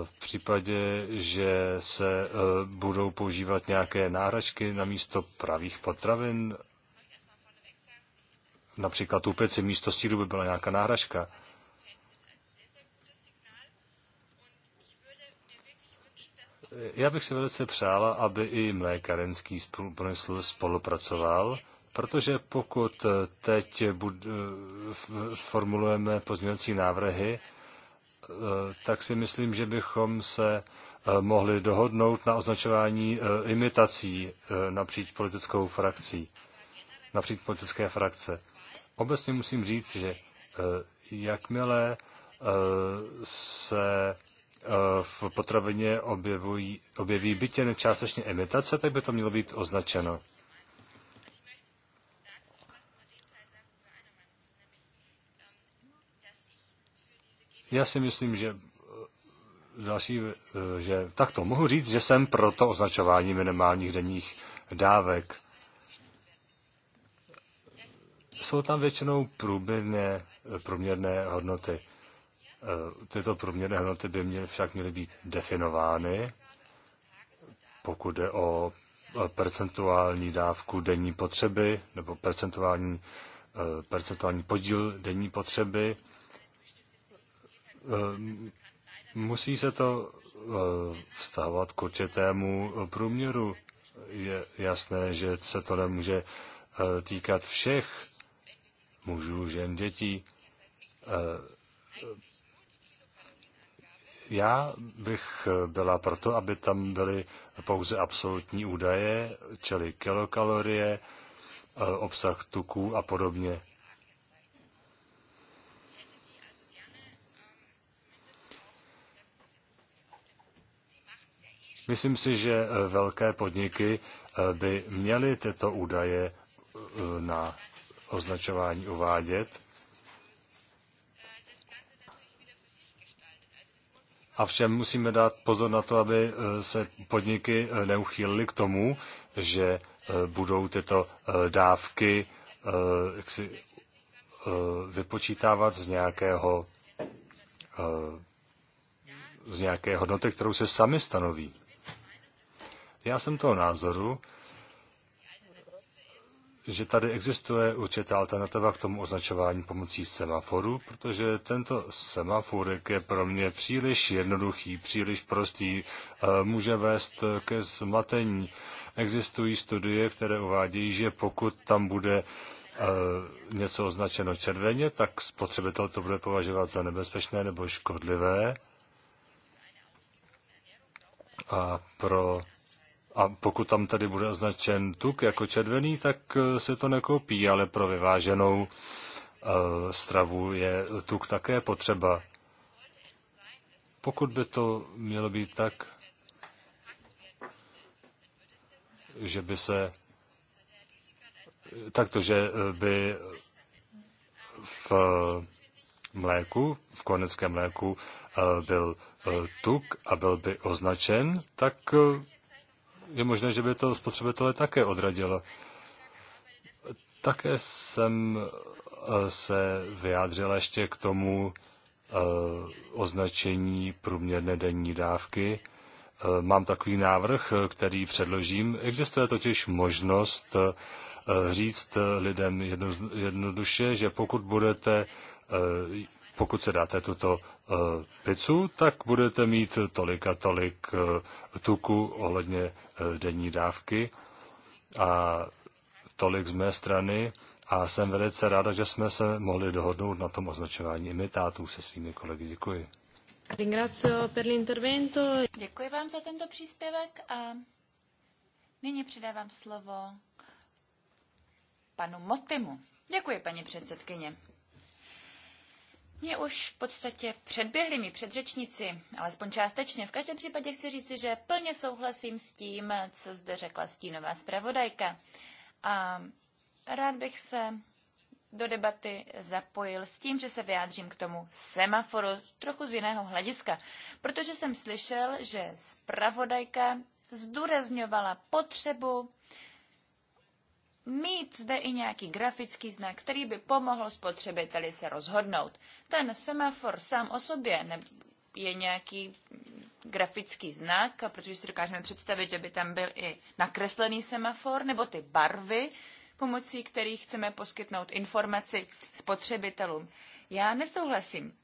v případě, že se budou používat nějaké náhražky na místo pravých potravin, například tu peci místo stíru by byla nějaká náhražka. já bych si velice přála, aby i mlékarenský průmysl spolupracoval, protože pokud eh, teď bud, eh, formulujeme pozměňovací návrhy, eh, tak si myslím, že bychom se mohli dohodnout na označování imitací napříč politickou frakcí, napříč politické frakce. Obecně musím říct, že jakmile se v potravině objevují, objeví bytě částečně imitace, tak by to mělo být označeno. Já si myslím, že eh, další, eh, že tak to mohu říct, že jsem pro to označování minimálních denních dávek. Jsou tam většinou průběrné, průměrné hodnoty. Eh, tyto průměrné hodnoty by měly však měly být definovány, pokud jde o eh, percentuální dávku denní potřeby nebo percentuální, eh, percentuální podíl denní potřeby. Musí se to vztahovat k určitému průměru. Je jasné, že se to nemůže týkat všech mužů, žen, dětí. Já bych eh, byla proto, aby tam byly pouze absolutní údaje, čili kilokalorie, eh, obsah tuků a podobně. Myslím si, že eh, velké podniky by měly tyto údaje na označování uvádět. A všem musíme dát pozor na to, aby eh, se podniky eh, neuchýlily k tomu, že eh, budou tyto dávky jaksi, vypočítávat z nějakého z nějaké hodnoty, kterou se sami stanoví. Já jsem toho názoru, že tady existuje určitá alternativa k tomu označování pomocí semaforu, protože tento semaforek je pro mě příliš jednoduchý, příliš prostý, eh, může vést ke zmatení. Existují studie, které uvádějí, že pokud tam bude eh, něco označeno červeně, tak spotřebitel to bude považovat za nebezpečné nebo škodlivé. A pro a pokud tam tedy bude označen tuk jako červený, tak eh, se to nekoupí, ale pro vyváženou eh, stravu je tuk také potřeba. Pokud by to mělo být tak, že by se takto, že eh, by v mléku, v koneckém mléku byl tuk a byl by označen, tak je možné, že by to spotřebitele také odradilo. Také jsem eh, se vyjádřil ještě k tomu eh, označení průměrné denní dávky. Eh, mám takový návrh, který předložím. Existuje totiž možnost říct lidem jednoduše, že pokud budete, pokud se dáte tuto Eh, pizzu, tak budete mít tolik a tolik eh, tuku ohledně eh, denní dávky a tolik z mé strany a jsem velice ráda, že jsme se mohli dohodnout na tom označování imitátů se svými kolegy. Děkuji. Děkuji vám za tento příspěvek a nyní předávám slovo panu Motimu. Děkuji, paní předsedkyně. Mě už v podstatě předběhli mi předřečníci, alespoň částečně. V každém případě chci říci, že plně souhlasím s tím, co zde řekla stínová zpravodajka. A rád bych se do debaty zapojil s tím, že se vyjádřím k tomu semaforu trochu z jiného hlediska, protože jsem slyšel, že zpravodajka zdůrazňovala potřebu mít zde i nějaký grafický znak, který by pomohl spotřebiteli se rozhodnout. Ten semafor sám o sobě ne, je nějaký grafický znak, protože si dokážeme představit, že by tam byl i nakreslený semafor, nebo ty barvy, pomocí kterých chceme poskytnout informaci spotřebitelům. Já nesouhlasím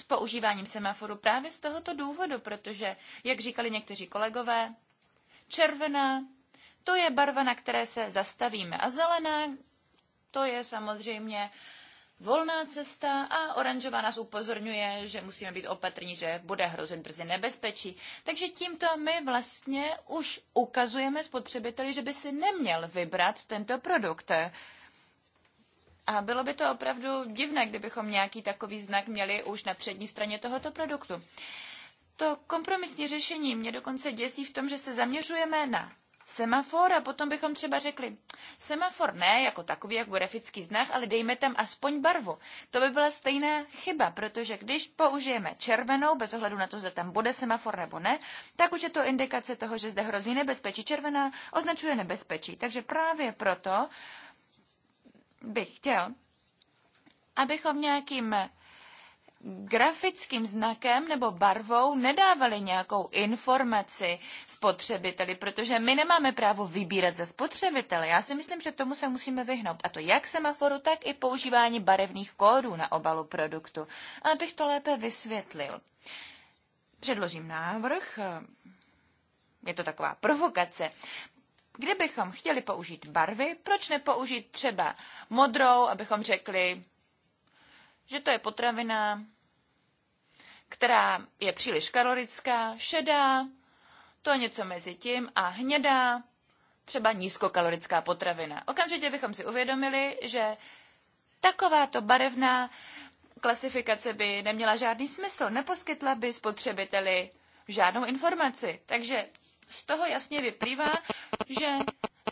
s používáním semaforu právě z tohoto důvodu, protože, jak říkali někteří kolegové, červená to je barva, na které se zastavíme. A zelená, to je samozřejmě volná cesta a oranžová nás upozorňuje, že musíme být opatrní, že bude hrozit brzy nebezpečí. Takže tímto my vlastně už ukazujeme spotřebiteli, že by si neměl vybrat tento produkt. A bylo by to opravdu divné, kdybychom nějaký takový znak měli už na přední straně tohoto produktu. To kompromisní řešení mě dokonce děsí v tom, že se zaměřujeme na semafor a potom bychom třeba řekli, semafor ne jako takový jako grafický znak, ale dejme tam aspoň barvu. To by byla stejná chyba, protože když použijeme červenou, bez ohledu na to, zda tam bude semafor nebo ne, tak už je to indikace toho, že zde hrozí nebezpečí. Červená označuje nebezpečí, takže právě proto bych chtěl, abychom nějakým grafickým znakem nebo barvou nedávali nějakou informaci spotřebiteli, protože my nemáme právo vybírat ze spotřebitele. Já si myslím, že tomu se musíme vyhnout. A to jak semaforu, tak i používání barevných kódů na obalu produktu. abych to lépe vysvětlil. Předložím návrh. Je to taková provokace. Kdybychom chtěli použít barvy, proč nepoužít třeba modrou, abychom řekli že to je potravina, která je příliš kalorická, šedá, to je něco mezi tím a hnědá, třeba nízkokalorická potravina. Okamžitě bychom si uvědomili, že takováto barevná klasifikace by neměla žádný smysl, neposkytla by spotřebiteli žádnou informaci. Takže z toho jasně vyplývá, že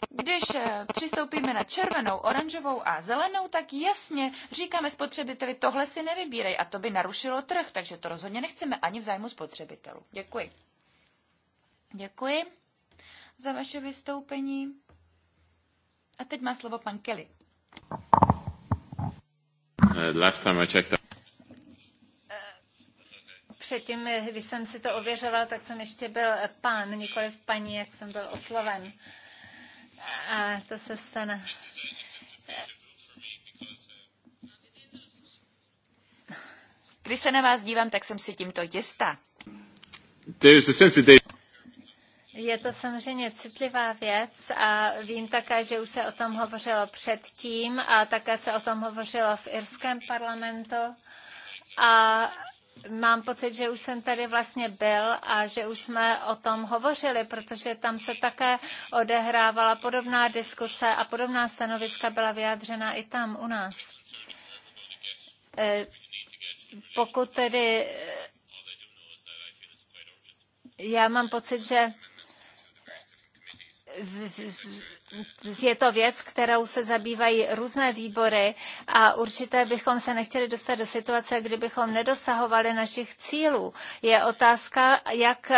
když eh, přistoupíme na červenou, oranžovou a zelenou, tak jasně říkáme spotřebiteli, tohle si nevybírej a to by narušilo trh, takže to rozhodně nechceme ani v zájmu spotřebitelů. Děkuji. Děkuji za vaše vystoupení. A teď má slovo pan Kelly. Eh, last time I checked eh, předtím, když jsem si to ověřoval, tak jsem ještě byl pán, nikoli paní, jak jsem byl osloven. A to se stane. Když se na vás dívám, tak jsem si tímto jistá. Je to samozřejmě citlivá věc a vím také, že už se o tom hovořilo předtím a také se o tom hovořilo v irském parlamentu. A mám pocit, že už jsem tady vlastně byl a že už jsme o tom hovořili, protože tam se také odehrávala podobná diskuse a podobná stanoviska byla vyjádřena i tam u nás. E, pokud tedy e, já mám pocit, že v, v, je to věc, kterou se zabývají různé výbory a určitě bychom se nechtěli dostat do situace, kdybychom nedosahovali našich cílů. Je otázka, jak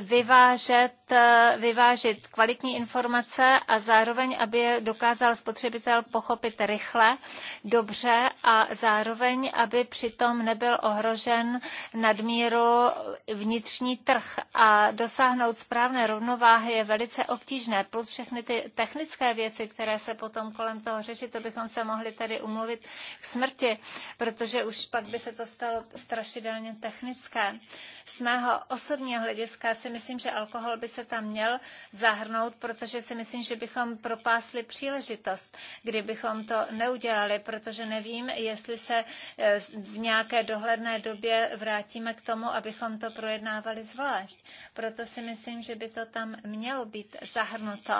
vyvážet Eh, vyvážit kvalitní informace a zároveň, aby je dokázal spotřebitel pochopit rychle, dobře a zároveň, aby přitom nebyl ohrožen nadmíru vnitřní trh. A dosáhnout správné rovnováhy je velice obtížné, plus všechny ty technické věci, které se potom kolem toho řeší, to bychom se mohli tady umluvit k smrti, protože už pak by se to stalo strašidelně technické. Z mého osobního hlediska si myslím, že alkohol by se se tam měl zahrnout, protože si myslím, že bychom propásli příležitost, kdybychom to neudělali, protože nevím, jestli se e, v nějaké dohledné době vrátíme k tomu, abychom to projednávali zvlášť. Proto si myslím, že by to tam mělo být zahrnuto.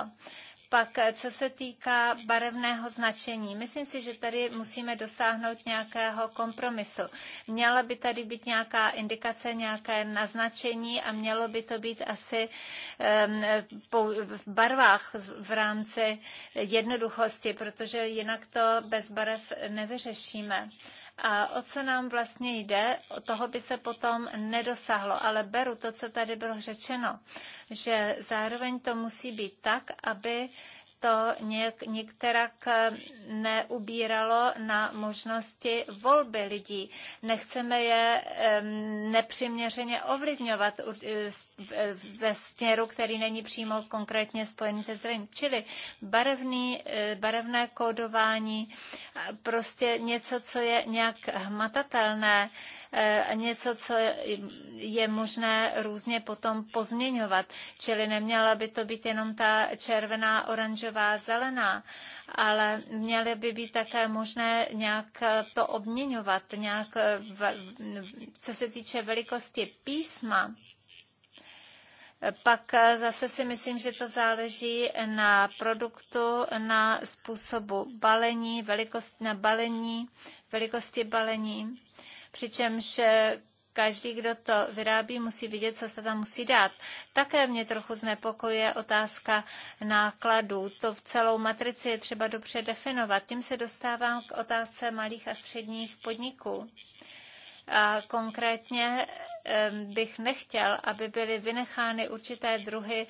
Pak, eh, co se týká barevného značení, myslím si, že tady musíme dosáhnout nějakého kompromisu. Měla by tady být nějaká indikace, nějaké naznačení a mělo by to být asi v barvách v rámci jednoduchosti, protože jinak to bez barev nevyřešíme. A o co nám vlastně jde, toho by se potom nedosáhlo. Ale beru to, co tady bylo řečeno, že zároveň to musí být tak, aby to nějak, některak eh, neubíralo na možnosti volby lidí. Nechceme je nepřiměřeně ovlivňovat eh, eh, ve směru, který není přímo konkrétně spojený se zdravím. Čili barevný, barevné kódování, prostě něco, co je nějak hmatatelné, něco, co je možné různě potom pozměňovat. Čili neměla by to být jenom ta červená, oranžová oranžová, zelená, ale měly by být také možné nějak to obměňovat, nějak v, co se týče velikosti písma, pak zase si myslím, že to záleží na produktu, na způsobu balení, velikost na balení, velikosti balení. Přičemž Každý, kdo to vyrábí, musí vidět, co se tam musí dát. Také mě trochu znepokojuje otázka nákladů. To v celou matrici je třeba dobře definovat. Tím se dostávám k otázce malých a středních podniků. A konkrétně bych nechtěl, aby byly vynechány určité druhy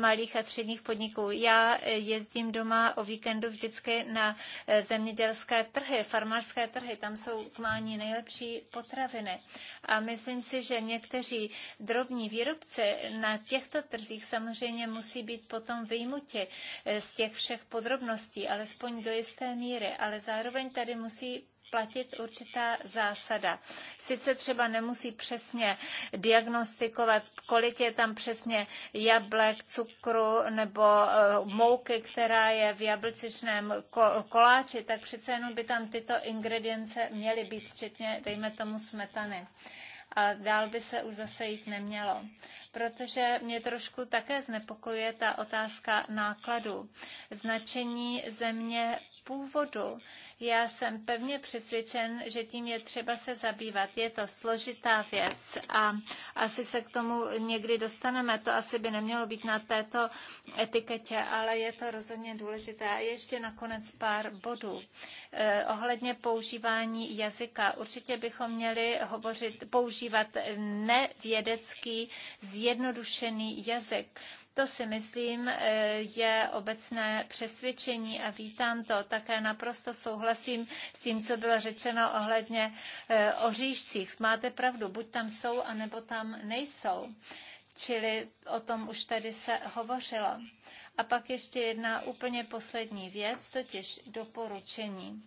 malých a středních podniků. Já eh, jezdím doma o víkendu vždycky na eh, zemědělské trhy, farmářské trhy, tam jsou k mání nejlepší potraviny. A myslím si, že někteří drobní výrobci na těchto trzích samozřejmě musí být potom vyjmuti eh, z těch všech podrobností, alespoň do jisté míry, ale zároveň tady musí platit určitá zásada. Sice třeba nemusí přesně diagnostikovat, kolik je tam přesně jablek, cukru nebo eh, mouky, která je v jablčičném koláči, tak přece jenom by tam tyto ingredience měly být, včetně, dejme tomu, smetany ale dál by se už zase jít nemělo. Protože mě trošku také znepokojuje ta otázka nákladů. Značení země původu. Já jsem pevně přesvědčen, že tím je třeba se zabývat. Je to složitá věc a asi se k tomu někdy dostaneme. To asi by nemělo být na této etiketě, ale je to rozhodně důležité. A ještě nakonec pár bodů. Eh, ohledně používání jazyka. Určitě bychom měli hovořit, používat nevědecký, zjednodušený jazyk. Eh, to si myslím eh, je obecné přesvědčení a vítám to. Také naprosto souhlasím s tím, co bylo řečeno ohledně eh, oříšcích. Máte pravdu, buď tam jsou, anebo tam nejsou. Čili o tom už tady se hovořilo. A pak ještě jedna úplně poslední věc, totiž doporučení.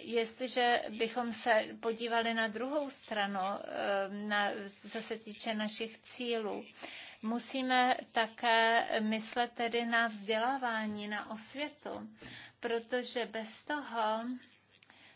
Jestliže bychom se podívali na druhou stranu, eh, na, co se týče našich cílů, Musíme také myslet tedy na vzdělávání, na osvětu, protože bez toho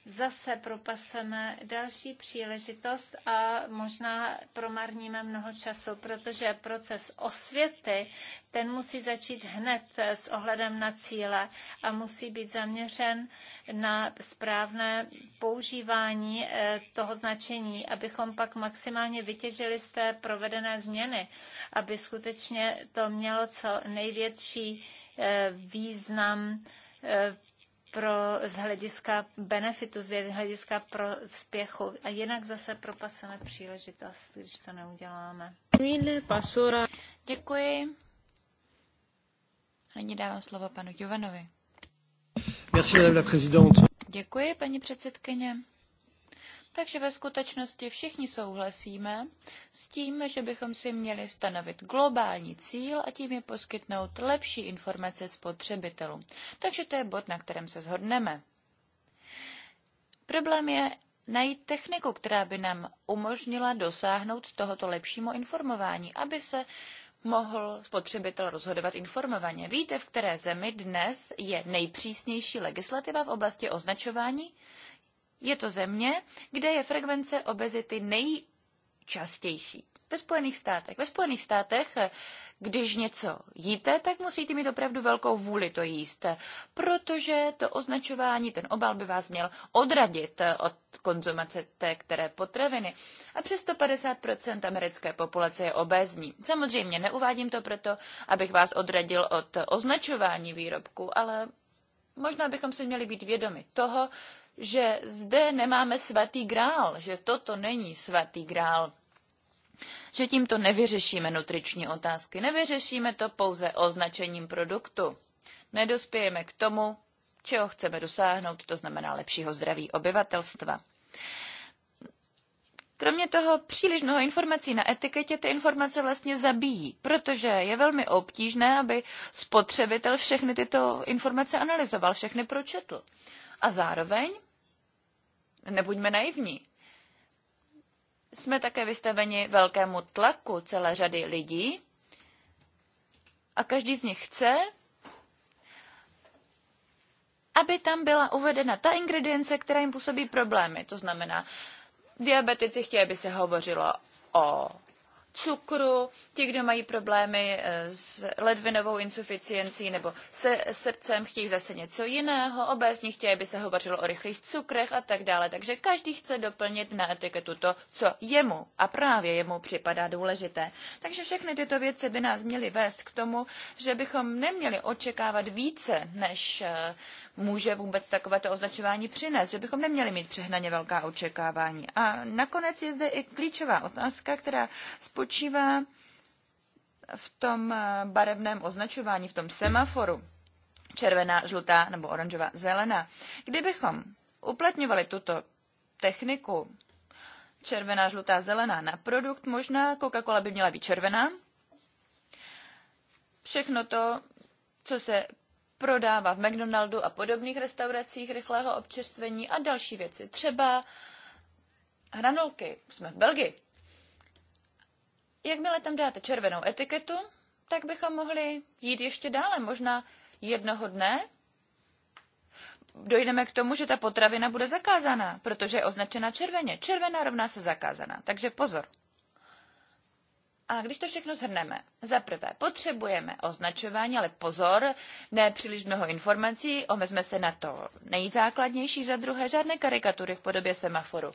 zase propaseme další příležitost a možná promarníme mnoho času, protože proces osvěty, ten musí začít hned s ohledem na cíle a musí být zaměřen na správné používání eh, toho značení, abychom pak maximálně vytěžili z té provedené změny, aby skutečně to mělo co největší eh, význam eh, pro z hlediska benefitu, z hlediska pro spěchu. A jinak zase propaseme příležitost, když to neuděláme. Děkuji. A nyní dávám slovo panu Jovanovi. Děkuji, paní předsedkyně. Takže ve skutečnosti všichni souhlasíme s tím, že bychom si měli stanovit globální cíl a tím je poskytnout lepší informace spotřebitelům. Takže to je bod, na kterém se shodneme. Problém je najít techniku, která by nám umožnila dosáhnout tohoto lepšímu informování, aby se mohl spotřebitel rozhodovat informovaně. Víte, v které zemi dnes je nejpřísnější legislativa v oblasti označování? Je to země, kde je frekvence obezity nejčastější. Ve Spojených státech. Ve Spojených státech, když něco jíte, tak musíte mít opravdu velkou vůli to jíst, protože to označování, ten obal by vás měl odradit od konzumace té které potraviny. A přes 150% americké populace je obézní. Samozřejmě neuvádím to proto, abych vás odradil od označování výrobku, ale možná bychom si měli být vědomi toho, že zde nemáme svatý grál, že toto není svatý grál, že tímto nevyřešíme nutriční otázky, nevyřešíme to pouze označením produktu. Nedospějeme k tomu, čeho chceme dosáhnout, to znamená lepšího zdraví obyvatelstva. Kromě toho příliš mnoho informací na etiketě ty informace vlastně zabíjí, protože je velmi obtížné, aby spotřebitel všechny tyto informace analyzoval, všechny pročetl. A zároveň Nebuďme naivní. Jsme také vystaveni velkému tlaku celé řady lidí a každý z nich chce, aby tam byla uvedena ta ingredience, která jim působí problémy. To znamená, diabetici chtějí, aby se hovořilo o cukru, ti, kdo mají problémy eh, s ledvinovou insuficiencí nebo se srdcem, chtějí zase něco jiného, obézní chtějí, aby se hovořilo o rychlých cukrech a tak dále. Takže každý chce doplnit na etiketu to, co jemu a právě jemu připadá důležité. Takže všechny tyto věci by nás měly vést k tomu, že bychom neměli očekávat více, než uh, může vůbec takovéto označování přinést, že bychom neměli mít přehnaně velká očekávání. A nakonec je zde i klíčová otázka, která spočívá v tom eh, barevném označování, v tom semaforu. Červená, žlutá nebo oranžová, zelená. Kdybychom uplatňovali tuto techniku červená, žlutá, zelená na produkt, možná Coca-Cola by měla být červená. Všechno to, co se prodává v McDonaldu a podobných restauracích rychlého občerstvení a další věci. Třeba hranolky. Jsme v Belgii. Jakmile tam dáte červenou etiketu, tak bychom mohli jít ještě dále. Možná jednoho dne dojdeme k tomu, že ta potravina bude zakázaná, protože je označena červeně. Červená rovná se zakázaná. Takže pozor. A když to všechno zhrneme, za prvé potřebujeme označování, ale pozor, ne příliš mnoho informací, omezme se na to nejzákladnější, za druhé žádné karikatury v podobě semaforu.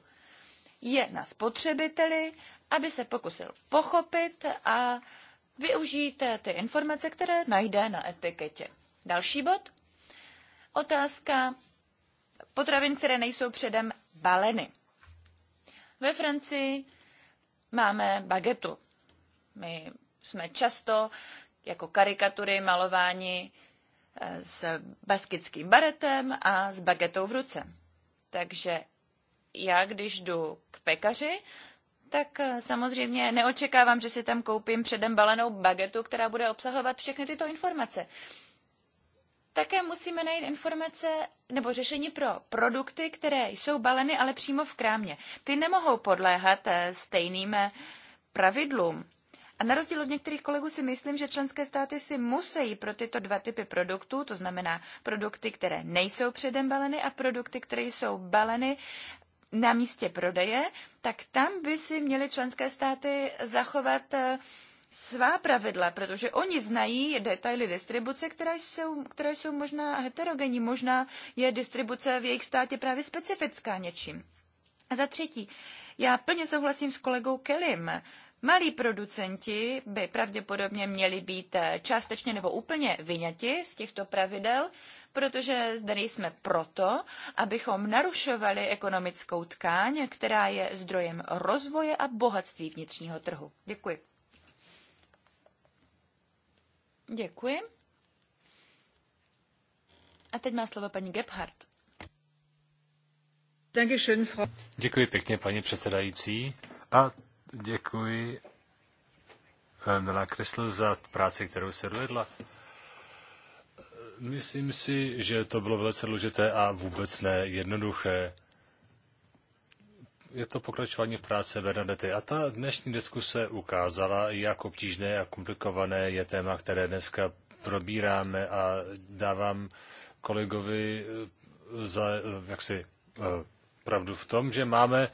Je na spotřebiteli, aby se pokusil pochopit a využít ty informace, které najde na etiketě. Další bod. Otázka potravin, které nejsou předem baleny. Ve Francii máme bagetu my jsme často jako karikatury malováni eh, s baskickým baretem a s bagetou v ruce. Takže já, když jdu k pekaři, tak eh, samozřejmě neočekávám, že si tam koupím předem balenou bagetu, která bude obsahovat všechny tyto informace. Také musíme najít informace nebo řešení pro produkty, které jsou baleny, ale přímo v krámě. Ty nemohou podléhat eh, stejným pravidlům. A na rozdíl od některých kolegů si myslím, že členské státy si musí pro tyto dva typy produktů, to znamená produkty, které nejsou předem baleny a produkty, které jsou baleny na místě prodeje, tak tam by si měly členské státy zachovat eh, svá pravidla, protože oni znají detaily distribuce, které jsou, které jsou možná heterogenní, možná je distribuce v jejich státě právě specifická něčím. A za třetí, já plně souhlasím s kolegou Kellym. Malí producenti by pravděpodobně měli být eh, částečně nebo úplně vyňati z těchto pravidel, protože zde nejsme proto, abychom narušovali ekonomickou tkáň, která je zdrojem rozvoje a bohatství vnitřního trhu. Děkuji. Děkuji. A teď má slovo paní Gebhardt. Děkuji pěkně, paní předsedající. A Děkuji eh, Milá Kresl za práci, kterou se dovedla. Myslím si, že to bylo velice důležité a vůbec ne jednoduché. Je to pokračování v práce Bernadety a ta dnešní diskuse ukázala, jak obtížné a komplikované je téma, které dneska probíráme a dávám kolegovi eh, za eh, jaksi pravdu v tom, že máme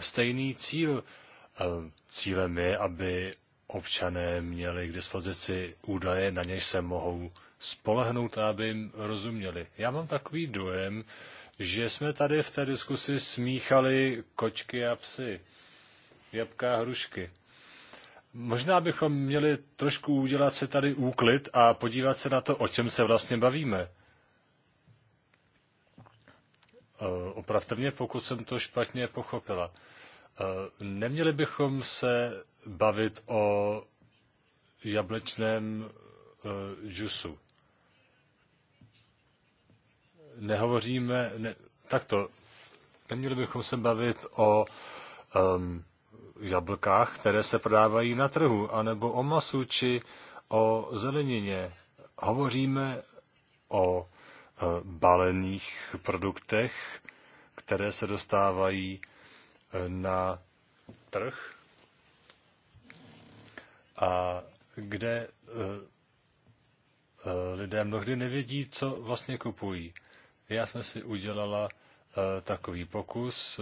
stejný cíl Cílem je, aby občané měli k dispozici údaje, na něž se mohou spolehnout a aby jim rozuměli. Já mám takový dojem, že jsme tady v té diskusi smíchali kočky a psy, jabka a hrušky. Možná bychom měli trošku udělat se tady úklid a podívat se na to, o čem se vlastně bavíme. Eh, opravte mě, pokud jsem to špatně pochopila. Eh, neměli bychom se bavit o jablečném eh, džusu. Nehovoříme, ne, takto, neměli bychom se bavit o um, jablkách, které se prodávají na trhu, anebo o masu či o zelenině. Hovoříme o eh, balených produktech, které se dostávají na trh a kde eh, eh, lidé mnohdy nevědí, co vlastně kupují. Já jsem si udělala eh, takový pokus,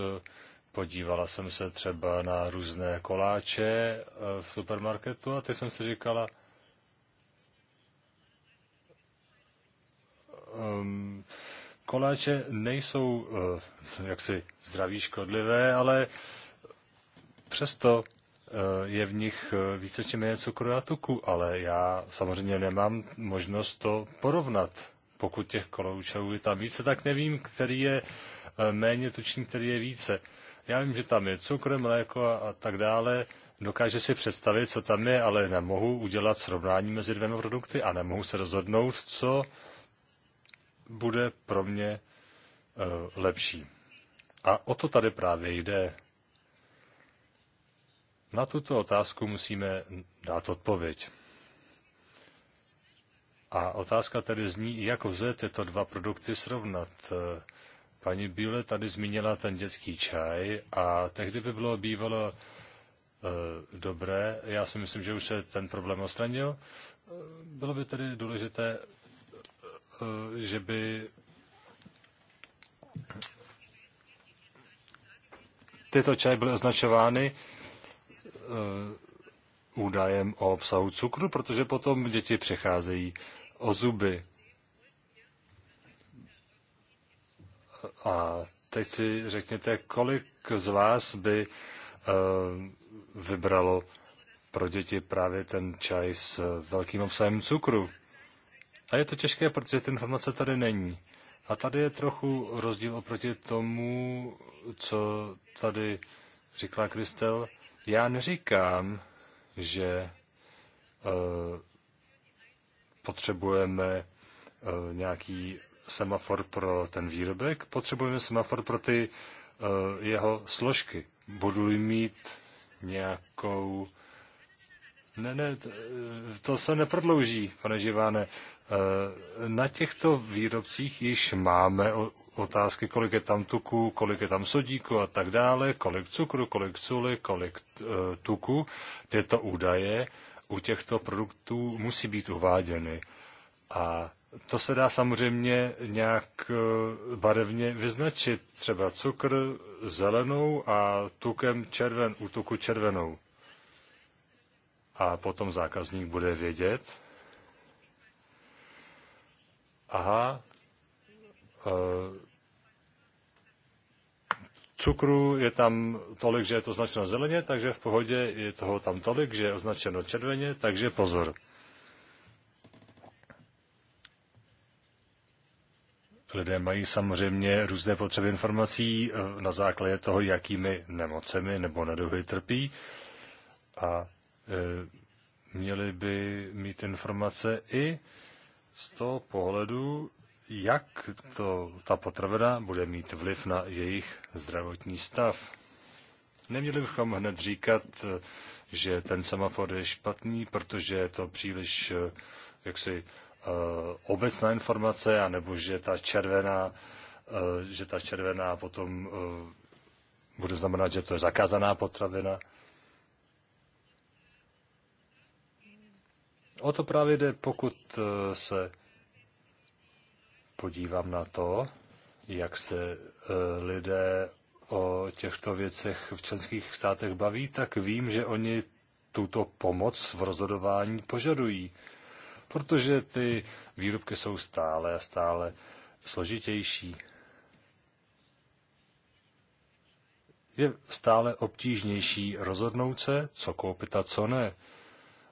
podívala jsem se třeba na různé koláče v supermarketu a teď jsem si říkala, um, Koláče nejsou eh, jaksi zdraví škodlivé, ale přesto eh, je v nich eh, více či méně cukru a tuku, ale já samozřejmě nemám možnost to porovnat. Pokud těch koloučů je tam více, tak nevím, který je méně tučný, který je více. Já vím, že tam je cukr, mléko a, a tak dále. Dokáže si představit, co tam je, ale nemohu udělat srovnání mezi dvěma produkty a nemohu se rozhodnout, co bude pro mě eh, lepší. A o to tady právě jde. Na tuto otázku musíme dát odpověď. A otázka tedy zní, jak lze tyto dva produkty srovnat. Eh, paní Bíle tady zmínila ten dětský čaj a tehdy by bylo bývalo eh, dobré, já si myslím, že už se ten problém odstranil, bylo by tedy důležité Eh, že by tyto čaje byly označovány eh, údajem o obsahu cukru, protože potom děti přecházejí o zuby. A teď si řekněte, kolik z vás by eh, vybralo pro děti právě ten čaj s velkým obsahem cukru. Tady je to těžké, protože ta informace tady není. A tady je trochu rozdíl oproti tomu, co tady říkala Kristel. Já neříkám, že uh, potřebujeme uh, nějaký semafor pro ten výrobek, potřebujeme semafor pro ty uh, jeho složky. Budu mít nějakou ne, ne, eh, to se neprodlouží, pane Živáne. Eh, na těchto výrobcích již máme otázky, kolik je tam tuku, kolik je tam sodíku a tak dále, kolik cukru, kolik soli, kolik eh, tuku. Tyto údaje u těchto produktů musí být uváděny. A to se dá samozřejmě nějak barevně vyznačit, třeba cukr zelenou a tukem červen, u tuku červenou a potom zákazník bude vědět, aha, e, cukru je tam tolik, že je to značeno zeleně, takže v pohodě je toho tam tolik, že je označeno červeně, takže pozor. Lidé mají samozřejmě různé potřeby informací e, na základě toho, jakými nemocemi nebo neduhy trpí. A Eh, měli by mít informace i z toho pohledu, jak to, ta potravina bude mít vliv na jejich zdravotní stav. Neměli bychom hned říkat, eh, že ten semafor je špatný, protože je to příliš eh, jaksi obecná informace, anebo že ta červená, že ta červená potom bude znamenat, že to je zakázaná potravina. O to právě jde, pokud eh, se podívám na to, jak se eh, lidé o těchto věcech v členských státech baví, tak vím, že oni tuto pomoc v rozhodování požadují, protože ty výrobky jsou stále a stále složitější. Je stále obtížnější rozhodnout se, co koupit a co ne.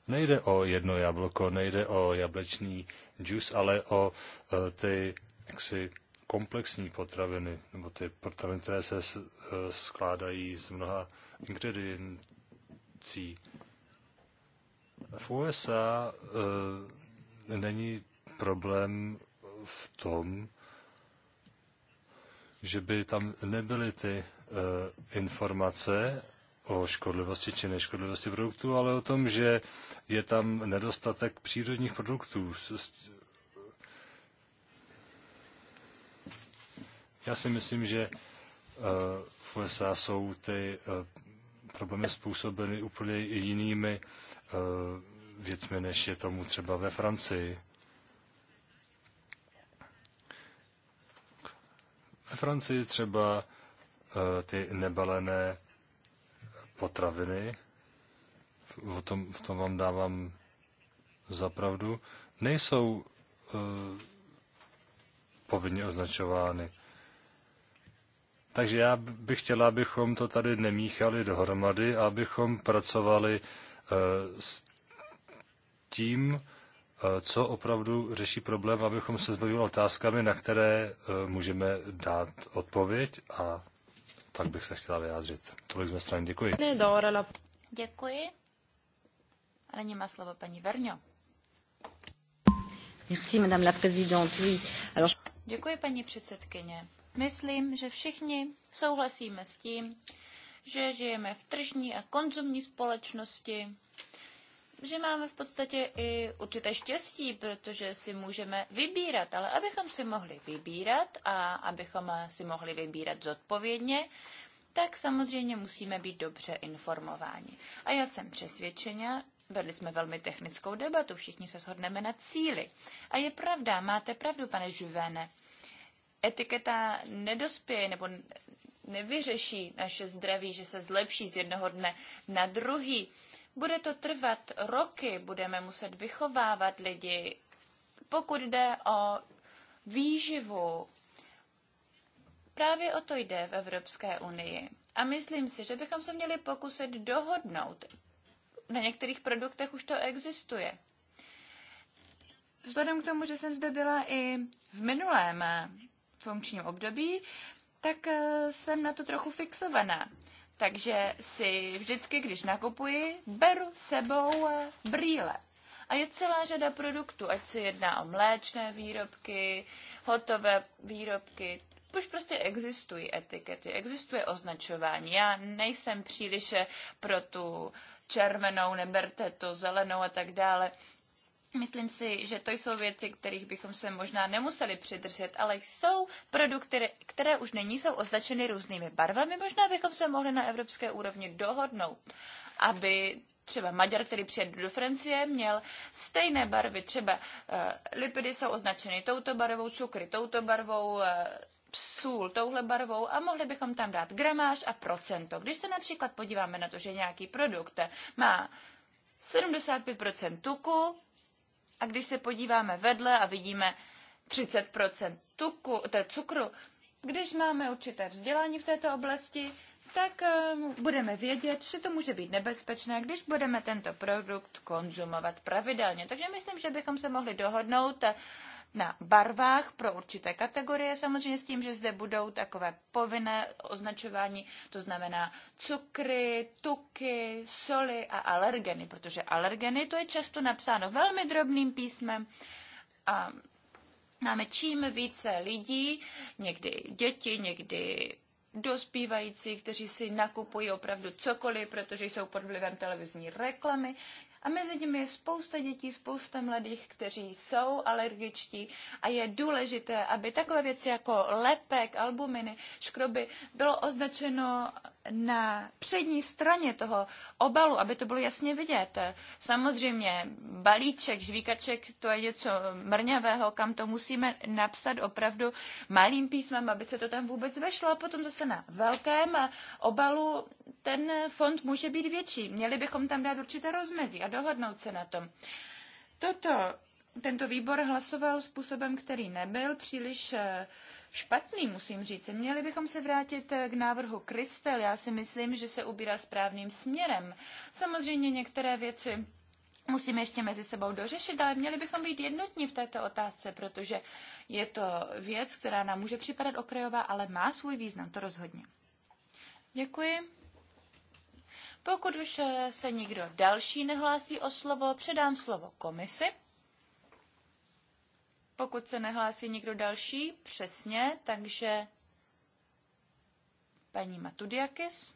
Nejde o jedno jablko, nejde o jablečný džus, ale o e, ty jaksi komplexní potraviny, nebo ty potraviny, které se e, skládají z mnoha ingrediencí. V USA e, není problém v tom, že by tam nebyly ty e, informace o škodlivosti či neškodlivosti produktů, ale o tom, že je tam nedostatek přírodních produktů. Já si myslím, že eh, v USA jsou ty eh, problémy způsobeny úplně jinými eh, věcmi, než je tomu třeba ve Francii. Ve Francii třeba ty nebalené potraviny, v tom, v tom vám dávám zapravdu, nejsou e, povinně označovány. Takže já bych chtěla, abychom to tady nemíchali dohromady, abychom pracovali e, s tím, e, co opravdu řeší problém, abychom se zbavili otázkami, na které e, můžeme dát odpověď a tak bych se chtěla vyjádřit. Tolik z mé strany, děkuji. Děkuji. A nyní má slovo paní Verňo. Merci, madame la présidente. Oui. Alors... Děkuji, paní předsedkyně. Myslím, že všichni souhlasíme s tím, že žijeme v tržní a konzumní společnosti, že máme v podstatě i určité štěstí, protože si můžeme vybírat, ale abychom si mohli vybírat a abychom si mohli vybírat zodpovědně, tak samozřejmě musíme být dobře informováni. A já jsem přesvědčena, vedli jsme velmi technickou debatu, všichni se shodneme na cíli. A je pravda, máte pravdu, pane Žuvene, etiketa nedospěje nebo nevyřeší naše zdraví, že se zlepší z jednoho dne na druhý bude to trvat roky, budeme muset vychovávat lidi. Pokud jde o výživu, právě o to jde v Evropské unii. A myslím si, že bychom se měli pokusit dohodnout. Na některých produktech už to existuje. Vzhledem k tomu, že jsem zde byla i v minulém funkčním období, tak eh, jsem na to trochu fixovaná. Takže si vždycky, když nakupuji, beru sebou eh, brýle. A je celá řada produktů, ať se jedná o mléčné výrobky, hotové výrobky, už prostě existují etikety, existuje označování. Já nejsem příliš eh, pro tu červenou, neberte to, zelenou a tak dále. Myslím si, že to jsou věci, kterých bychom se možná nemuseli přidržet, ale jsou produkty, které už nyní jsou označeny různými barvami. Možná bychom se mohli na evropské úrovni dohodnout, aby třeba Maďar, který přijede do Francie, měl stejné barvy. Třeba uh, lipidy jsou označeny touto barvou, cukry touto barvou, uh, sůl touhle barvou a mohli bychom tam dát gramáž a procento. Když se například podíváme na to, že nějaký produkt má 75% tuku, a když se podíváme vedle a vidíme 30 tuku, té cukru, když máme určité vzdělání v této oblasti, tak eh, budeme vědět, že to může být nebezpečné, když budeme tento produkt konzumovat pravidelně. Takže myslím, že bychom se mohli dohodnout eh, na barvách pro určité kategorie, samozřejmě s tím, že zde budou takové povinné označování, to znamená cukry, tuky, soli a alergeny, protože alergeny to je často napsáno velmi drobným písmem a máme čím více lidí, někdy děti, někdy dospívající, kteří si nakupují opravdu cokoliv, protože jsou pod vlivem televizní reklamy, a mezi nimi je spousta dětí, spousta mladých, kteří jsou alergičtí a je důležité, aby takové věci jako lepek, albuminy, škroby bylo označeno na přední straně toho obalu, aby to bylo jasně vidět. Samozřejmě balíček, žvíkaček, to je něco mrňavého, kam to musíme napsat opravdu malým písmem, aby se to tam vůbec vešlo. A potom zase na velkém obalu ten fond může být větší. Měli bychom tam dát určité rozmezí. A dohodnout se na tom. Toto, tento výbor hlasoval způsobem, který nebyl příliš eh, špatný, musím říct. Měli bychom se vrátit eh, k návrhu Kristel. Já si myslím, že se ubírá správným směrem. Samozřejmě některé věci musíme ještě mezi sebou dořešit, ale měli bychom být jednotní v této otázce, protože je to věc, která nám může připadat okrajová, ale má svůj význam, to rozhodně. Děkuji. Pokud už eh, se nikdo další nehlásí o slovo, předám slovo komisi. Pokud se nehlásí nikdo další, přesně, takže paní Matudiakis.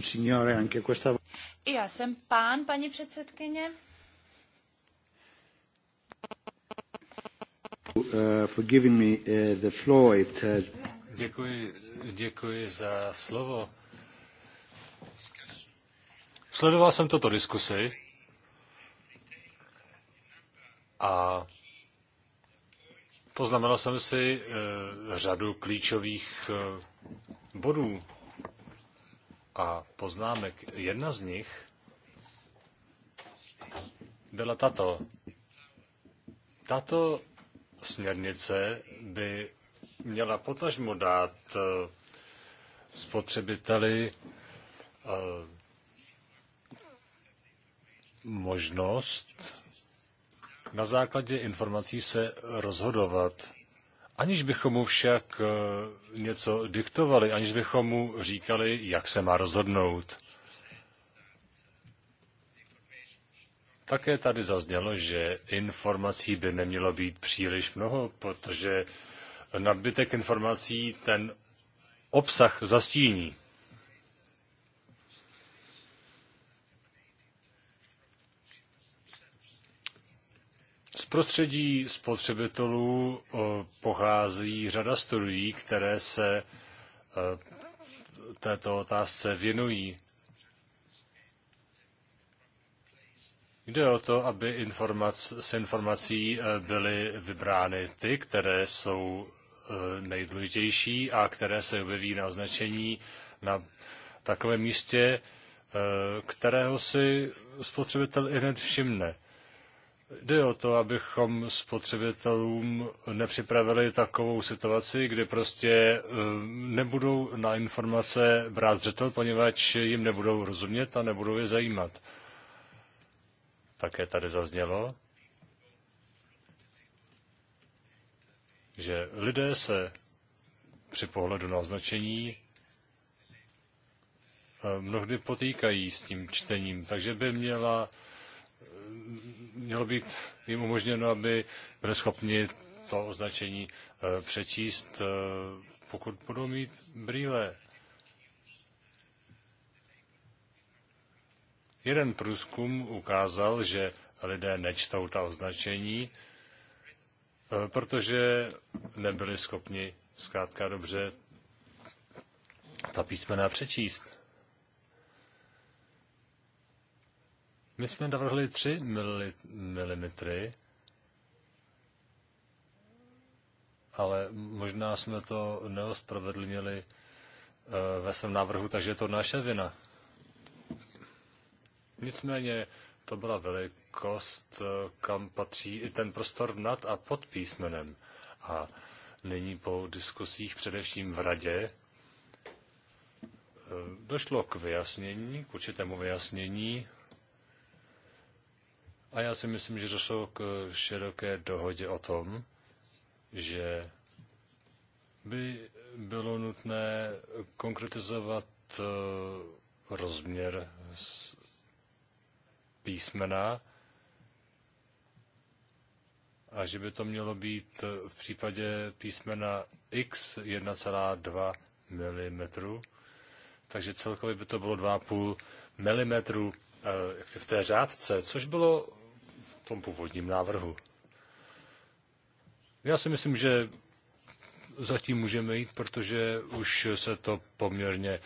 Signore, anche questa... I já jsem pán, paní předsedkyně. Eh, me eh, the floor. It Děkuji, děkuji za slovo. Sledoval jsem toto diskusy a poznamenal jsem si eh, řadu klíčových eh, bodů a poznámek. Jedna z nich byla tato. Tato směrnice by měla potažmo dát eh, spotřebiteli možnost na základě informací se rozhodovat. Aniž bychom mu však eh, něco diktovali, aniž bychom mu říkali, jak se má rozhodnout. Také tady zaznělo, že informací by nemělo být příliš mnoho, protože nadbytek informací ten obsah zastíní. prostředí spotřebitelů eh, pochází řada studií, které se eh, této otázce věnují. Jde o to, aby informac, s informací eh, byly vybrány ty, které jsou nejdůležitější a které se objeví na označení na takovém místě, kterého si spotřebitel hned všimne. Jde o to, abychom spotřebitelům nepřipravili takovou situaci, kdy prostě eh, nebudou na informace brát zřetel, poněvadž jim nebudou rozumět a nebudou je zajímat. Také tady zaznělo, že lidé se při pohledu na označení eh, mnohdy potýkají s tím čtením, takže by měla mělo být jim umožněno, aby byli schopni to označení eh, přečíst, eh, pokud budou mít brýle. Jeden průzkum ukázal, že lidé nečtou ta označení, eh, protože nebyli schopni zkrátka dobře ta písmena přečíst. My jsme navrhli 3 mm, ale možná jsme to neospravedlnili eh, ve svém návrhu, takže je to naše vina. Nicméně to byla velikost, eh, kam patří i ten prostor nad a pod písmenem. A nyní po diskusích především v radě eh, došlo k vyjasnění, k určitému vyjasnění a já si myslím, že došlo k široké dohodě o tom, že by bylo nutné konkretizovat eh, rozměr písmena a že by to mělo být v případě písmena x 1,2 mm, takže celkově by to bylo 2,5 mm jak si v té řádce, což bylo tom původním návrhu. Já si myslím, že zatím můžeme jít, protože už se to poměrně eh,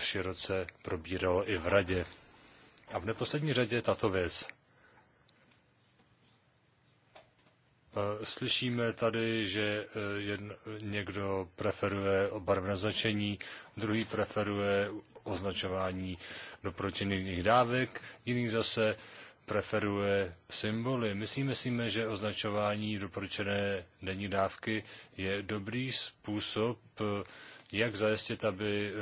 široce probíralo i v radě. A v neposlední řadě tato věc. Eh, slyšíme tady, že eh, někdo preferuje barvné značení, druhý preferuje označování doporučených dávek, jiný zase preferuje symboly. My si myslíme, že označování doporučené denní dávky je dobrý způsob, jak zajistit, aby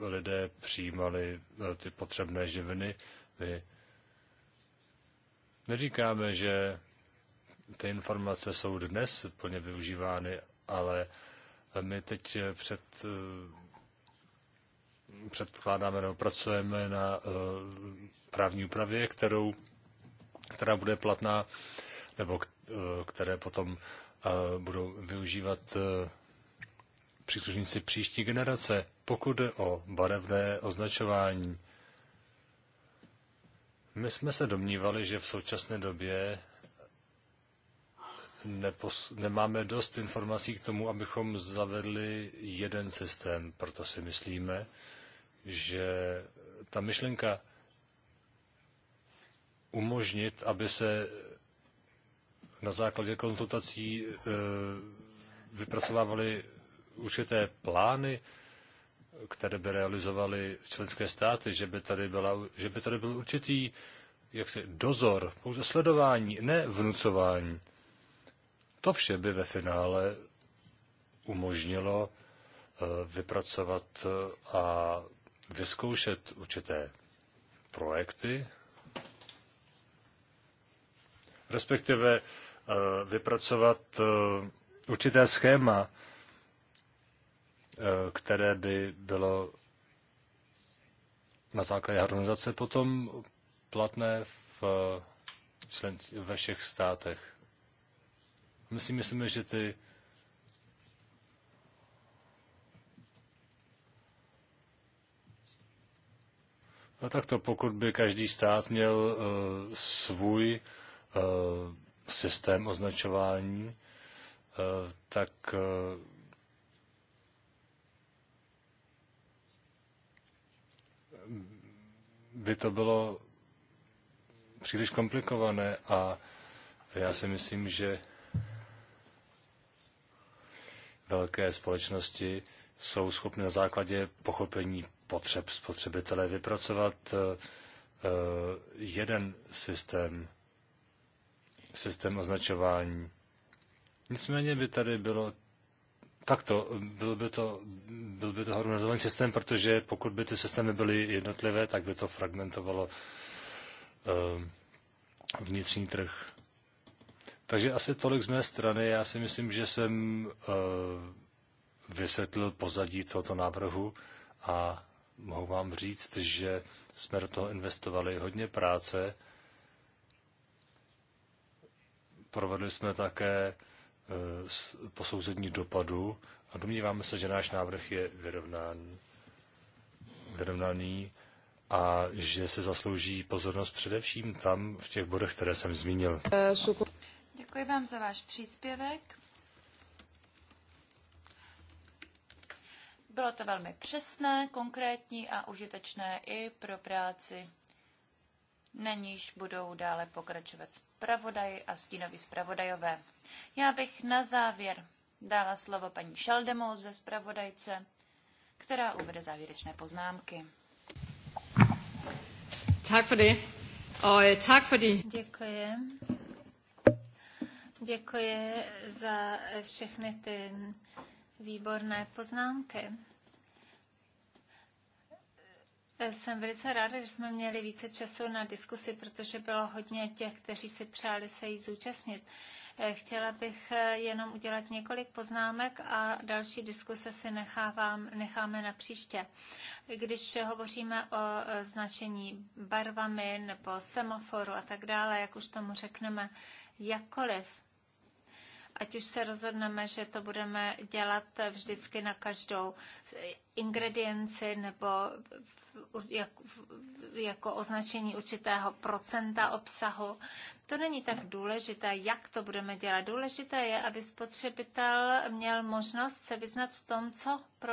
eh, lidé přijímali eh, ty potřebné živiny. My neříkáme, že ty informace jsou dnes plně využívány, ale my teď eh, před předkládáme nebo pracujeme na právní úpravě, kterou která bude platná, nebo eh, které potom eh, budou využívat eh, příslušníci příští generace, pokud jde o barevné označování. My jsme se domnívali, že v současné době nepos- nemáme dost informací k tomu, abychom zavedli jeden systém. Proto si myslíme, že ta myšlenka umožnit, aby se na základě konzultací e, vypracovávaly určité plány, které by realizovaly členské státy, že by tady, byla, že by tady byl určitý jaksi dozor, pouze sledování, ne vnucování. To vše by ve finále umožnilo e, vypracovat e, a vyzkoušet určité projekty, respektive eh, vypracovat eh, určité schéma, eh, které by bylo na základě harmonizace potom platné v, ve všech státech. My si myslíme, že ty No tak to pokud by každý stát měl uh, svůj Eh, systém označování, eh, tak eh, by to bylo příliš komplikované a já si myslím, že velké společnosti jsou schopny na základě pochopení potřeb spotřebitele vypracovat jeden systém systém označování. Nicméně by tady bylo takto, byl by to, byl by to harmonizovaný systém, protože pokud by ty systémy byly jednotlivé, tak by to fragmentovalo ehm, vnitřní trh. Takže asi tolik z mé strany. Já si myslím, že jsem ehm, vysvětlil pozadí tohoto návrhu a mohu vám říct, že jsme do toho investovali hodně práce Provedli jsme také eh, posouzení dopadu a domníváme se, že náš návrh je vyrovnán, vyrovnaný a že se zaslouží pozornost především tam v těch bodech, které jsem zmínil. Děkuji vám za váš příspěvek. Bylo to velmi přesné, konkrétní a užitečné i pro práci na níž budou dále pokračovat zpravodaj a stínoví zpravodajové. Já bych na závěr dala slovo paní Šaldemo ze zpravodajce, která uvede závěrečné poznámky. Tak for Oj, øh, tak fordi... Děkuji. Děkuji za všechny ty výborné poznámky. Eh, jsem velice ráda, že jsme měli více času na diskusi, protože bylo hodně těch, kteří si přáli se jí zúčastnit. Eh, chtěla bych eh, jenom udělat několik poznámek a další diskuse si nechávám, necháme na příště. Když hovoříme o značení barvami nebo semaforu a tak dále, jak už tomu řekneme, jakkoliv, ať už se rozhodneme, že to budeme dělat vždycky na každou ingredienci nebo jako označení určitého procenta obsahu. To není tak důležité, jak to budeme dělat. Důležité je, aby spotřebitel měl možnost se vyznat v tom, co pro